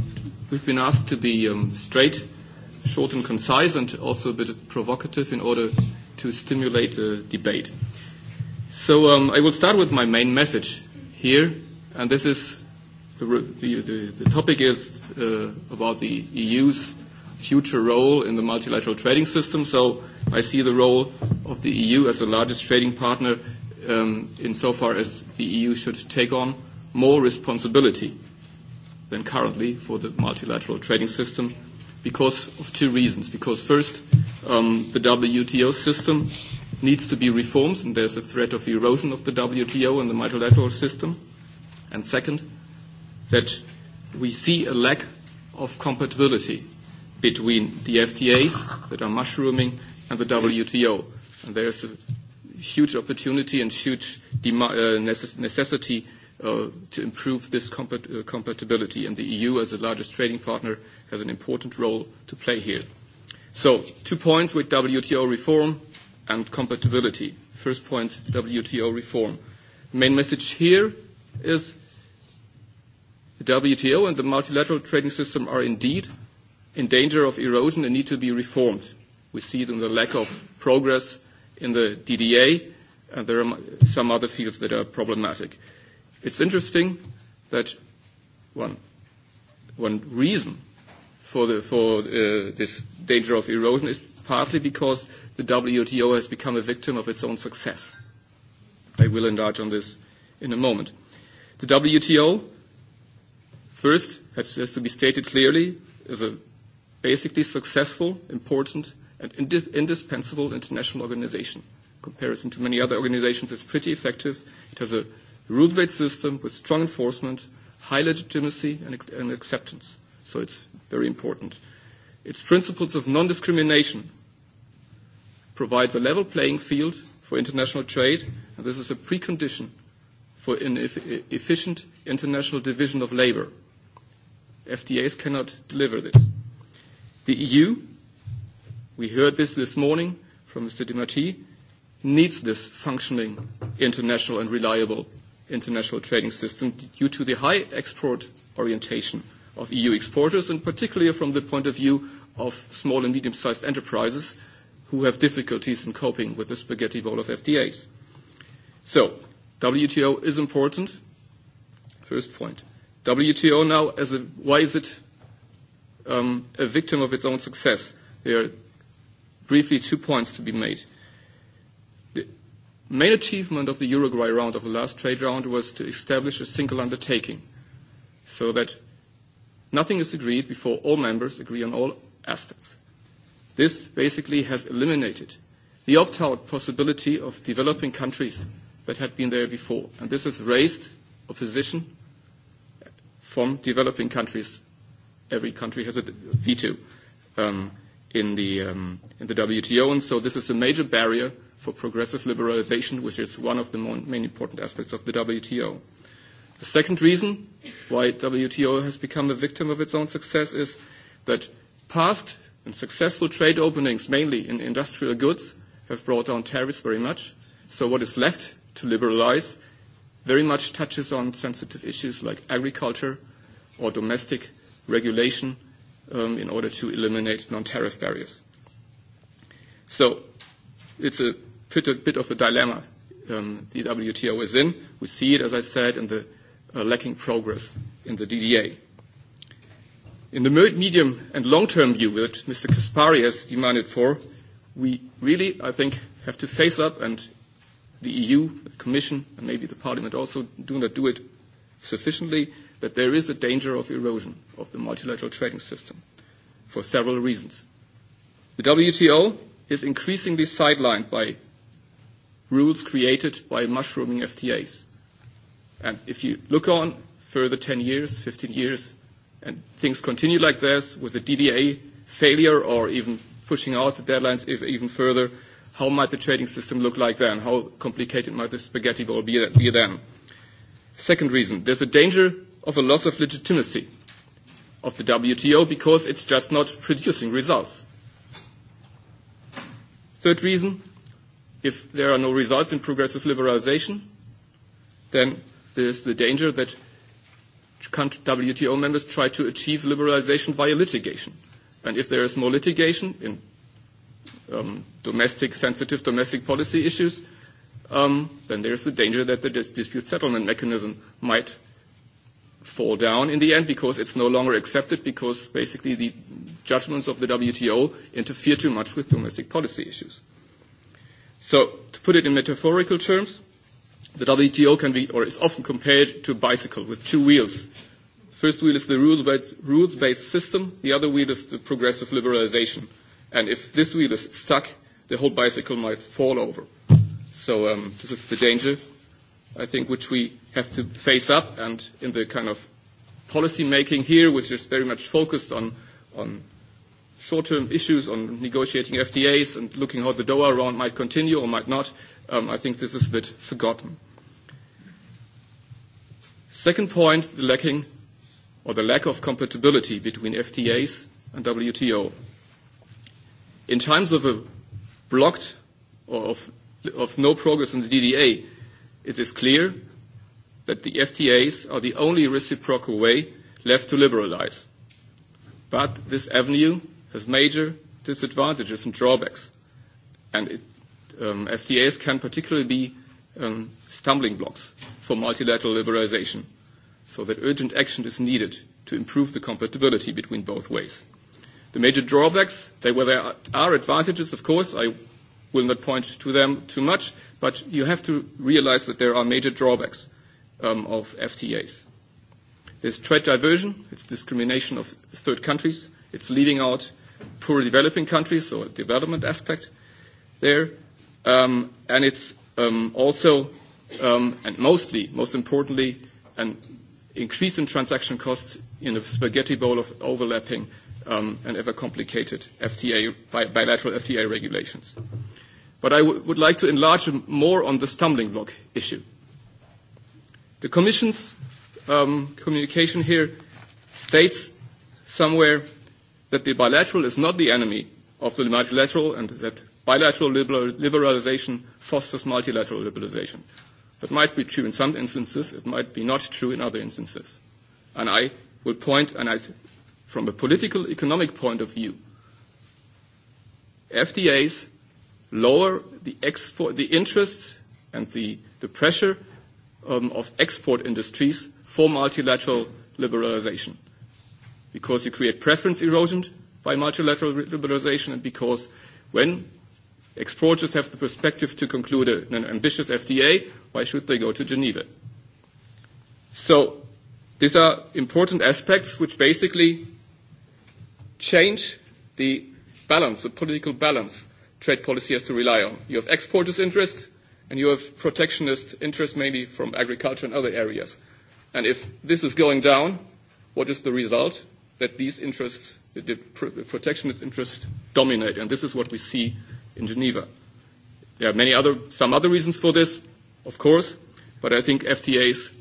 we've been asked to be um, straight short and concise and also a bit provocative in order to stimulate a debate. So um, I will start with my main message here, and this is the, the, the, the topic is uh, about the EU's future role in the multilateral trading system. So I see the role of the EU as the largest trading partner um, insofar as the EU should take on more responsibility than currently for the multilateral trading system because of two reasons. Because first, um, the WTO system needs to be reformed, and there's a threat of erosion of the WTO and the multilateral system. And second, that we see a lack of compatibility between the FTAs that are mushrooming and the WTO. And there's a huge opportunity and huge necessity to improve this compatibility. And the EU, as the largest trading partner, has an important role to play here. So two points with WTO reform and compatibility. First point, WTO reform. Main message here is the WTO and the multilateral trading system are indeed in danger of erosion and need to be reformed. We see it in the lack of progress in the DDA, and there are some other fields that are problematic. It's interesting that one, one reason for, the, for uh, this danger of erosion is partly because the WTO has become a victim of its own success. I will enlarge on this in a moment. The WTO, first, has, has to be stated clearly, is a basically successful, important, and indi- indispensable international organization. In comparison to many other organizations, it's pretty effective. It has a rule-based system with strong enforcement, high legitimacy, and, and acceptance. So it's very important. Its principles of non-discrimination provides a level playing field for international trade, and this is a precondition for an efficient international division of labor. FTAs cannot deliver this. The EU, we heard this this morning from Mr. Dimati, needs this functioning international and reliable international trading system due to the high export orientation of EU exporters, and particularly from the point of view of small and medium-sized enterprises who have difficulties in coping with the spaghetti bowl of FTAs. So WTO is important. First point. WTO now, as a, why is it a victim of its own success? There are briefly two points to be made. The main achievement of the Uruguay round of the last trade round was to establish a single undertaking so that Nothing is agreed before all members agree on all aspects. This basically has eliminated the opt-out possibility of developing countries that had been there before, and this has raised opposition from developing countries. Every country has a veto um, in, the, um, in the WTO, and so this is a major barrier for progressive liberalization, which is one of the main important aspects of the WTO. The second reason why WTO has become a victim of its own success is that past and successful trade openings, mainly in industrial goods, have brought down tariffs very much. So what is left to liberalize very much touches on sensitive issues like agriculture or domestic regulation um, in order to eliminate non-tariff barriers. So it's a bit, of a dilemma um, the WTO is in. We see it, as I said, in the uh, lacking progress in the DDA. In the medium and long-term view that Mr. Kaspari has demanded for, we really, I think, have to face up and the EU, the Commission, and maybe the Parliament also do not do it sufficiently, that there is a danger of erosion of the multilateral trading system for several reasons. The WTO is increasingly sidelined by rules created by mushrooming FTAs. And if you look on further 10 years, 15 years, and things continue like this with the DDA failure or even pushing out the deadlines if even further, how might the trading system look like then? How complicated might the spaghetti ball be, be then? Second reason, there's a danger of a loss of legitimacy of the WTO because it's just not producing results. Third reason, if there are no results in progressive liberalization, then there's the danger that WTO members try to achieve liberalization via litigation. And if there is more litigation in um, domestic, sensitive domestic policy issues, um, then there's the danger that the dis- dispute settlement mechanism might fall down in the end because it's no longer accepted because basically the judgments of the WTO interfere too much with domestic policy issues. So to put it in metaphorical terms, The WTO can be, or is often compared to a bicycle with two wheels. The first wheel is the rules-based system. The other wheel is the progressive liberalization. And if this wheel is stuck, the whole bicycle might fall over. So um, this is the danger, I think, which we have to face up. And in the kind of policy making here, which is very much focused on, on short-term issues, on negotiating FTAs and looking how the Doha round might continue or might not – I think this is a bit forgotten. Second point, the lacking or the lack of compatibility between FTAs and WTO. In times of a blocked or of, of no progress in the DDA, it is clear that the FTAs are the only reciprocal way left to liberalize. But this avenue has major disadvantages and drawbacks, and it um, FTAs can particularly be um, stumbling blocks for multilateral liberalization, so that urgent action is needed to improve the compatibility between both ways. The major drawbacks, they, well, there are advantages, of course, I will not point to them too much, but you have to realize that there are major drawbacks um, of FTAs. There's trade diversion, it's discrimination of third countries, it's leaving out poor developing countries, so a development aspect there. Um, and it's um, also, um, and mostly, most importantly, an increase in transaction costs in a spaghetti bowl of overlapping um, and ever complicated FTA, bilateral FTA regulations. But I w- would like to enlarge more on the stumbling block issue. The Commission's um, communication here states somewhere that the bilateral is not the enemy of the multilateral and that bilateral liberalisation fosters multilateral liberalisation. That might be true in some instances, it might be not true in other instances. And I will point, and I, from a political economic point of view, FDAs lower the export, the interest and the, the pressure um, of export industries for multilateral liberalisation, because you create preference erosion by multilateral liberalisation, and because when Exporters have the perspective to conclude an ambitious FTA. Why should they go to Geneva? So these are important aspects which basically change the balance, the political balance trade policy has to rely on. You have exporters' interest and you have protectionist interest mainly from agriculture and other areas. And if this is going down, what is the result? That these interests, the protectionist interests, dominate. And this is what we see in Geneva. There are many other, some other reasons for this, of course, but I think FTAs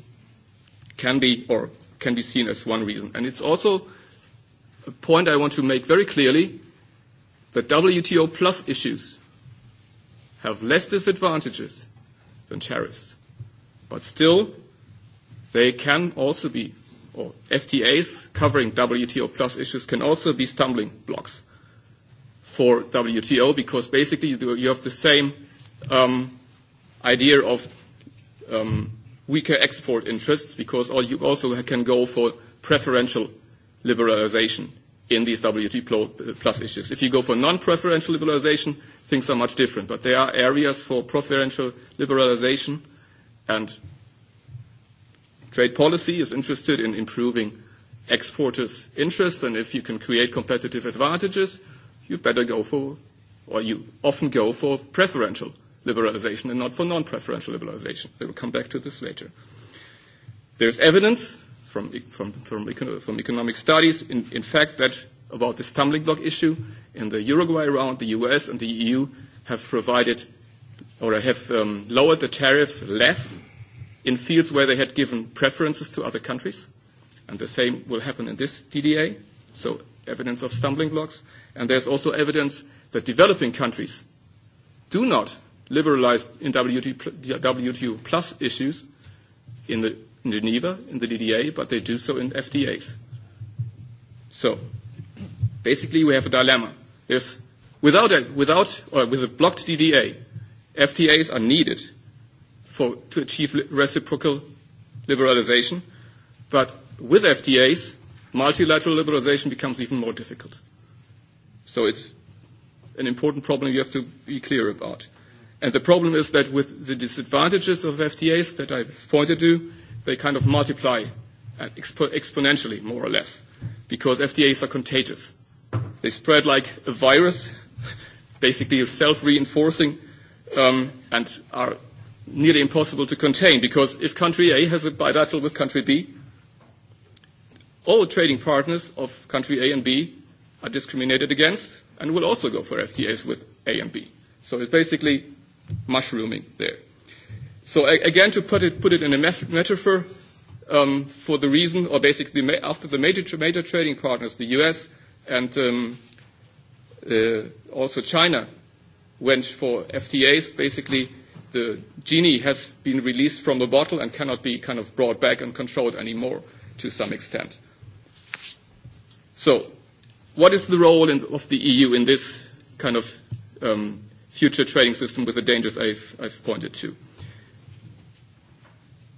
can be or can be seen as one reason. And it's also a point I want to make very clearly that WTO plus issues have less disadvantages than tariffs. But still, they can also be, or FTAs covering WTO plus issues can also be stumbling blocks for WTO because basically you have the same um, idea of um, weaker export interests because you also can go for preferential liberalization in these WTO plus issues. If you go for non-preferential liberalization, things are much different. But there are areas for preferential liberalization, and trade policy is interested in improving exporters' interests. And if you can create competitive advantages, you better go for, or you often go for preferential liberalization and not for non-preferential liberalization. I will come back to this later. There's evidence from, from, from, from economic studies, in, in fact, that about the stumbling block issue in the Uruguay round, the US and the EU have provided or have um, lowered the tariffs less in fields where they had given preferences to other countries. And the same will happen in this DDA, so evidence of stumbling blocks. And there's also evidence that developing countries do not liberalize in WTO plus issues in, the, in Geneva, in the DDA, but they do so in FTAs. So basically, we have a dilemma. There's, without, a, without or with a blocked DDA, FTAs are needed for, to achieve reciprocal liberalization, but with FTAs, multilateral liberalization becomes even more difficult. So it's an important problem you have to be clear about. And the problem is that with the disadvantages of FTAs that I pointed to, they kind of multiply expo- exponentially, more or less, because FTAs are contagious. They spread like a virus, basically self-reinforcing, um, and are nearly impossible to contain because if country A has a bilateral with country B, all trading partners of country A and B are discriminated against and will also go for FTAs with A and B. So it's basically mushrooming there. So again, to put it, put it in a metaphor, um, for the reason, or basically after the major, major trading partners, the US and um, uh, also China, went for FTAs, basically the genie has been released from the bottle and cannot be kind of brought back and controlled anymore to some extent. So What is the role in, of the EU in this kind of um, future trading system with the dangers I've, I've pointed to?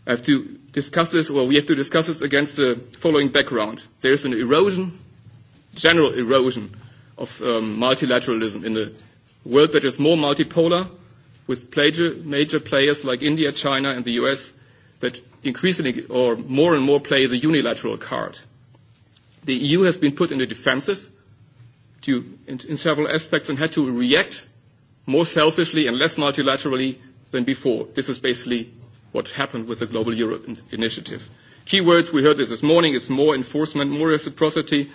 I have to discuss this, or we have to discuss this against the following background. There is an erosion, general erosion, of um, multilateralism in a world that is more multipolar, with major, major players like India, China, and the US that increasingly or more and more play the unilateral card. The EU has been put in a defensive to, in, in several aspects and had to react more selfishly and less multilaterally than before. This is basically what happened with the Global Europe in- Initiative. words we heard this this morning is more enforcement, more reciprocity,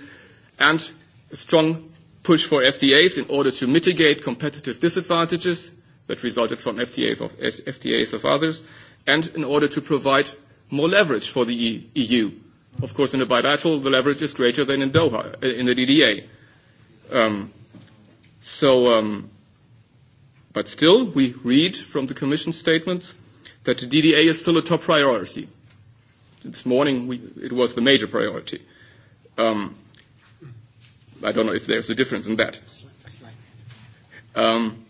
and a strong push for FTAs in order to mitigate competitive disadvantages that resulted from FTAs of, FTAs of others, and in order to provide more leverage for the EU. Of course, in a bilateral, the leverage is greater than in Doha, in the DDA. Um, so, um, but still, we read from the Commission statement that the DDA is still a top priority. This morning, we, it was the major priority. Um, I don't know if there's a difference in that. Um,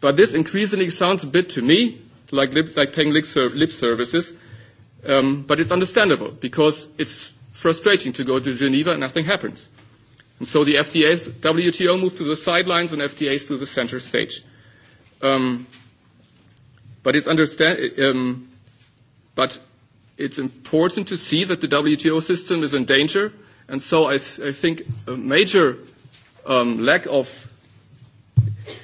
but this increasingly sounds a bit to me like, lip, like paying lip, serv- lip services, um, but it's understandable because it's frustrating to go to Geneva and nothing happens. And so the FDA's, WTO moved to the sidelines and FDA's to the center stage. Um, but it's understand, um, but it's important to see that the WTO system is in danger, and so I, I think a major um, lack of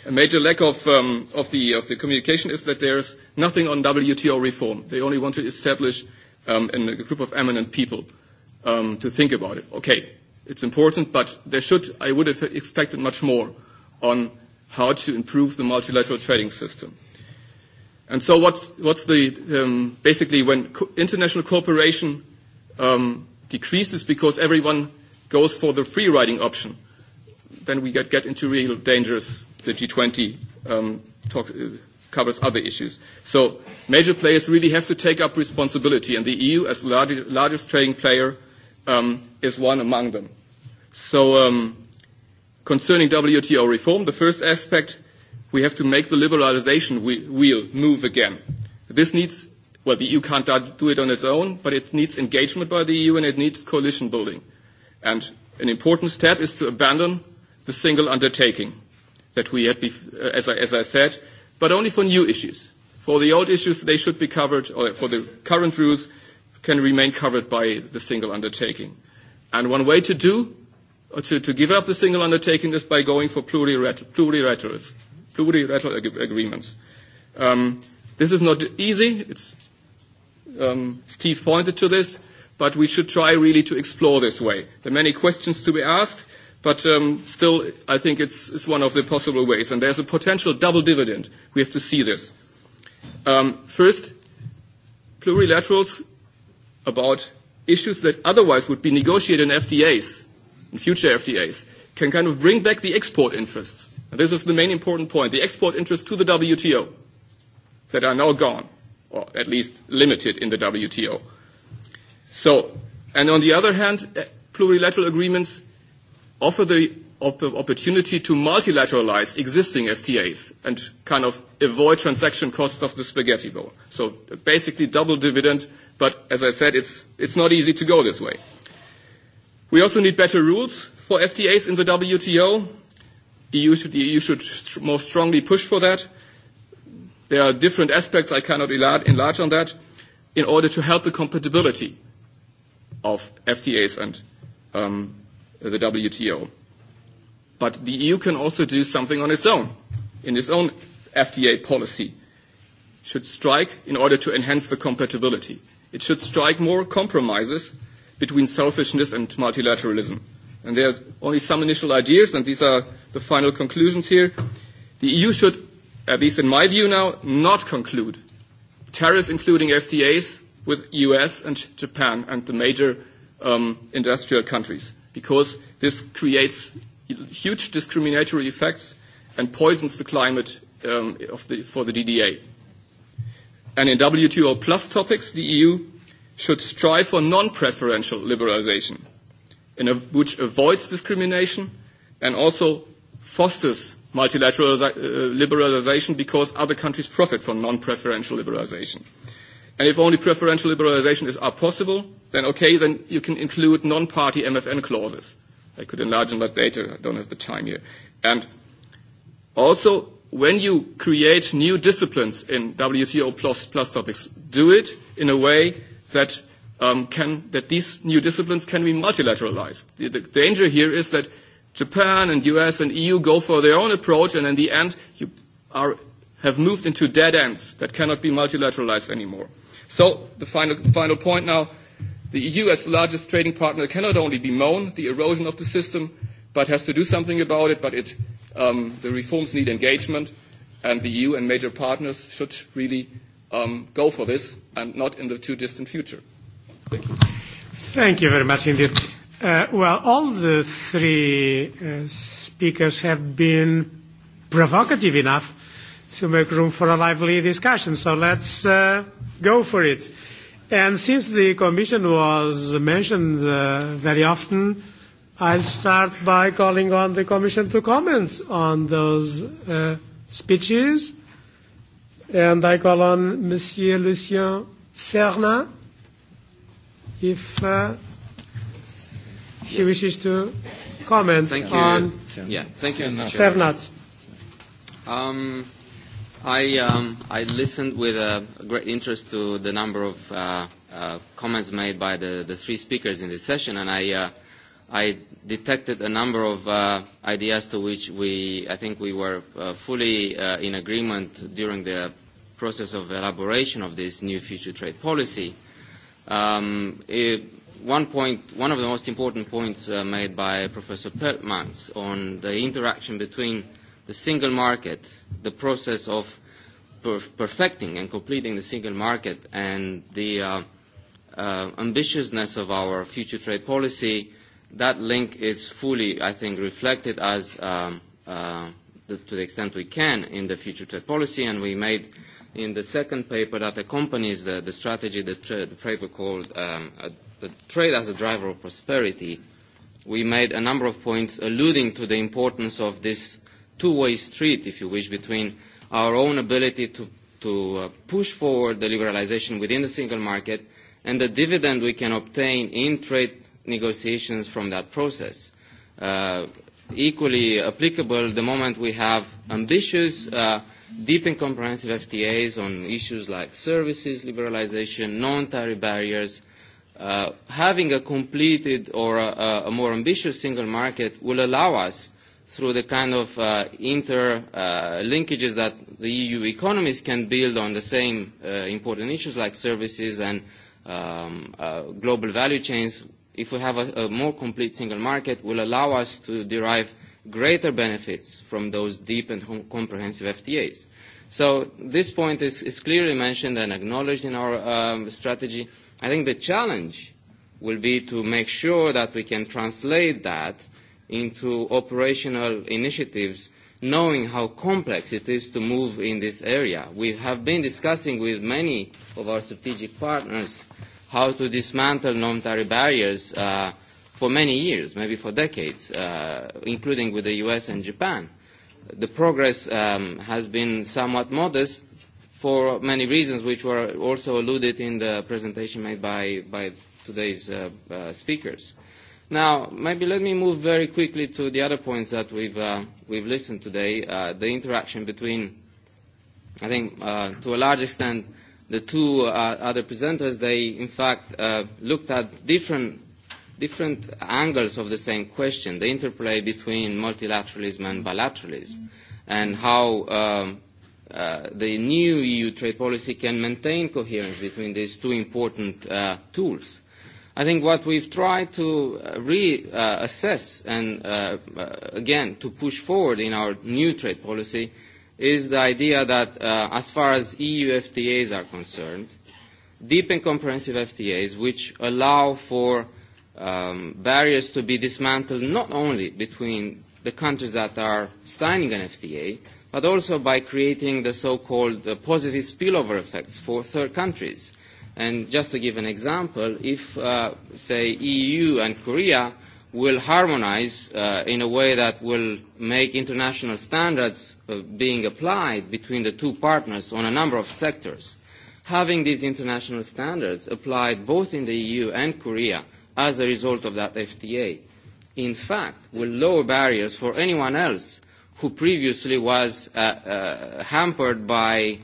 a major lack of, um, of, the, of the communication is that there's nothing on WTO reform. They only want to establish um, in a group of eminent people um, to think about it. Okay, It's important, but there should, I would have expected much more on how to improve the multilateral trading system. And so what's, what's the, um, basically when co- international cooperation um, decreases because everyone goes for the free riding option, then we get, get into real dangers. The G20 um, talk, uh, covers other issues. So major players really have to take up responsibility, and the EU, as large, largest trading player, um, is one among them. So um, concerning WTO reform, the first aspect, we have to make the liberalization wheel move again. This needs, well, the EU can't do it on its own, but it needs engagement by the EU and it needs coalition building. And an important step is to abandon the single undertaking that we had, as I, as I said, but only for new issues. For the old issues, they should be covered, or for the current rules, can remain covered by the single undertaking. And one way to do, or to, to give up the single undertaking is by going for plurilateral, plurilateral, plurilateral ag- agreements. Um, this is not easy. It's, um, Steve pointed to this, but we should try really to explore this way. There are many questions to be asked, but um, still, I think it's, it's one of the possible ways. And there's a potential double dividend. We have to see this. Um, first, plurilaterals about issues that otherwise would be negotiated in FTAs, in future FTAs, can kind of bring back the export interests. And this is the main important point, the export interests to the WTO that are now gone, or at least limited in the WTO. So, and on the other hand, plurilateral agreements offer the op- opportunity to multilateralize existing FTAs and kind of avoid transaction costs of the spaghetti bowl. So basically double dividend – But as I said, it's, it's not easy to go this way. We also need better rules for FTAs in the WTO. EU should, EU should more strongly push for that. There are different aspects, I cannot enlarge on that, in order to help the compatibility of FTAs and um, the WTO. But the EU can also do something on its own, in its own FTA policy, should strike in order to enhance the compatibility. It should strike more compromises between selfishness and multilateralism. And there are only some initial ideas, and these are the final conclusions here. The EU should, at least in my view now, not conclude tariffs, including FTAs, with US and Japan and the major um, industrial countries, because this creates huge discriminatory effects and poisons the climate um, of the, for the DDA. And in WTO plus topics, the EU should strive for non-preferential liberalisation, which avoids discrimination and also fosters multilateral liberalisation because other countries profit from non-preferential liberalisation. And if only preferential liberalisation are possible, then okay, then you can include non-party MFN clauses. I could enlarge on that later. I don't have the time here. And also, when you create new disciplines in WTO plus, plus topics, do it in a way that um, can that these new disciplines can be multilateralized. The, the danger here is that Japan and US and EU go for their own approach, and in the end, you are, have moved into dead ends that cannot be multilateralized anymore. So the final, the final point now: the EU, as the largest trading partner, cannot only bemoan the erosion of the system, but has to do something about it. But it Um, the reforms need engagement, and the EU and major partners should really um, go for this and not in the too distant future. Thank you. Thank you very much indeed. Uh, well, all the three uh, speakers have been provocative enough to make room for a lively discussion, so let's uh, go for it. And since the Commission was mentioned uh, very often, I'll start by calling on the Commission to comment on those uh, speeches. And I call on Monsieur Lucien Serna if uh, he yes. wishes to comment thank you. on yeah, thank you, Um, I, um, I listened with a great interest to the number of uh, uh, comments made by the, the three speakers in this session, and I uh, – I detected a number of uh, ideas to which we, I think we were uh, fully uh, in agreement during the process of elaboration of this new future trade policy. Um, it, one, point, one of the most important points uh, made by Professor Peltmans on the interaction between the single market, the process of per- perfecting and completing the single market, and the uh, uh, ambitiousness of our future trade policy – that link is fully, I think, reflected as um, uh, the, to the extent we can in the future trade policy, and we made in the second paper that accompanies the, the strategy, the, tra- the paper called um, the Trade as a Driver of Prosperity, we made a number of points alluding to the importance of this two-way street, if you wish, between our own ability to, to uh, push forward the liberalization within the single market and the dividend we can obtain in trade negotiations from that process. Uh, equally applicable the moment we have ambitious, uh, deep and comprehensive FTAs on issues like services, liberalization, non-tariff barriers. Uh, having a completed or a, a more ambitious single market will allow us through the kind of uh, inter uh, linkages that the EU economies can build on the same uh, important issues like services and um, uh, global value chains, if we have a, a more complete single market, will allow us to derive greater benefits from those deep and comprehensive FTAs. So this point is, is clearly mentioned and acknowledged in our um, strategy. I think the challenge will be to make sure that we can translate that into operational initiatives knowing how complex it is to move in this area. We have been discussing with many of our strategic partners how to dismantle non-tariff barriers uh, for many years, maybe for decades, uh, including with the US and Japan. The progress um, has been somewhat modest for many reasons which were also alluded in the presentation made by, by today's uh, uh, speakers. Now, maybe let me move very quickly to the other points that we've, uh, we've listened today, uh, the interaction between, I think, uh, to a large extent, the two uh, other presenters, they in fact uh, looked at different, different angles of the same question, the interplay between multilateralism and bilateralism, and how um, uh, the new EU trade policy can maintain coherence between these two important uh, tools. I think what we've tried to reassess and uh, again to push forward in our new trade policy is the idea that uh, as far as EU FTAs are concerned, deep and comprehensive FTAs which allow for um, barriers to be dismantled not only between the countries that are signing an FTA, but also by creating the so-called uh, positive spillover effects for third countries. And just to give an example, if, uh, say, EU and Korea will harmonize uh, in a way that will make international standards uh, being applied between the two partners on a number of sectors. Having these international standards applied both in the EU and Korea as a result of that FTA, in fact, will lower barriers for anyone else who previously was uh, uh, hampered by uh,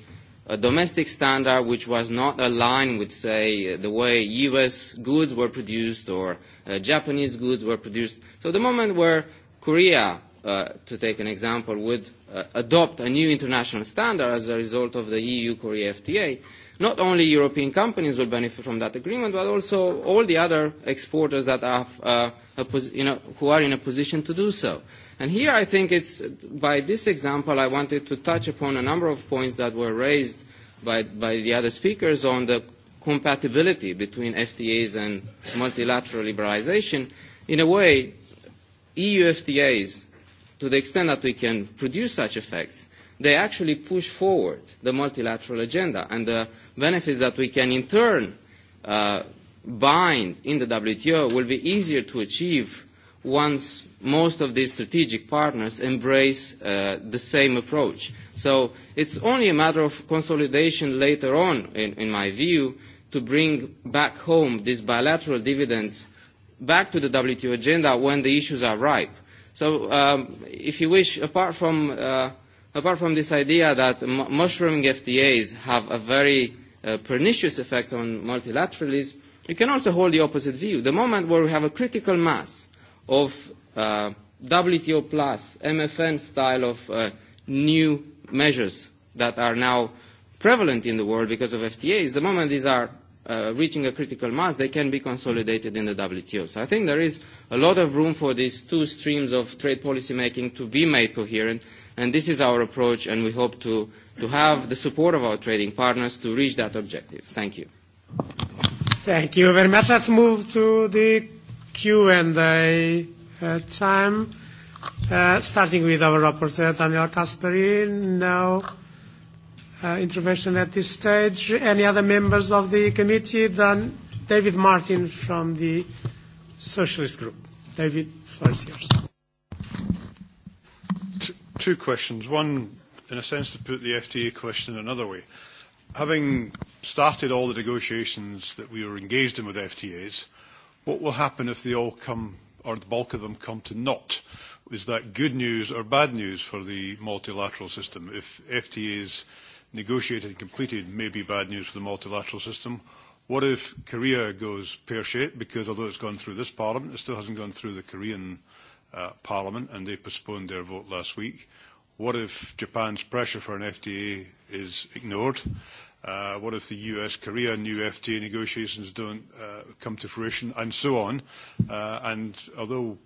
a domestic standard which was not aligned with, say, the way U.S. goods were produced or uh, Japanese goods were produced. So the moment where Korea, uh, to take an example, would uh, adopt a new international standard as a result of the EU-Korea FTA, not only European companies will benefit from that agreement, but also all the other exporters that have, uh, a pos- you know, who are in a position to do so. And here I think it's, by this example, I wanted to touch upon a number of points that were raised by, by the other speakers on the compatibility between FTAs and multilateral liberalization. In a way, EU FTAs, to the extent that we can produce such effects, they actually push forward the multilateral agenda and the benefits that we can in turn uh, bind in the WTO will be easier to achieve once most of these strategic partners embrace the same approach. So it's only a matter of consolidation later on, in, in my view, to bring back home these bilateral dividends back to the WTO agenda when the issues are ripe. So um, if you wish, apart from, uh, apart from this idea that m- mushrooming FTAs have a very uh, pernicious effect on multilateralism, you can also hold the opposite view. The moment where we have a critical mass of uh, WTO plus, MFN style of uh, new measures that are now prevalent in the world because of FTAs, the moment these are uh, reaching a critical mass, they can be consolidated in the WTO. So I think there is a lot of room for these two streams of trade policy making to be made coherent, and this is our approach, and we hope to, to have the support of our trading partners to reach that objective. Thank you. Thank you very much. Let's move to the Q&A time, starting with our rapporteur, Daniel Caspary. No intervention at this stage. Any other members of the committee? Then David Martin from the Socialist Group. David, the floor is yours. Two questions. One, in a sense, to put the FTA question another way. Having started all the negotiations that we were engaged in with FTAs, what will happen if they all come or the bulk of them come to naught. Is that good news or bad news for the multilateral system? If FTAs negotiated and completed may be bad news for the multilateral system, what if Korea goes pear-shaped because although it's gone through this parliament, it still hasn't gone through the Korean uh, parliament and they postponed their vote last week? What if Japan's pressure for an FTA is ignored? uh, what if the US-Korea new FTA negotiations don't uh, come to fruition, and so on. Uh, and although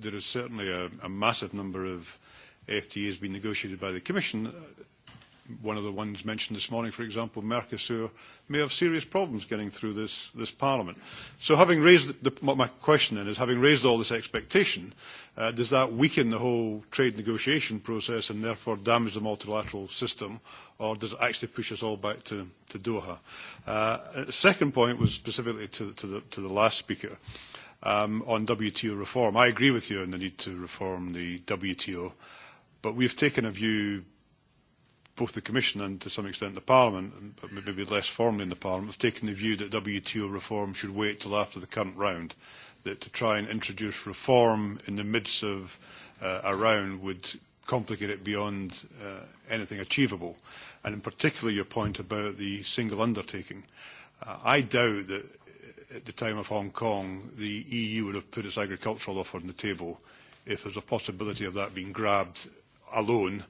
there is certainly a, a massive number of FTAs being negotiated by the Commission, one of the ones mentioned this morning, for example, Mercosur, may have serious problems getting through this, this Parliament. So having raised, the, my question then is, having raised all this expectation, uh, does that weaken the whole trade negotiation process and therefore damage the multilateral system, or does it actually push us all back to, to Doha? Uh, the second point was specifically to, to, the, to the last speaker. Um, on WTO reform. I agree with you on the need to reform the WTO, but we've taken a view both the Commission and to some extent the Parliament, but maybe less formally in the Parliament, have taken the view that WTO reform should wait till after the current round, that to try and introduce reform in the midst of uh, a round would complicate it beyond uh, anything achievable, and in particular your point about the single undertaking. Uh, I doubt that at the time of Hong Kong, the EU would have put its agricultural offer on the table if there's a possibility of that being grabbed alone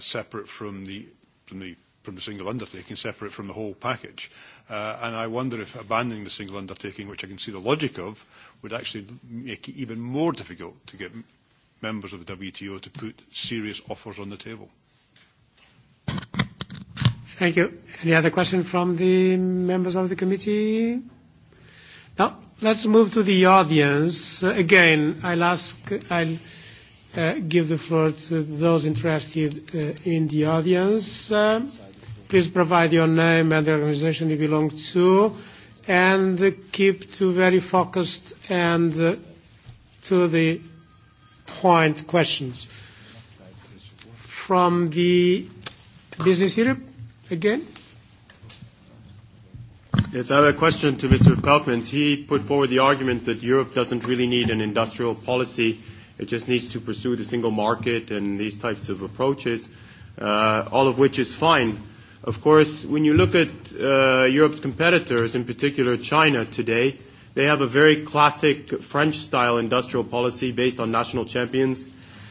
separate from the, from the from the single undertaking, separate from the whole package. Uh, and I wonder if abandoning the single undertaking, which I can see the logic of, would actually make it even more difficult to get members of the WTO to put serious offers on the table. Thank you. Any other question from the members of the committee? Now, Let's move to the audience. Again, I'll ask. I'll uh, give the floor to those interested uh, in the audience. Uh, please provide your name and the organization you belong to, and keep to very focused and uh, to the point questions. From the Business Europe, again. Yes, I have a question to Mr. Pelkmans. He put forward the argument that Europe doesn't really need an industrial policy It just needs to pursue the single market and these types of approaches, uh, all of which is fine. Of course, when you look at uh, Europe's competitors, in particular China today, they have a very classic French-style industrial policy based on national champions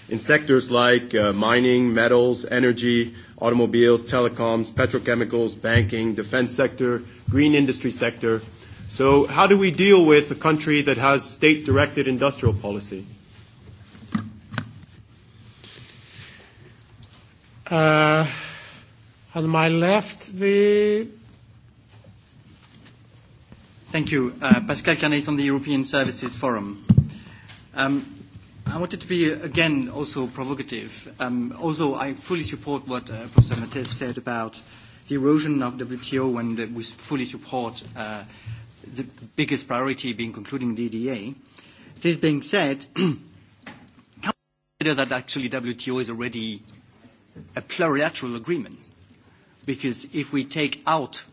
in sectors like uh, mining, metals, energy, automobiles, telecoms, petrochemicals, banking, defense sector, green industry sector. So how do we deal with a country that has state-directed industrial policy? Uh, on my left, the Thank you. Uh, Pascal Carnet from the European Services Forum. Um, I wanted to be, again, also provocative. Um, although I fully support what uh, Professor Mates said about the erosion of WTO and we fully support uh, the biggest priority being concluding DDA. This being said, can we consider that actually WTO is already a plurilateral agreement. Because if we take out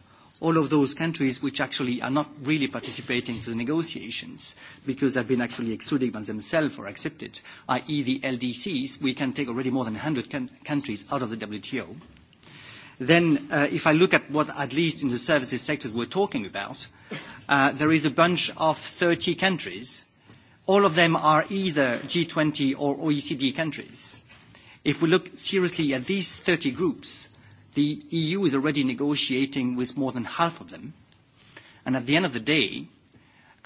all of those countries which actually are not really participating to the negotiations because they've been actually excluded by themselves or accepted, i.e. the LDCs, we can take already more than 100 countries out of the WTO. Then if I look at what at least in the services sectors we're talking about, there is a bunch of 30 countries. All of them are either G20 or OECD countries If we look seriously at these 30 groups, the EU is already negotiating with more than half of them. And at the end of the day,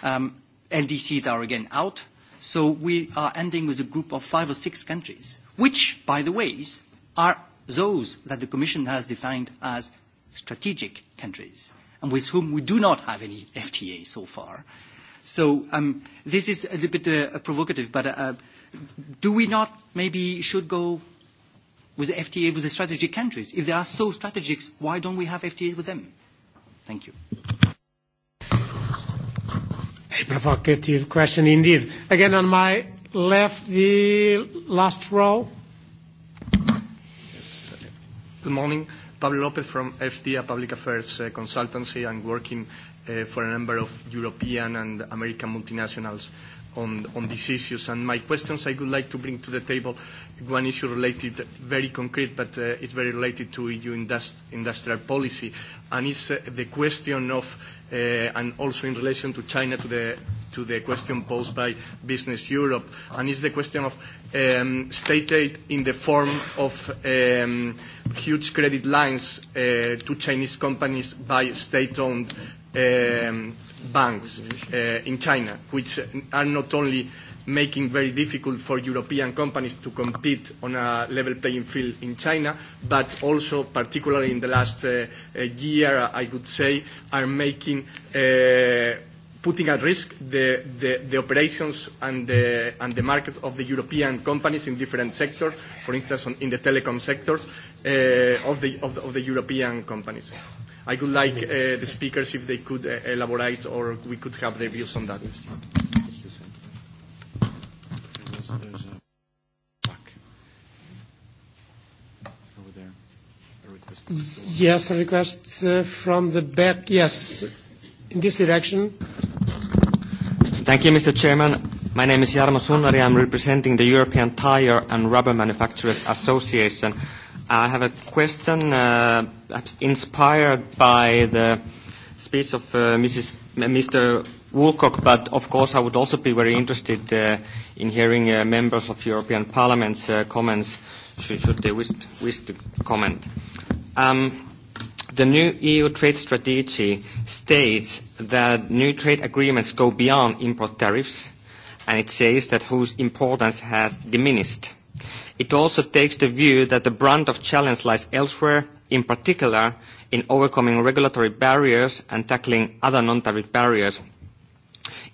um, LDCs are again out. So we are ending with a group of five or six countries, which, by the way, are those that the Commission has defined as strategic countries and with whom we do not have any FTA so far. So um, this is a little bit uh, provocative, but uh, do we not maybe should go with the FTA with the strategic countries? If they are so strategic, why don't we have FTA with them? Thank you. A provocative question indeed. Again, on my left, the last row. Yes. Good morning. Pablo Lopez from FDA Public Affairs uh, Consultancy. I'm working uh, for a number of European and American multinationals on, on these issues. And my questions I would like to bring to the table one issue related, very concrete, but uh, it's very related to EU industrial policy, and it's the question of, uh, and also in relation to China, to the to the question posed by Business Europe, and it's the question of um, state aid in the form of um, huge credit lines uh, to Chinese companies by state-owned um, banks uh, in China, which are not only making very difficult for European companies to compete on a level playing field in China, but also, particularly in the last uh, year, I would say, are making uh, putting at risk the, the, the operations and the, and the market of the European companies in different sectors, for instance, on, in the telecom sectors uh, of, the, of, the, of the European companies. I would like uh, the speakers if they could uh, elaborate or we could have their views on that. Yes, a request uh, from the back. Yes, in this direction. Thank you, Mr. Chairman. My name is Jarmo Sunnari. I'm representing the European Tire and Rubber Manufacturers Association I have a question uh, inspired by the speech of uh, Mrs. Mr. Woolcock, but of course I would also be very interested uh, in hearing uh, members of European Parliament's uh, comments, should, should they wish, wish to comment. Um, the new EU trade strategy states that new trade agreements go beyond import tariffs, and it says that whose importance has diminished It also takes the view that the brunt of challenge lies elsewhere, in particular in overcoming regulatory barriers and tackling other non-tariff barriers.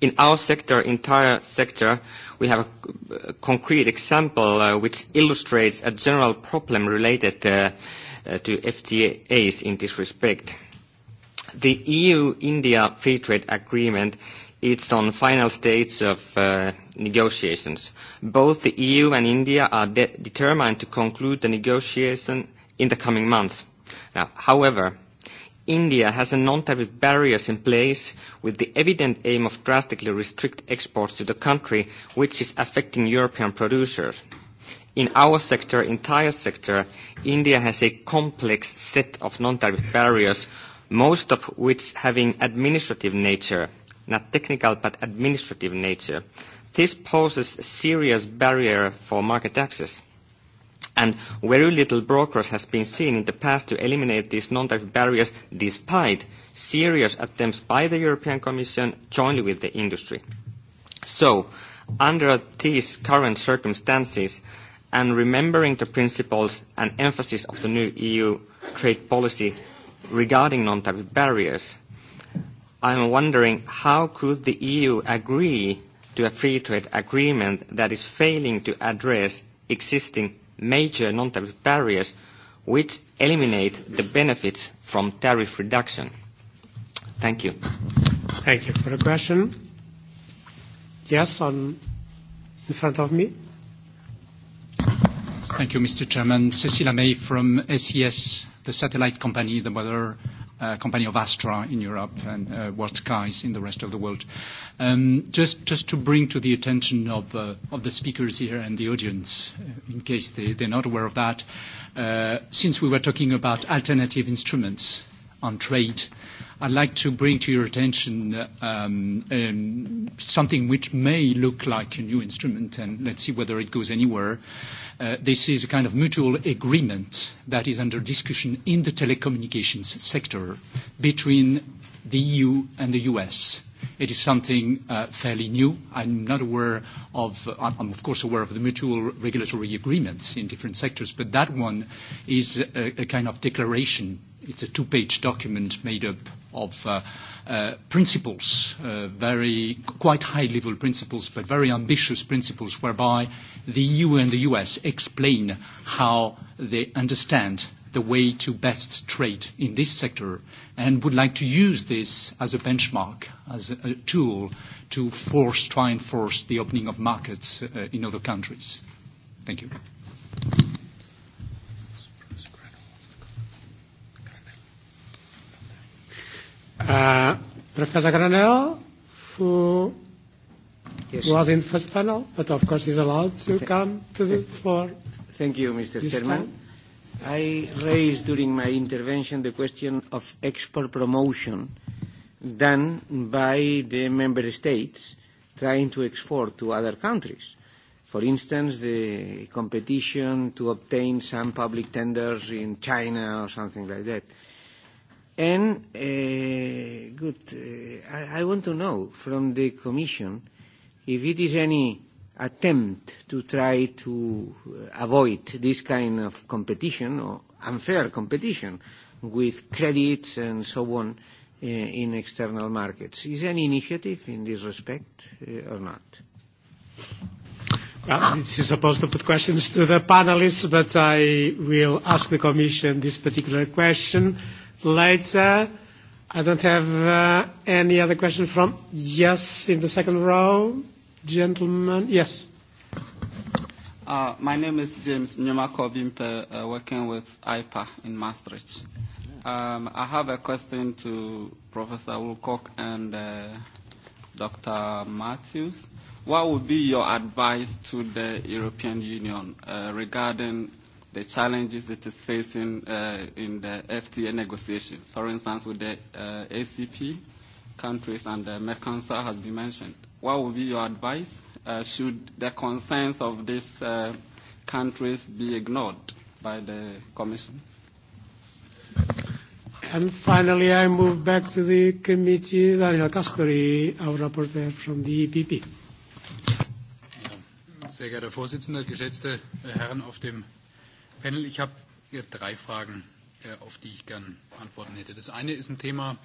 In our sector, entire sector, we have a concrete example which illustrates a general problem related to FTAs in this respect. The EU-India Free Trade Agreement is on final stage of negotiations both the EU and India are de- determined to conclude the negotiation in the coming months. Now, however, India has a non-tariff barriers in place with the evident aim of drastically restrict exports to the country, which is affecting European producers. In our sector, entire sector, India has a complex set of non-tariff barriers, most of which having administrative nature, not technical, but administrative nature, This poses a serious barrier for market access, and very little progress has been seen in the past to eliminate these non-tariff barriers, despite serious attempts by the European Commission jointly with the industry. So, under these current circumstances, and remembering the principles and emphasis of the new EU trade policy regarding non-tariff barriers, I am wondering how could the EU agree to a free trade agreement that is failing to address existing major non-tariff barriers which eliminate the benefits from tariff reduction? Thank you. Thank you for the question. Yes, on in front of me. Thank you, Mr. Chairman. Cecilia May from SES, the satellite company, the mother company of Astra in Europe and uh, WorldSkies in the rest of the world. Um, just, just to bring to the attention of, uh, of the speakers here and the audience, in case they, they're not aware of that, uh, since we were talking about alternative instruments on trade, I'd like to bring to your attention um, um, something which may look like a new instrument, and let's see whether it goes anywhere. Uh, this is a kind of mutual agreement that is under discussion in the telecommunications sector between the EU and the US. It is something uh, fairly new. I'm not aware of, uh, I'm of course aware of the mutual regulatory agreements in different sectors, but that one is a, a kind of declaration. It's a two-page document made up of uh, uh, principles, uh, very quite high-level principles, but very ambitious principles, whereby the EU and the US explain how they understand the way to best trade in this sector, and would like to use this as a benchmark, as a, tool to force, try and force the opening of markets uh, in other countries. Thank you. Uh, Professor Granell, who yes. was in first panel, but of course is allowed to come to the floor. Thank you, Mr. Chairman. I raised during my intervention the question of export promotion done by the member states trying to export to other countries. For instance, the competition to obtain some public tenders in China or something like that. And uh, good, uh, I, I want to know from the Commission if it is any attempt to try to avoid this kind of competition or unfair competition with credits and so on uh, in external markets. Is any initiative in this respect uh, or not? Well, this is supposed to put questions to the panelists, but I will ask the Commission this particular question later. I don't have uh, any other question from. Yes, in the second row, gentlemen. Yes. my name is James Nyamako Bimpe, uh, working with IPA in Maastricht. Um, I have a question to Professor Wilcock and uh, Dr. Matthews. What would be your advice to the European Union uh, regarding the challenges it is facing uh, in the FTA negotiations. For instance, with the uh, ACP countries and the Mercosur has been mentioned. What would be your advice? Uh, should the concerns of these uh, countries be ignored by the Commission? And finally, I move back to the committee, Daniel Kasperi, our rapporteur from the EPP. Sehr geehrter Vorsitzender, geschätzte Herren auf dem Panel. Ich habe hier drei Fragen, auf die ich gern Antworten hätte. Das eine ist ein Thema,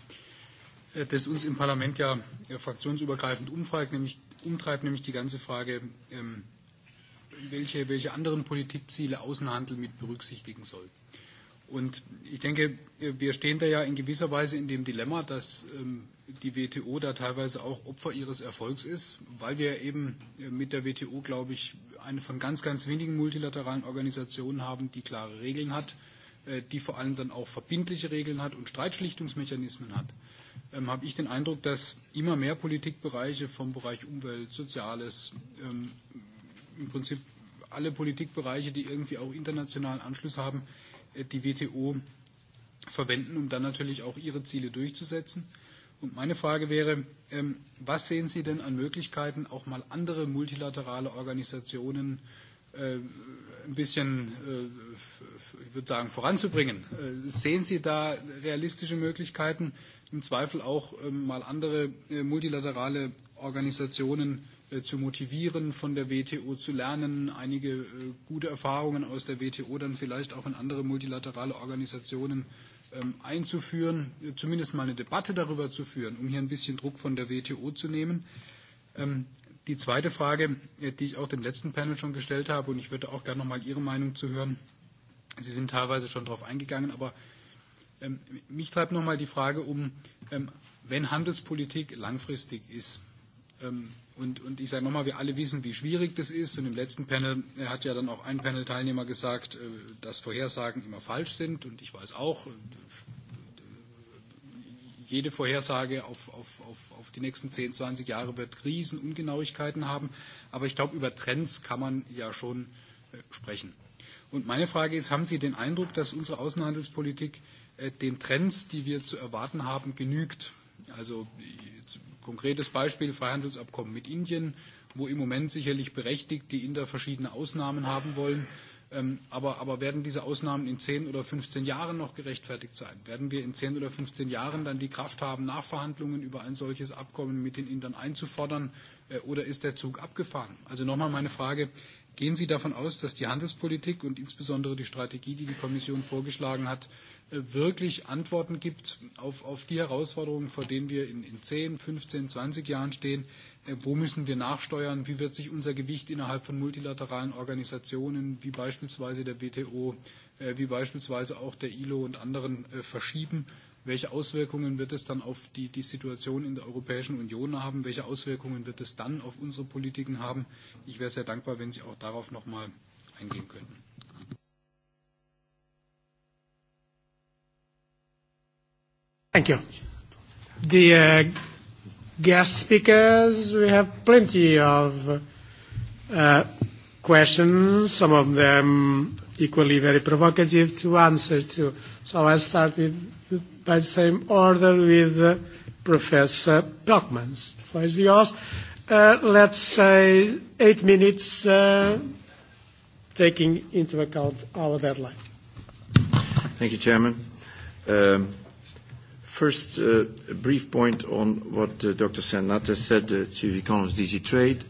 das uns im Parlament ja fraktionsübergreifend umfragt, nämlich, umtreibt, nämlich die ganze Frage, welche, welche anderen Politikziele Außenhandel mit berücksichtigen soll. Und ich denke, wir stehen da ja in gewisser Weise in dem Dilemma, dass die WTO da teilweise auch Opfer ihres Erfolgs ist, weil wir eben mit der WTO, glaube ich, eine von ganz, ganz wenigen multilateralen Organisationen haben, die klare Regeln hat, die vor allem dann auch verbindliche Regeln hat und Streitschlichtungsmechanismen hat, habe ich den Eindruck, dass immer mehr Politikbereiche vom Bereich Umwelt, Soziales, im Prinzip alle Politikbereiche, die irgendwie auch internationalen Anschluss haben, die WTO verwenden, um dann natürlich auch ihre Ziele durchzusetzen. Und meine Frage wäre, was sehen Sie denn an Möglichkeiten, auch mal andere multilaterale Organisationen ein bisschen, ich würde sagen, voranzubringen? Sehen Sie da realistische Möglichkeiten, im Zweifel auch mal andere multilaterale Organisationen zu motivieren, von der WTO zu lernen, einige gute Erfahrungen aus der WTO dann vielleicht auch in andere multilaterale Organisationen einzuführen, zumindest mal eine Debatte darüber zu führen, um hier ein bisschen Druck von der WTO zu nehmen. Die zweite Frage, die ich auch dem letzten Panel schon gestellt habe, und ich würde auch gerne noch mal Ihre Meinung zu hören. Sie sind teilweise schon darauf eingegangen, aber mich treibt noch mal die Frage um, wenn Handelspolitik langfristig ist, Und, und ich sage nochmal, wir alle wissen, wie schwierig das ist. Und im letzten Panel hat ja dann auch ein Panel-Teilnehmer gesagt, dass Vorhersagen immer falsch sind. Und ich weiß auch, jede Vorhersage auf, auf, auf, auf die nächsten 10, 20 Jahre wird Riesenungenauigkeiten haben. Aber ich glaube, über Trends kann man ja schon sprechen. Und meine Frage ist, haben Sie den Eindruck, dass unsere Außenhandelspolitik den Trends, die wir zu erwarten haben, genügt? Also konkretes Beispiel Freihandelsabkommen mit Indien, wo im Moment sicherlich berechtigt die Inder verschiedene Ausnahmen haben wollen. Aber, werden diese Ausnahmen in zehn oder fünfzehn Jahren noch gerechtfertigt sein? Werden wir in zehn oder fünfzehn Jahren dann die Kraft haben, Nachverhandlungen über ein solches Abkommen mit den Indern einzufordern? Oder ist der Zug abgefahren? Also nochmal meine Frage, Gehen Sie davon aus, dass die Handelspolitik und insbesondere die Strategie, die die Kommission vorgeschlagen hat, wirklich Antworten gibt auf, die Herausforderungen, vor denen wir in, in 10, 15, 20 Jahren stehen? Wo müssen wir nachsteuern? Wie wird sich unser Gewicht innerhalb von multilateralen Organisationen wie beispielsweise der WTO, wie beispielsweise auch der ILO und anderen verschieben? Welche Auswirkungen wird es dann auf die, die Situation in der Europäischen Union haben? Welche Auswirkungen wird es dann auf unsere Politiken haben? Ich wäre sehr dankbar, wenn Sie auch darauf noch mal eingehen könnten. Thank you. The uh, guest speakers, we have plenty of uh, questions, some of them equally very provocative to answer to. So I'll start with by the same order with Professor Blockman. The floor is yours. Uh, let's say eight minutes, uh, taking into account our deadline. Thank you, Chairman. Um, First, uh a brief point on what Dr. Sernatte said, uh to the Economist, DG Trade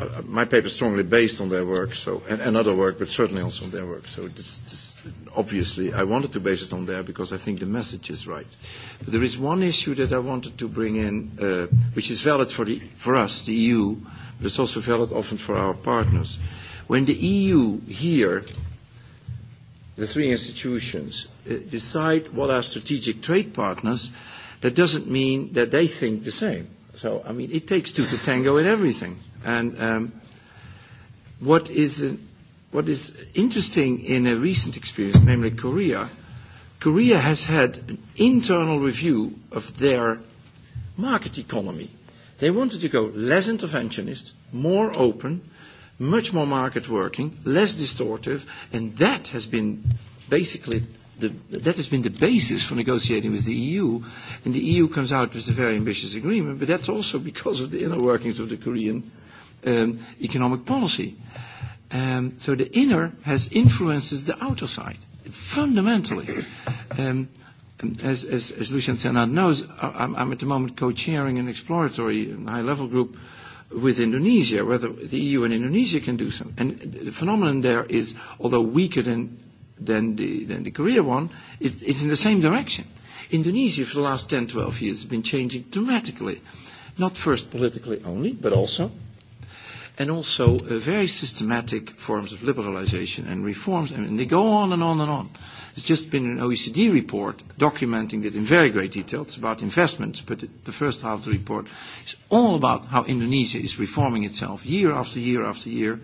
uh, my paper is strongly based on their work, so and, and other work, but certainly also on their work. So this, this, obviously, I wanted to base it on there because I think the message is right. But there is one issue that I wanted to bring in, uh, which is valid for the for us, the EU, but it's also valid often for our partners. When the EU here, the three institutions, uh, decide what are strategic trade partners, that doesn't mean that they think the same. So, I mean, it takes two to tango in everything. And um, what is what is interesting in a recent experience, namely Korea, Korea has had an internal review of their market economy. They wanted to go less interventionist, more open, much more market working, less distortive, and that has been basically the, that has been the basis for negotiating with the EU. And the EU comes out with a very ambitious agreement, but that's also because of the inner workings of the Korean um, economic policy. Um, so the inner has influences the outer side fundamentally. Um, as, as, as Lucien Senat knows, I'm, I'm at the moment co-chairing an exploratory high-level group with Indonesia, whether the EU and Indonesia can do something. And the phenomenon there is, although weaker than, than, the, than the Korea one, it, it's in the same direction. Indonesia for the last 10, 12 years has been changing dramatically, not first politically only, but also and also uh, very systematic forms of liberalization and reforms, and they go on and on and on. It's just been an OECD report documenting it in very great detail. It's about investments, but it, the first half of the report is all about how Indonesia is reforming itself year after year after year.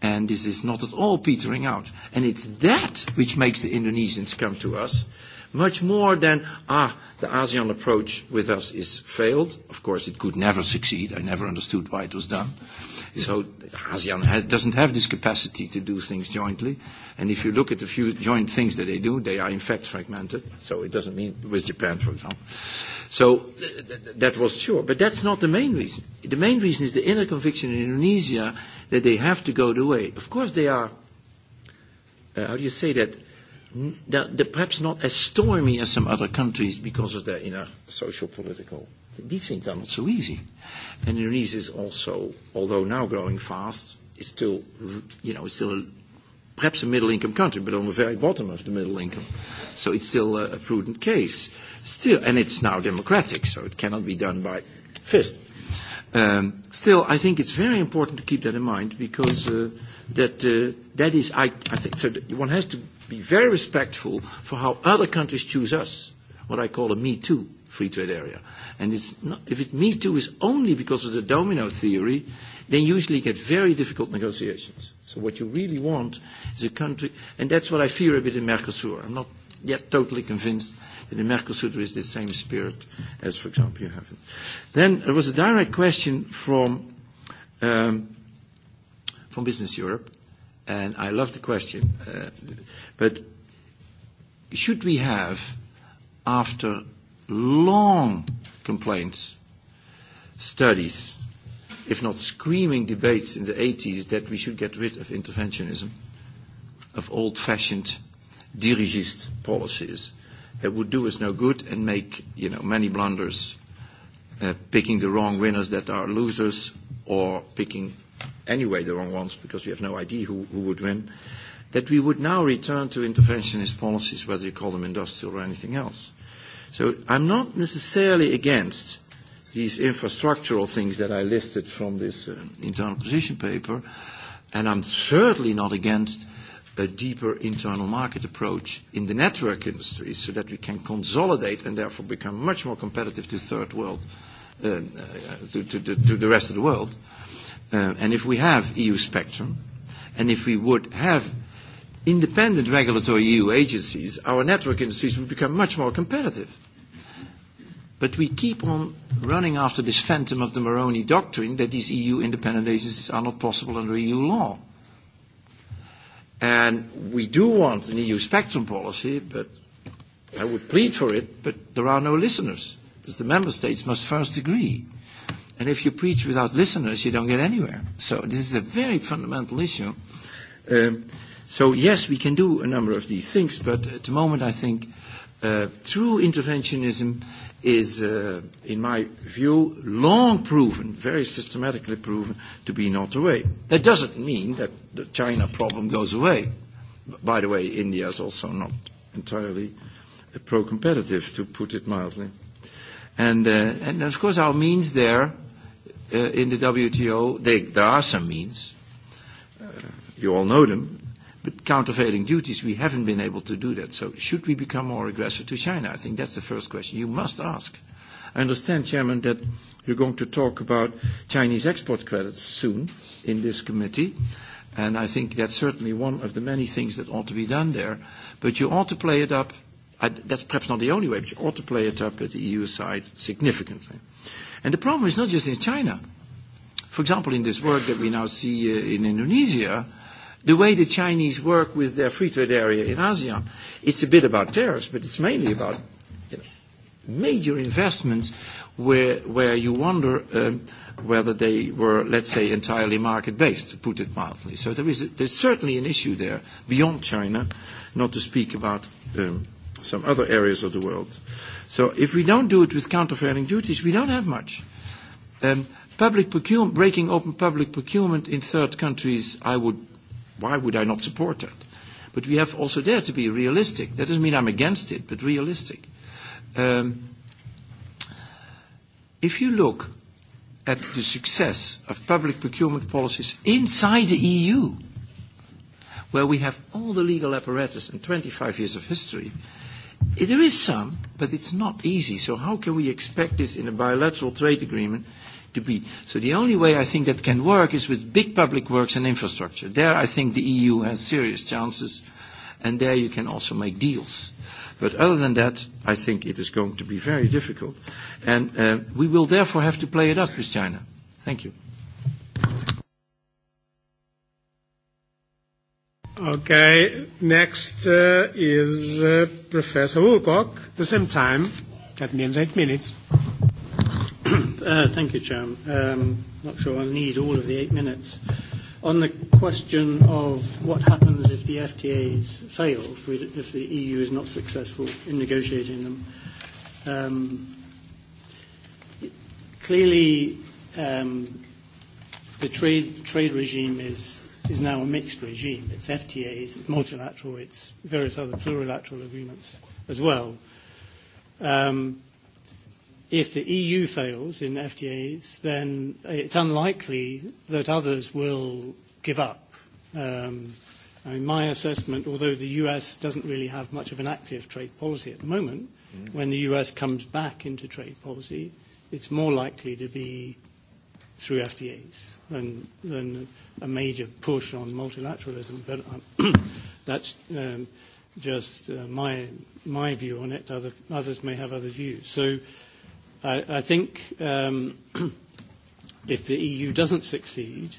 And this is not at all petering out. And it's that which makes the Indonesians come to us much more than, ah, The ASEAN approach with us is failed. Of course, it could never succeed. I never understood why it was done. So ASEAN ha- doesn't have this capacity to do things jointly. And if you look at the few joint things that they do, they are in fact fragmented. So it doesn't mean with Japan, for example. So th- th- that was sure. But that's not the main reason. The main reason is the inner conviction in Indonesia that they have to go the way. Of course, they are, uh, how do you say that, they're perhaps not as stormy as some other countries because of their inner social political. These things are not so easy. And Indonesia is also, although now growing fast, is still, you know, it's still a, perhaps a middle income country, but on the very bottom of the middle income. So it's still a, a prudent case. Still, and it's now democratic, so it cannot be done by fist. Um, still, I think it's very important to keep that in mind because uh, that uh, that is, I, I think, so one has to be very respectful for how other countries choose us, what I call a Me Too free trade area. And it's not, if it Me Too is only because of the domino theory, then usually get very difficult negotiations. So what you really want is a country, and that's what I fear a bit in Mercosur. I'm not yet totally convinced that in Mercosur there is the same spirit as, for example, you have it. Then there was a direct question from, um, from Business Europe and I love the question, uh, but should we have, after long complaints, studies, if not screaming debates in the 80s, that we should get rid of interventionism, of old-fashioned dirigist policies that would do us no good and make you know, many blunders, uh, picking the wrong winners that are losers or picking anyway the wrong ones because we have no idea who, who would win, that we would now return to interventionist policies, whether you call them industrial or anything else. So I'm not necessarily against these infrastructural things that I listed from this uh, internal position paper, and I'm certainly not against a deeper internal market approach in the network industry so that we can consolidate and therefore become much more competitive to third world, uh, uh, to, to, to the rest of the world. Uh, Uh, and if we have EU spectrum, and if we would have independent regulatory EU agencies, our network industries would become much more competitive. But we keep on running after this phantom of the Moroni doctrine that these EU independent agencies are not possible under EU law. And we do want an EU spectrum policy, but I would plead for it, but there are no listeners, because the member states must first agree. And if you preach without listeners, you don't get anywhere. So this is a very fundamental issue. Um, so yes, we can do a number of these things, but at the moment I think uh, true interventionism is, uh, in my view, long proven, very systematically proven, to be not the way. That doesn't mean that the China problem goes away. By the way, India is also not entirely pro-competitive, to put it mildly. And, uh, and of course, our means there uh, in the WTO. They, there are some means. Uh, you all know them. But countervailing duties, we haven't been able to do that. So should we become more aggressive to China? I think that's the first question you must ask. I understand, Chairman, that you're going to talk about Chinese export credits soon in this committee. And I think that's certainly one of the many things that ought to be done there. But you ought to play it up. I That's perhaps not the only way, but you ought to play it up at the EU side significantly. And the problem is not just in China. For example, in this work that we now see in Indonesia, the way the Chinese work with their free trade area in ASEAN, it's a bit about tariffs, but it's mainly about you know, major investments where, where you wonder um, whether they were, let's say, entirely market-based, to put it mildly. So there is a, there's certainly an issue there beyond China, not to speak about um, some other areas of the world. Uh, So if we don't do it with countervailing duties, we don't have much. Um, public procurement, breaking open public procurement in third countries, I would, why would I not support that? But we have also there to be realistic. That doesn't mean I'm against it, but realistic. Um, if you look at the success of public procurement policies inside the EU, where we have all the legal apparatus and 25 years of history, There is some, but it's not easy. So how can we expect this in a bilateral trade agreement to be? So the only way I think that can work is with big public works and infrastructure. There I think the EU has serious chances, and there you can also make deals. But other than that, I think it is going to be very difficult. And we will therefore have to play it up with China. Thank you. Okay, next uh, is uh, Professor Woolcock, the same time. That means eight minutes. uh, thank you, Chairman. Um, not sure I'll need all of the eight minutes. On the question of what happens if the FTAs fail, if, we, if the EU is not successful in negotiating them, um, clearly um, the trade, trade regime is is now a mixed regime. It's FTAs, it's multilateral, it's various other plurilateral agreements as well. Um, if the EU fails in FTAs, then it's unlikely that others will give up. Um, I mean, my assessment, although the US doesn't really have much of an active trade policy at the moment, when the US comes back into trade policy, it's more likely to be through FTAs than, than a major push on multilateralism. But um, that's um, just uh, my, my view on it. Other, others may have other views. So I, I think um, if the EU doesn't succeed,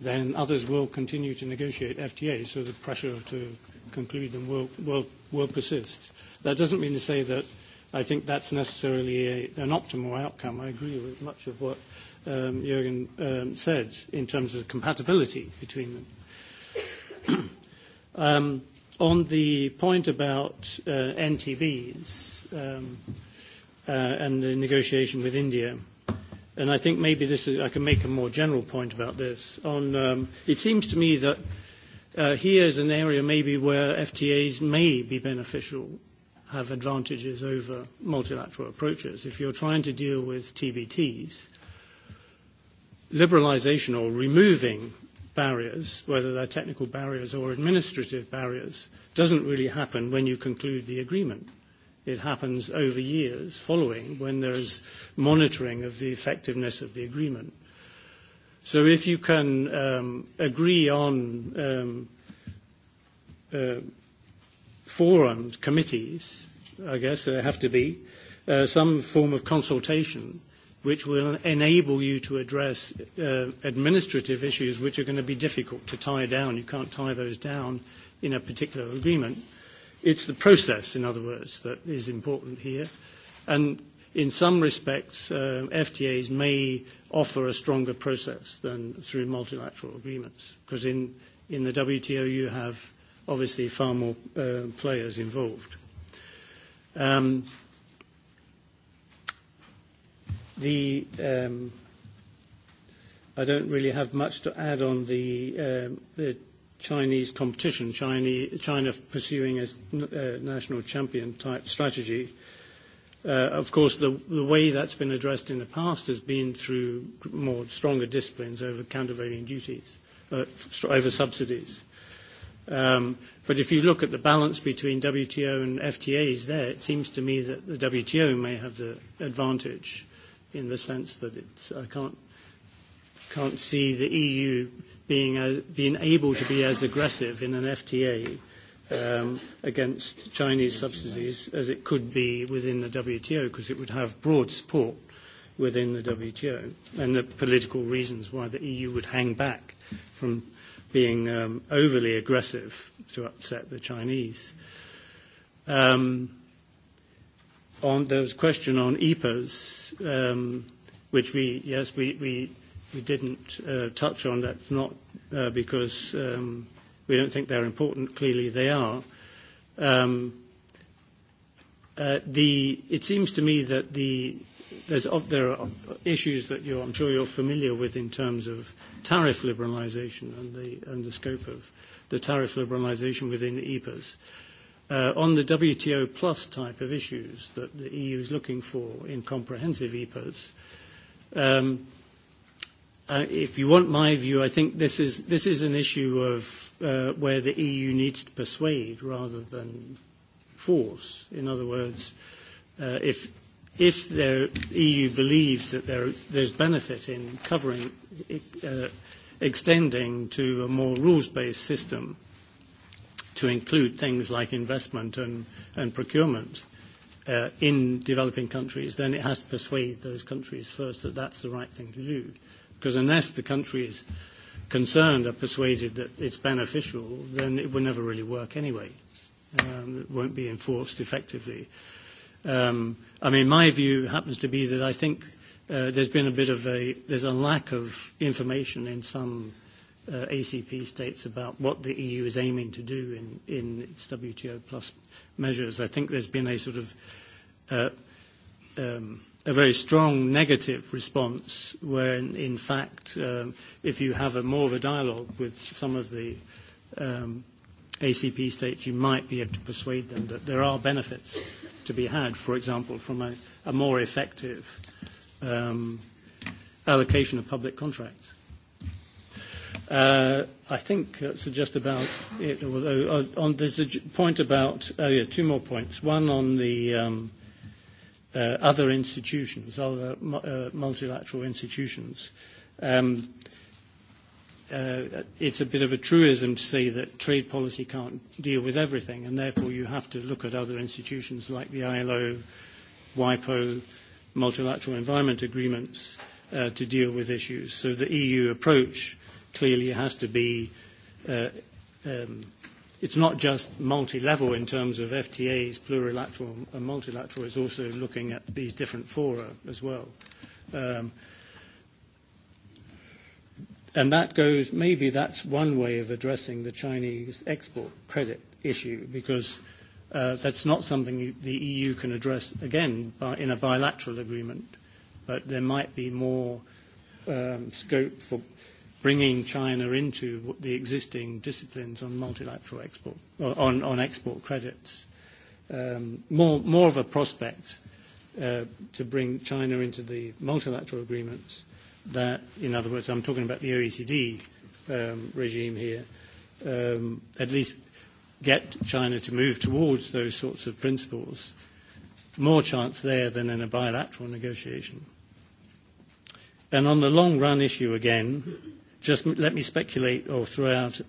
then others will continue to negotiate FTAs, so the pressure to conclude them will, will, will persist. That doesn't mean to say that I think that's necessarily a, an optimal outcome. I agree with much of what um, Jürgen um, said in terms of compatibility between them. um, on the point about uh, NTBs um, uh, and the negotiation with India, and I think maybe this is, I can make a more general point about this. On um, it seems to me that uh, here is an area maybe where FTAs may be beneficial, have advantages over multilateral approaches. If you're trying to deal with TBTs, liberalisation or removing barriers, whether they're technical barriers or administrative barriers, doesn't really happen when you conclude the agreement. It happens over years following when there is monitoring of the effectiveness of the agreement. So if you can um, agree on um, uh, forums, committees, I guess there have to be, uh, some form of consultation which will enable you to address administrative issues which are going to be difficult to tie down. You can't tie those down in a particular agreement. It's the process, in other words, that is important here. And in some respects, uh FTAs may offer a stronger process than through multilateral agreements, because in, in the WTO you have obviously far more uh players involved. Um, The um, I don't really have much to add on the, um, the Chinese competition. China, China pursuing a national champion type strategy. Uh, of course, the, the way that's been addressed in the past has been through more stronger disciplines over countervailing duties, uh, over subsidies. Um, but if you look at the balance between WTO and FTAs there, it seems to me that the WTO may have the advantage in the sense that it's, I can't, can't see the EU being, a, being able to be as aggressive in an FTA um, against Chinese subsidies as it could be within the WTO because it would have broad support within the WTO and the political reasons why the EU would hang back from being um, overly aggressive to upset the Chinese. Um, on there was a question on EPAs, um, which we, yes, we, we, we didn't uh, touch on. That's not uh, because um, we don't think they're important. Clearly they are. Um, uh, the, it seems to me that the, there's, there are issues that you're, I'm sure you're familiar with in terms of tariff liberalisation and the, and the scope of the tariff liberalisation within EPAs. Uh, on the WTO plus type of issues that the EU is looking for in comprehensive EPAs, if you want my view, I think this is, this is an issue of uh, where the EU needs to persuade rather than force. In other words, uh, if, if the EU believes that there, there's benefit in covering, uh, extending to a more rules-based system, to include things like investment and, and procurement uh, in developing countries, then it has to persuade those countries first that that's the right thing to do. Because unless the countries concerned are persuaded that it's beneficial, then it will never really work anyway. Um, it won't be enforced effectively. Um, I mean, my view happens to be that I think uh, there's been a bit of a, there's a lack of information in some ACP states about what the EU is aiming to do in, in its WTO plus measures. I think there's been a sort of uh, um, a very strong negative response, where in, in fact, um, if you have a more of a dialogue with some of the um, ACP states, you might be able to persuade them that there are benefits to be had, for example, from a, a more effective um, allocation of public contracts Uh, I think that's just about it. Although on, there's a point about oh yeah, two more points. One on the um, uh, other institutions, other uh, multilateral institutions. Um, uh, it's a bit of a truism to say that trade policy can't deal with everything, and therefore you have to look at other institutions like the ILO, WIPO, multilateral environment agreements uh, to deal with issues. So the EU approach clearly has to be, uh, um, it's not just multi-level in terms of FTAs, plurilateral and multilateral, it's also looking at these different fora as well. Um, and that goes, maybe that's one way of addressing the Chinese export credit issue, because uh, that's not something the EU can address, again, by, in a bilateral agreement, but there might be more um, scope for bringing China into the existing disciplines on multilateral export, on, on export credits. Um, more, more of a prospect uh, to bring China into the multilateral agreements that, in other words, I'm talking about the OECD um, regime here, um, at least get China to move towards those sorts of principles. More chance there than in a bilateral negotiation. And on the long run issue again, Just let me speculate or throw out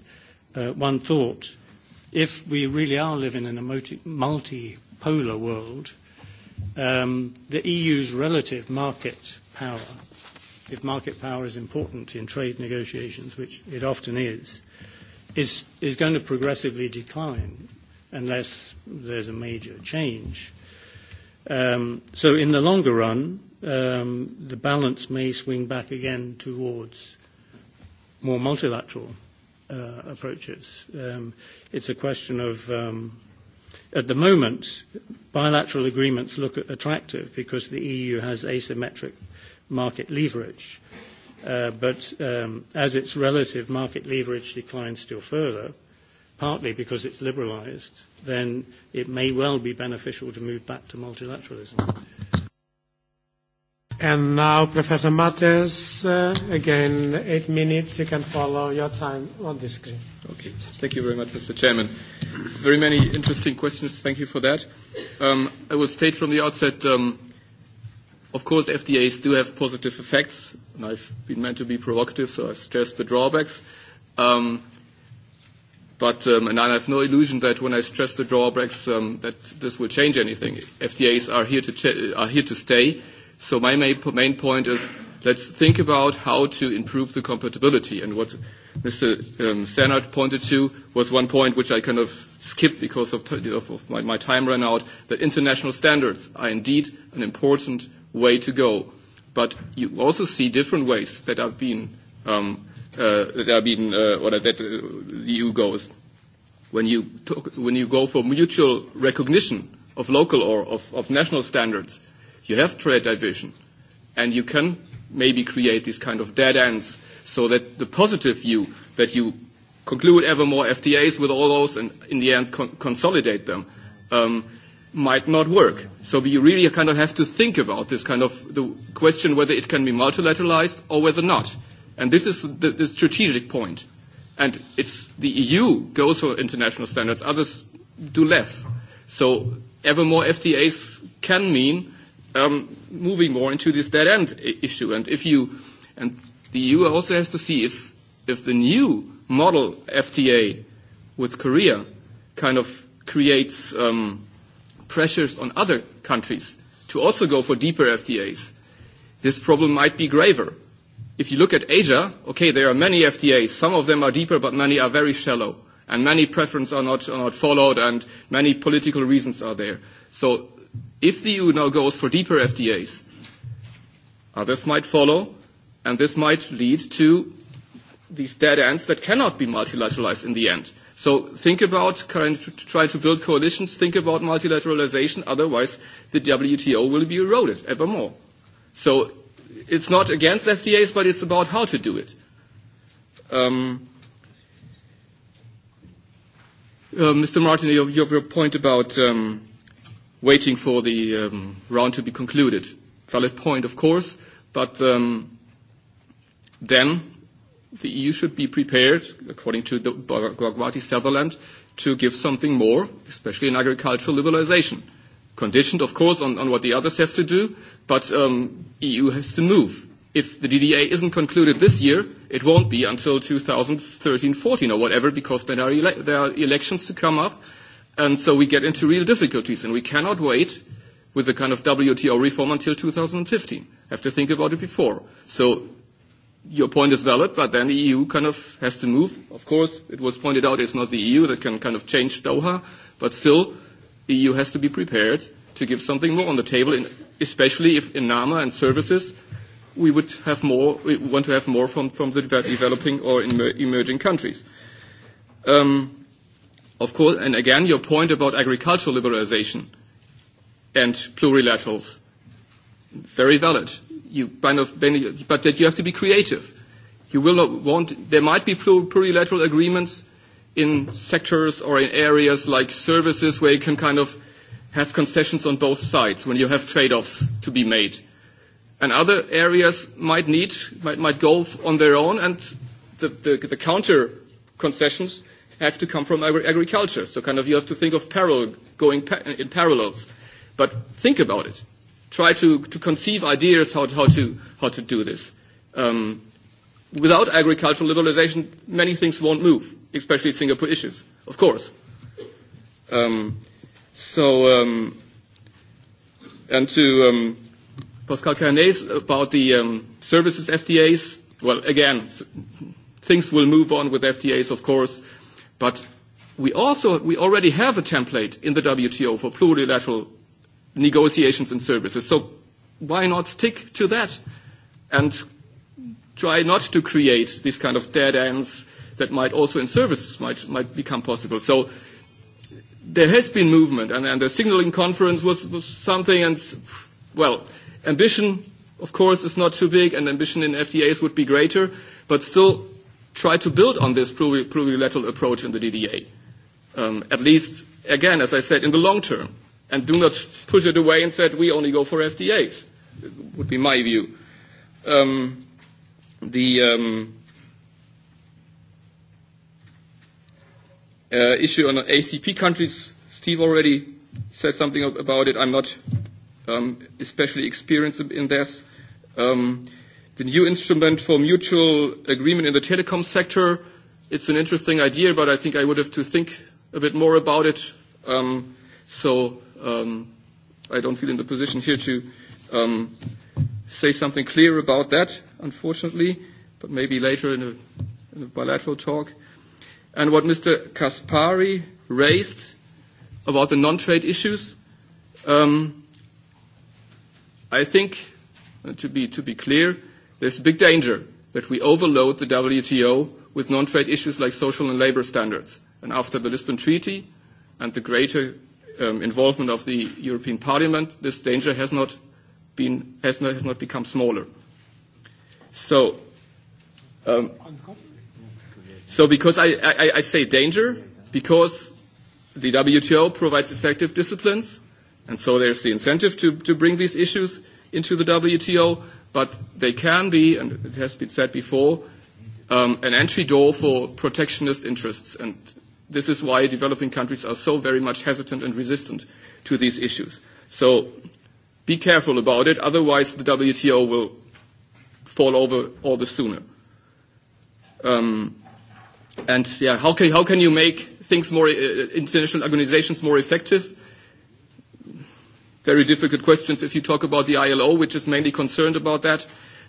uh, one thought. If we really are living in a multipolar world, um, the EU's relative market power, if market power is important in trade negotiations, which it often is, is, is going to progressively decline unless there's a major change. Um, so in the longer run, um, the balance may swing back again towards more multilateral uh, approaches. Um, it's a question of, um, at the moment, bilateral agreements look attractive because the EU has asymmetric market leverage. Uh, but um, as its relative market leverage declines still further, partly because it's liberalised, then it may well be beneficial to move back to multilateralism. And now, Professor Mates, uh, again, eight minutes. You can follow your time on the screen. Okay. Thank you very much, Mr. Chairman. Very many interesting questions. Thank you for that. Um, I will state from the outset, um, of course, FDAs do have positive effects, and I've been meant to be provocative, so I stress the drawbacks. Um, But um, and I have no illusion that when I stress the drawbacks, um, that this will change anything. FDAs are here to ch- are here to stay. So my main point is let's think about how to improve the compatibility. And what Mr. Um, Sennard pointed to was one point which I kind of skipped because of, t- of my, my time ran out, that international standards are indeed an important way to go. But you also see different ways that are being, um, uh, that are being, uh, or that uh, the EU goes. When you, talk, when you go for mutual recognition of local or of, of national standards, You have trade division and you can maybe create these kind of dead ends so that the positive view that you conclude ever more FTAs with all those and in the end con- consolidate them um, might not work. So we really kind of have to think about this kind of the question whether it can be multilateralized or whether not. And this is the, the strategic point. And it's the EU goes for international standards, others do less. So ever more FTAs can mean um, moving more into this dead end issue. And if you, and the EU also has to see if, if the new model FTA with Korea kind of creates um, pressures on other countries to also go for deeper FTAs. This problem might be graver. If you look at Asia, okay, there are many FTAs. Some of them are deeper, but many are very shallow. And many preferences are not, are not followed, and many political reasons are there. So If the EU now goes for deeper FDAs, others might follow, and this might lead to these dead ends that cannot be multilateralized in the end. So think about trying to build coalitions, think about multilateralization, otherwise the WTO will be eroded ever more. So it's not against FDAs, but it's about how to do it. Um, uh, Mr. Martin, your, your point about um, waiting for the um, round to be concluded. Valid point, of course, but um, then the EU should be prepared, according to the Guagwati Sutherland, to give something more, especially in agricultural liberalization. Conditioned, of course, on, on what the others have to do, but um, EU has to move. If the DDA isn't concluded this year, it won't be until 2013-14 or whatever, because then are ele- there are elections to come up, And so we get into real difficulties, and we cannot wait with the kind of WTO reform until 2015. Have to think about it before. So your point is valid, but then the EU kind of has to move. Of course, it was pointed out it's not the EU that can kind of change Doha, but still, the EU has to be prepared to give something more on the table, in, especially if in NAMA and services we would have more, we want to have more from, from the developing or emerging countries. Um, Of course, and again, your point about agricultural liberalization and plurilaterals, very valid. You kind of, but that you have to be creative. You will not want, there might be plurilateral agreements in sectors or in areas like services where you can kind of have concessions on both sides when you have trade-offs to be made. And other areas might need, might, might go on their own and the, the, the counter concessions – have to come from agri- agriculture. So kind of you have to think of parallel, going pa- in parallels. But think about it. Try to, to conceive ideas how to, how to, how to do this. Um, without agricultural liberalization, many things won't move, especially Singapore issues, of course. Um, so, um, and to um, Pascal Carnet's about the um, services FTAs, well, again, things will move on with FTAs, of course But we also we already have a template in the WTO for plurilateral negotiations and services. So why not stick to that and try not to create these kind of dead ends that might also in services might might become possible. So there has been movement, and, and the signaling conference was, was something. And well, ambition, of course, is not too big, and ambition in FDAs would be greater, but still try to build on this plurilateral approach in the DDA, um, at least, again, as I said, in the long term, and do not push it away and say we only go for FTAs, would be my view. Um, the um, uh, issue on ACP countries, Steve already said something about it. I'm not um, especially experienced in this. Um, the new instrument for mutual agreement in the telecom sector. It's an interesting idea, but I think I would have to think a bit more about it. Um, so um, I don't feel in the position here to um, say something clear about that, unfortunately, but maybe later in a, in a bilateral talk. And what Mr. Kaspari raised about the non-trade issues, um, I think, to be, to be clear, There's a big danger that we overload the WTO with non-trade issues like social and labour standards. And after the Lisbon Treaty and the greater um, involvement of the European Parliament, this danger has not, been, has not, has not become smaller. So, um, so because I, I, I say danger, because the WTO provides effective disciplines, and so there's the incentive to, to bring these issues into the WTO, but they can be, and it has been said before, um, an entry door for protectionist interests. And this is why developing countries are so very much hesitant and resistant to these issues. So be careful about it, otherwise the WTO will fall over all the sooner. Um, and yeah, how can, how can you make things more, uh, international organizations more effective? very difficult questions if you talk about the ILO, which is mainly concerned about that.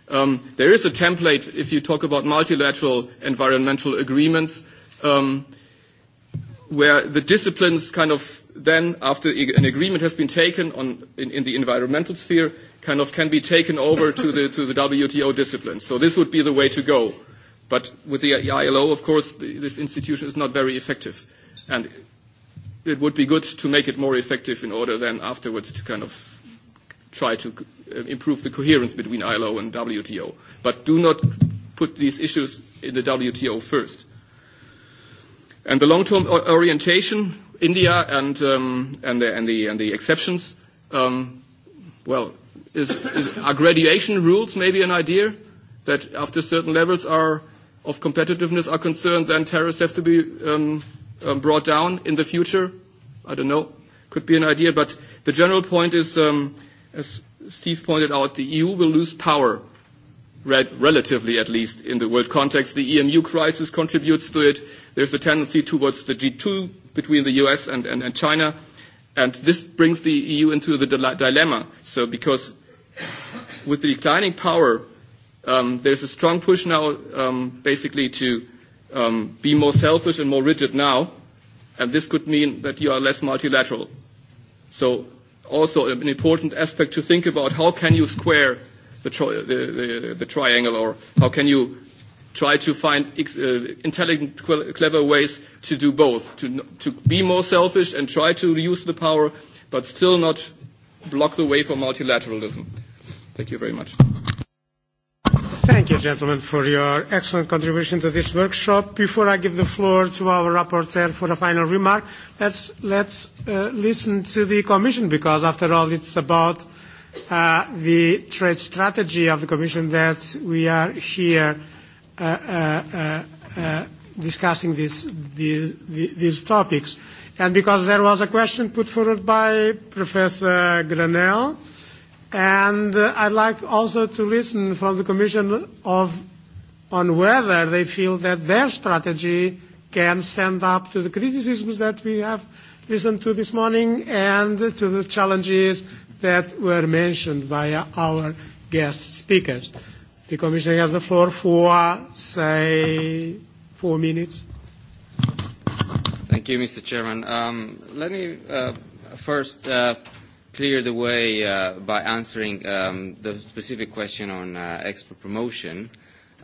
Um, there is a template if you talk about multilateral environmental agreements, um, where the disciplines kind of then, after an agreement has been taken on, in, in the environmental sphere, kind of can be taken over to the, to the WTO disciplines. So this would be the way to go. But with the ILO, of course, the, this institution is not very effective. And it would be good to make it more effective in order then afterwards to kind of try to improve the coherence between ILO and WTO. But do not put these issues in the WTO first. And the long-term orientation, India and, um, and, the, and, the, and the exceptions, um, well, is, is, are graduation rules maybe an idea that after certain levels are, of competitiveness are concerned, then tariffs have to be um, um, brought down in the future. I don't know. Could be an idea. But the general point is, um, as Steve pointed out, the EU will lose power, re- relatively at least, in the world context. The EMU crisis contributes to it. There's a tendency towards the G2 between the US and, and, and China. And this brings the EU into the dilemma. So because with the declining power, um, there's a strong push now um, basically to – um, be more selfish and more rigid now, and this could mean that you are less multilateral. So also an important aspect to think about, how can you square the, tri- the, the, the triangle or how can you try to find ex- uh, intelligent, clever ways to do both, to, to be more selfish and try to use the power, but still not block the way for multilateralism. Thank you very much. Thank you, gentlemen, for your excellent contribution to this workshop. Before I give the floor to our rapporteur for a final remark, let's, let's uh, listen to the Commission, because after all, it's about uh, the trade strategy of the Commission that we are here discussing these topics. And because there was a question put forward by Professor Granell, And uh, I'd like also to listen from the Commission of, on whether they feel that their strategy can stand up to the criticisms that we have listened to this morning and to the challenges that were mentioned by our guest speakers. The Commission has the floor for, say, four minutes. Thank you, Mr. Chairman. Um, let me uh, first uh, clear the way uh, by answering um, the specific question on uh, export promotion.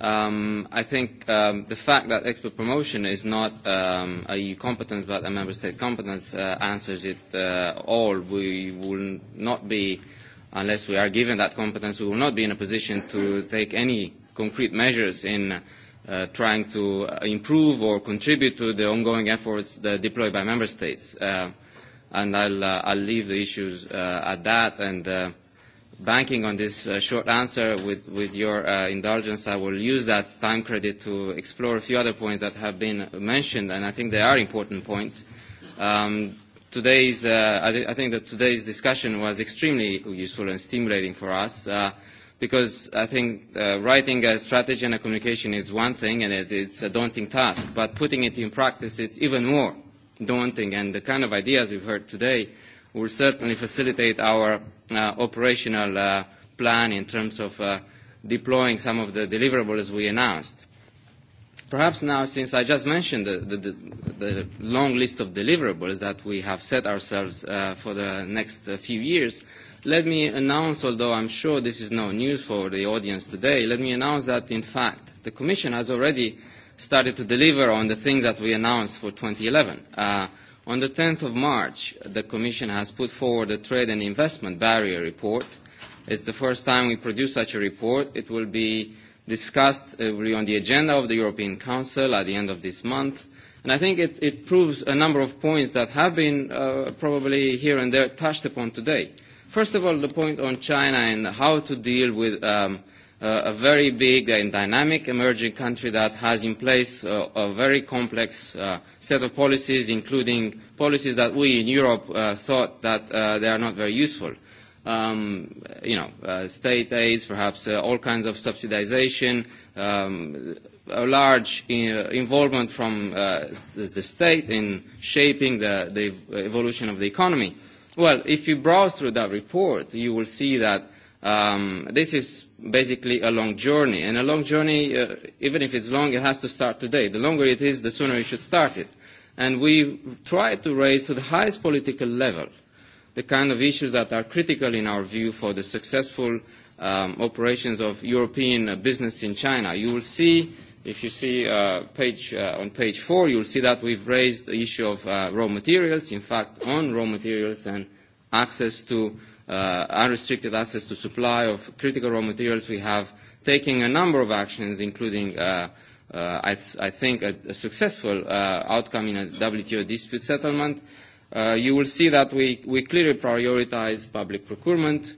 Um, I think um, the fact that export promotion is not um, a EU competence but a member state competence uh, answers it uh, all. We will not be, unless we are given that competence, we will not be in a position to take any concrete measures in uh, trying to improve or contribute to the ongoing efforts that deployed by member states. Uh, and I'll, uh, I'll leave the issues uh, at that. And uh, banking on this uh, short answer, with, with your uh, indulgence, I will use that time credit to explore a few other points that have been mentioned, and I think they are important points. Um, today's, uh, I, th- I think that today's discussion was extremely useful and stimulating for us. Uh, because I think uh, writing a strategy and a communication is one thing, and it, it's a daunting task, but putting it in practice, it's even more daunting, and the kind of ideas we've heard today will certainly facilitate our uh, operational uh, plan in terms of uh, deploying some of the deliverables we announced. Perhaps now, since I just mentioned the, the, the, the long list of deliverables that we have set ourselves uh, for the next few years, let me announce, although I'm sure this is no news for the audience today, let me announce that, in fact, the Commission has already uh, started to deliver on the things that we announced for 2011. Uh, on the 10th of March, the Commission has put forward a trade and investment barrier report. It's the first time we produce such a report. It will be discussed uh, on the agenda of the European Council at the end of this month. And I think it, it proves a number of points that have been uh, probably here and there touched upon today. First of all, the point on China and how to deal with um, – a very big and dynamic emerging country that has in place uh, a very complex uh, set of policies, including policies that we in Europe uh, thought that uh, they are not very useful. Um, you know, uh, state aids, perhaps uh, all kinds of subsidization, um, a large uh, involvement from uh, the state in shaping the, the evolution of the economy. Well, if you browse through that report, you will see that Um, this is basically a long journey, and a long journey, uh, even if it's long, it has to start today. The longer it is, the sooner you should start it. And we try to raise to the highest political level the kind of issues that are critical in our view for the successful um, operations of European business in China. You will see, if you see uh, page, uh, on page four, you will see that we've raised the issue of uh, raw materials, in fact, on raw materials and access to uh, uh, unrestricted access to supply of critical raw materials, we have taken a number of actions, including, I, think, a, successful outcome in a WTO dispute settlement. you will see that we, we clearly prioritize public procurement,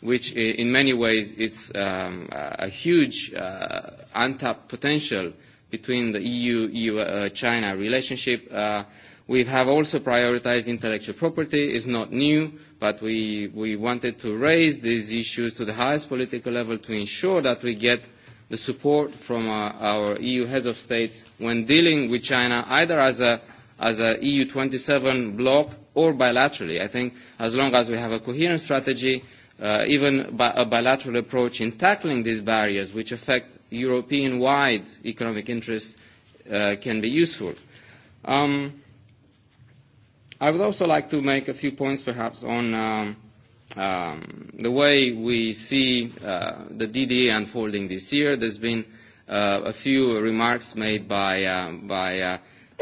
which in many ways is a huge untapped potential between the EU-China relationship. we have also prioritized intellectual property. It's not new but we, we wanted to raise these issues to the highest political level to ensure that we get the support from our, our EU heads of states when dealing with China, either as as an EU 27 bloc or bilaterally. I think as long as we have a coherent strategy, uh, even bi a bilateral approach in tackling these barriers which affect European-wide economic interests uh, can be useful. Um, I would also like to make a few points perhaps on um, um, the way we see uh, the DDA unfolding this year. There's been uh, a few remarks made by, uh, by uh,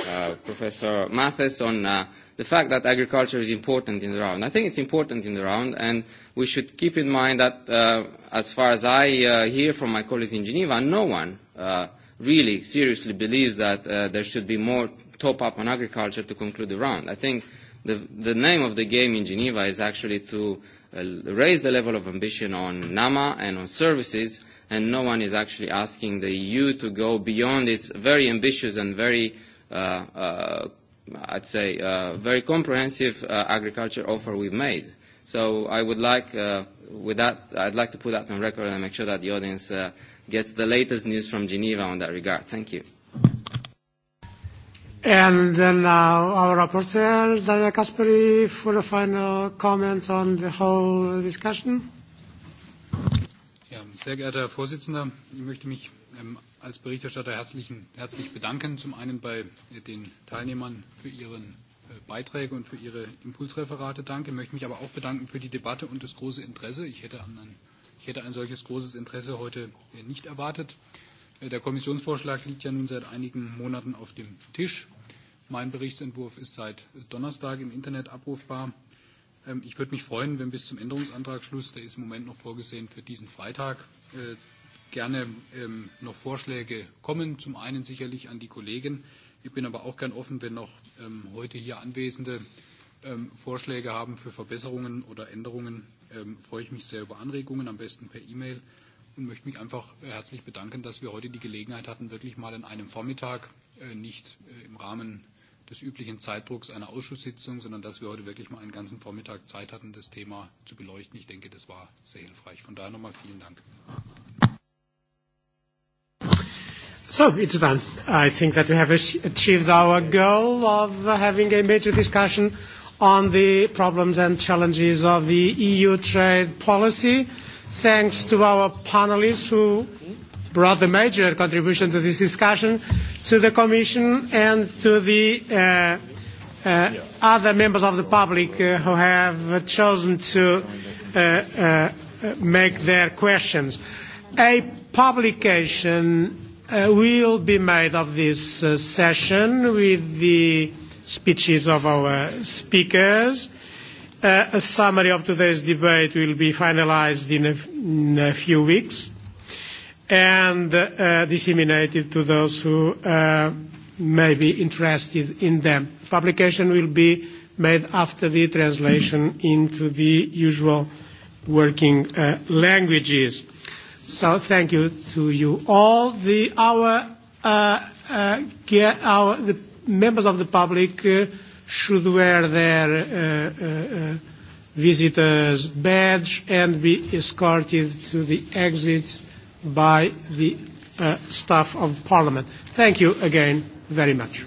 uh, Professor Mathis on uh, the fact that agriculture is important in the round. I think it's important in the round, and we should keep in mind that, uh, as far as I uh, hear from my colleagues in Geneva, no one uh, really seriously believes that uh, there should be more top up on agriculture to conclude the round. I think the, the name of the game in Geneva is actually to uh, raise the level of ambition on NAMA and on services, and no one is actually asking the EU to go beyond its very ambitious and very, uh, uh, I'd say, uh, very comprehensive uh, agriculture offer we've made. So I would like, uh, with that, I'd like to put that on record and make sure that the audience uh, gets the latest news from Geneva on that regard. Thank you. And then now our rapporteur, Daniel Caspary, for a final comment on the whole discussion. sehr geehrter Herr Vorsitzender, ich möchte mich als Berichterstatter herzlich bedanken. Zum einen bei den Teilnehmern für ihren Beiträge und für Ihre Impulsreferate danke. möchte mich aber auch bedanken für die Debatte und das große Interesse. ich hätte ein solches großes Interesse heute nicht erwartet. Der Kommissionsvorschlag liegt ja nun seit einigen Monaten auf dem Tisch. Mein Berichtsentwurf ist seit Donnerstag im Internet abrufbar. Ich würde mich freuen, wenn bis zum Änderungsantragsschluss, der ist im Moment noch vorgesehen für diesen Freitag, gerne noch Vorschläge kommen. Zum einen sicherlich an die Kollegen. Ich bin aber auch gern offen, wenn noch heute hier Anwesende Vorschläge haben für Verbesserungen oder Änderungen, freue ich mich sehr über Anregungen, am besten per E-Mail und möchte mich einfach herzlich bedanken, dass wir heute die Gelegenheit hatten, wirklich mal an einem Vormittag, nicht im Rahmen des üblichen Zeitdrucks einer Ausschusssitzung, sondern dass wir heute wirklich mal einen ganzen Vormittag Zeit hatten, das Thema zu beleuchten. Ich denke, das war sehr hilfreich. Von daher nochmal vielen Dank. So it's done. I think that we have achieved our goal of having a major discussion on the problems and challenges of the EU trade policy thanks to our panelists who brought a major contribution to this discussion, to the Commission and to the uh, uh, other members of the public uh, who have chosen to uh, uh, make their questions. A publication uh, will be made of this uh, session with the speeches of our speakers A summary of today's debate will be finalized in a few weeks and disseminated to those who may be interested in them. Publication will be made after the translation into the usual working languages. So thank you to you all. The our uh, uh, our the members of the public. Uh, should wear their uh, uh, uh, visitors badge and be escorted to the exits by the uh, staff of parliament. Thank you again very much.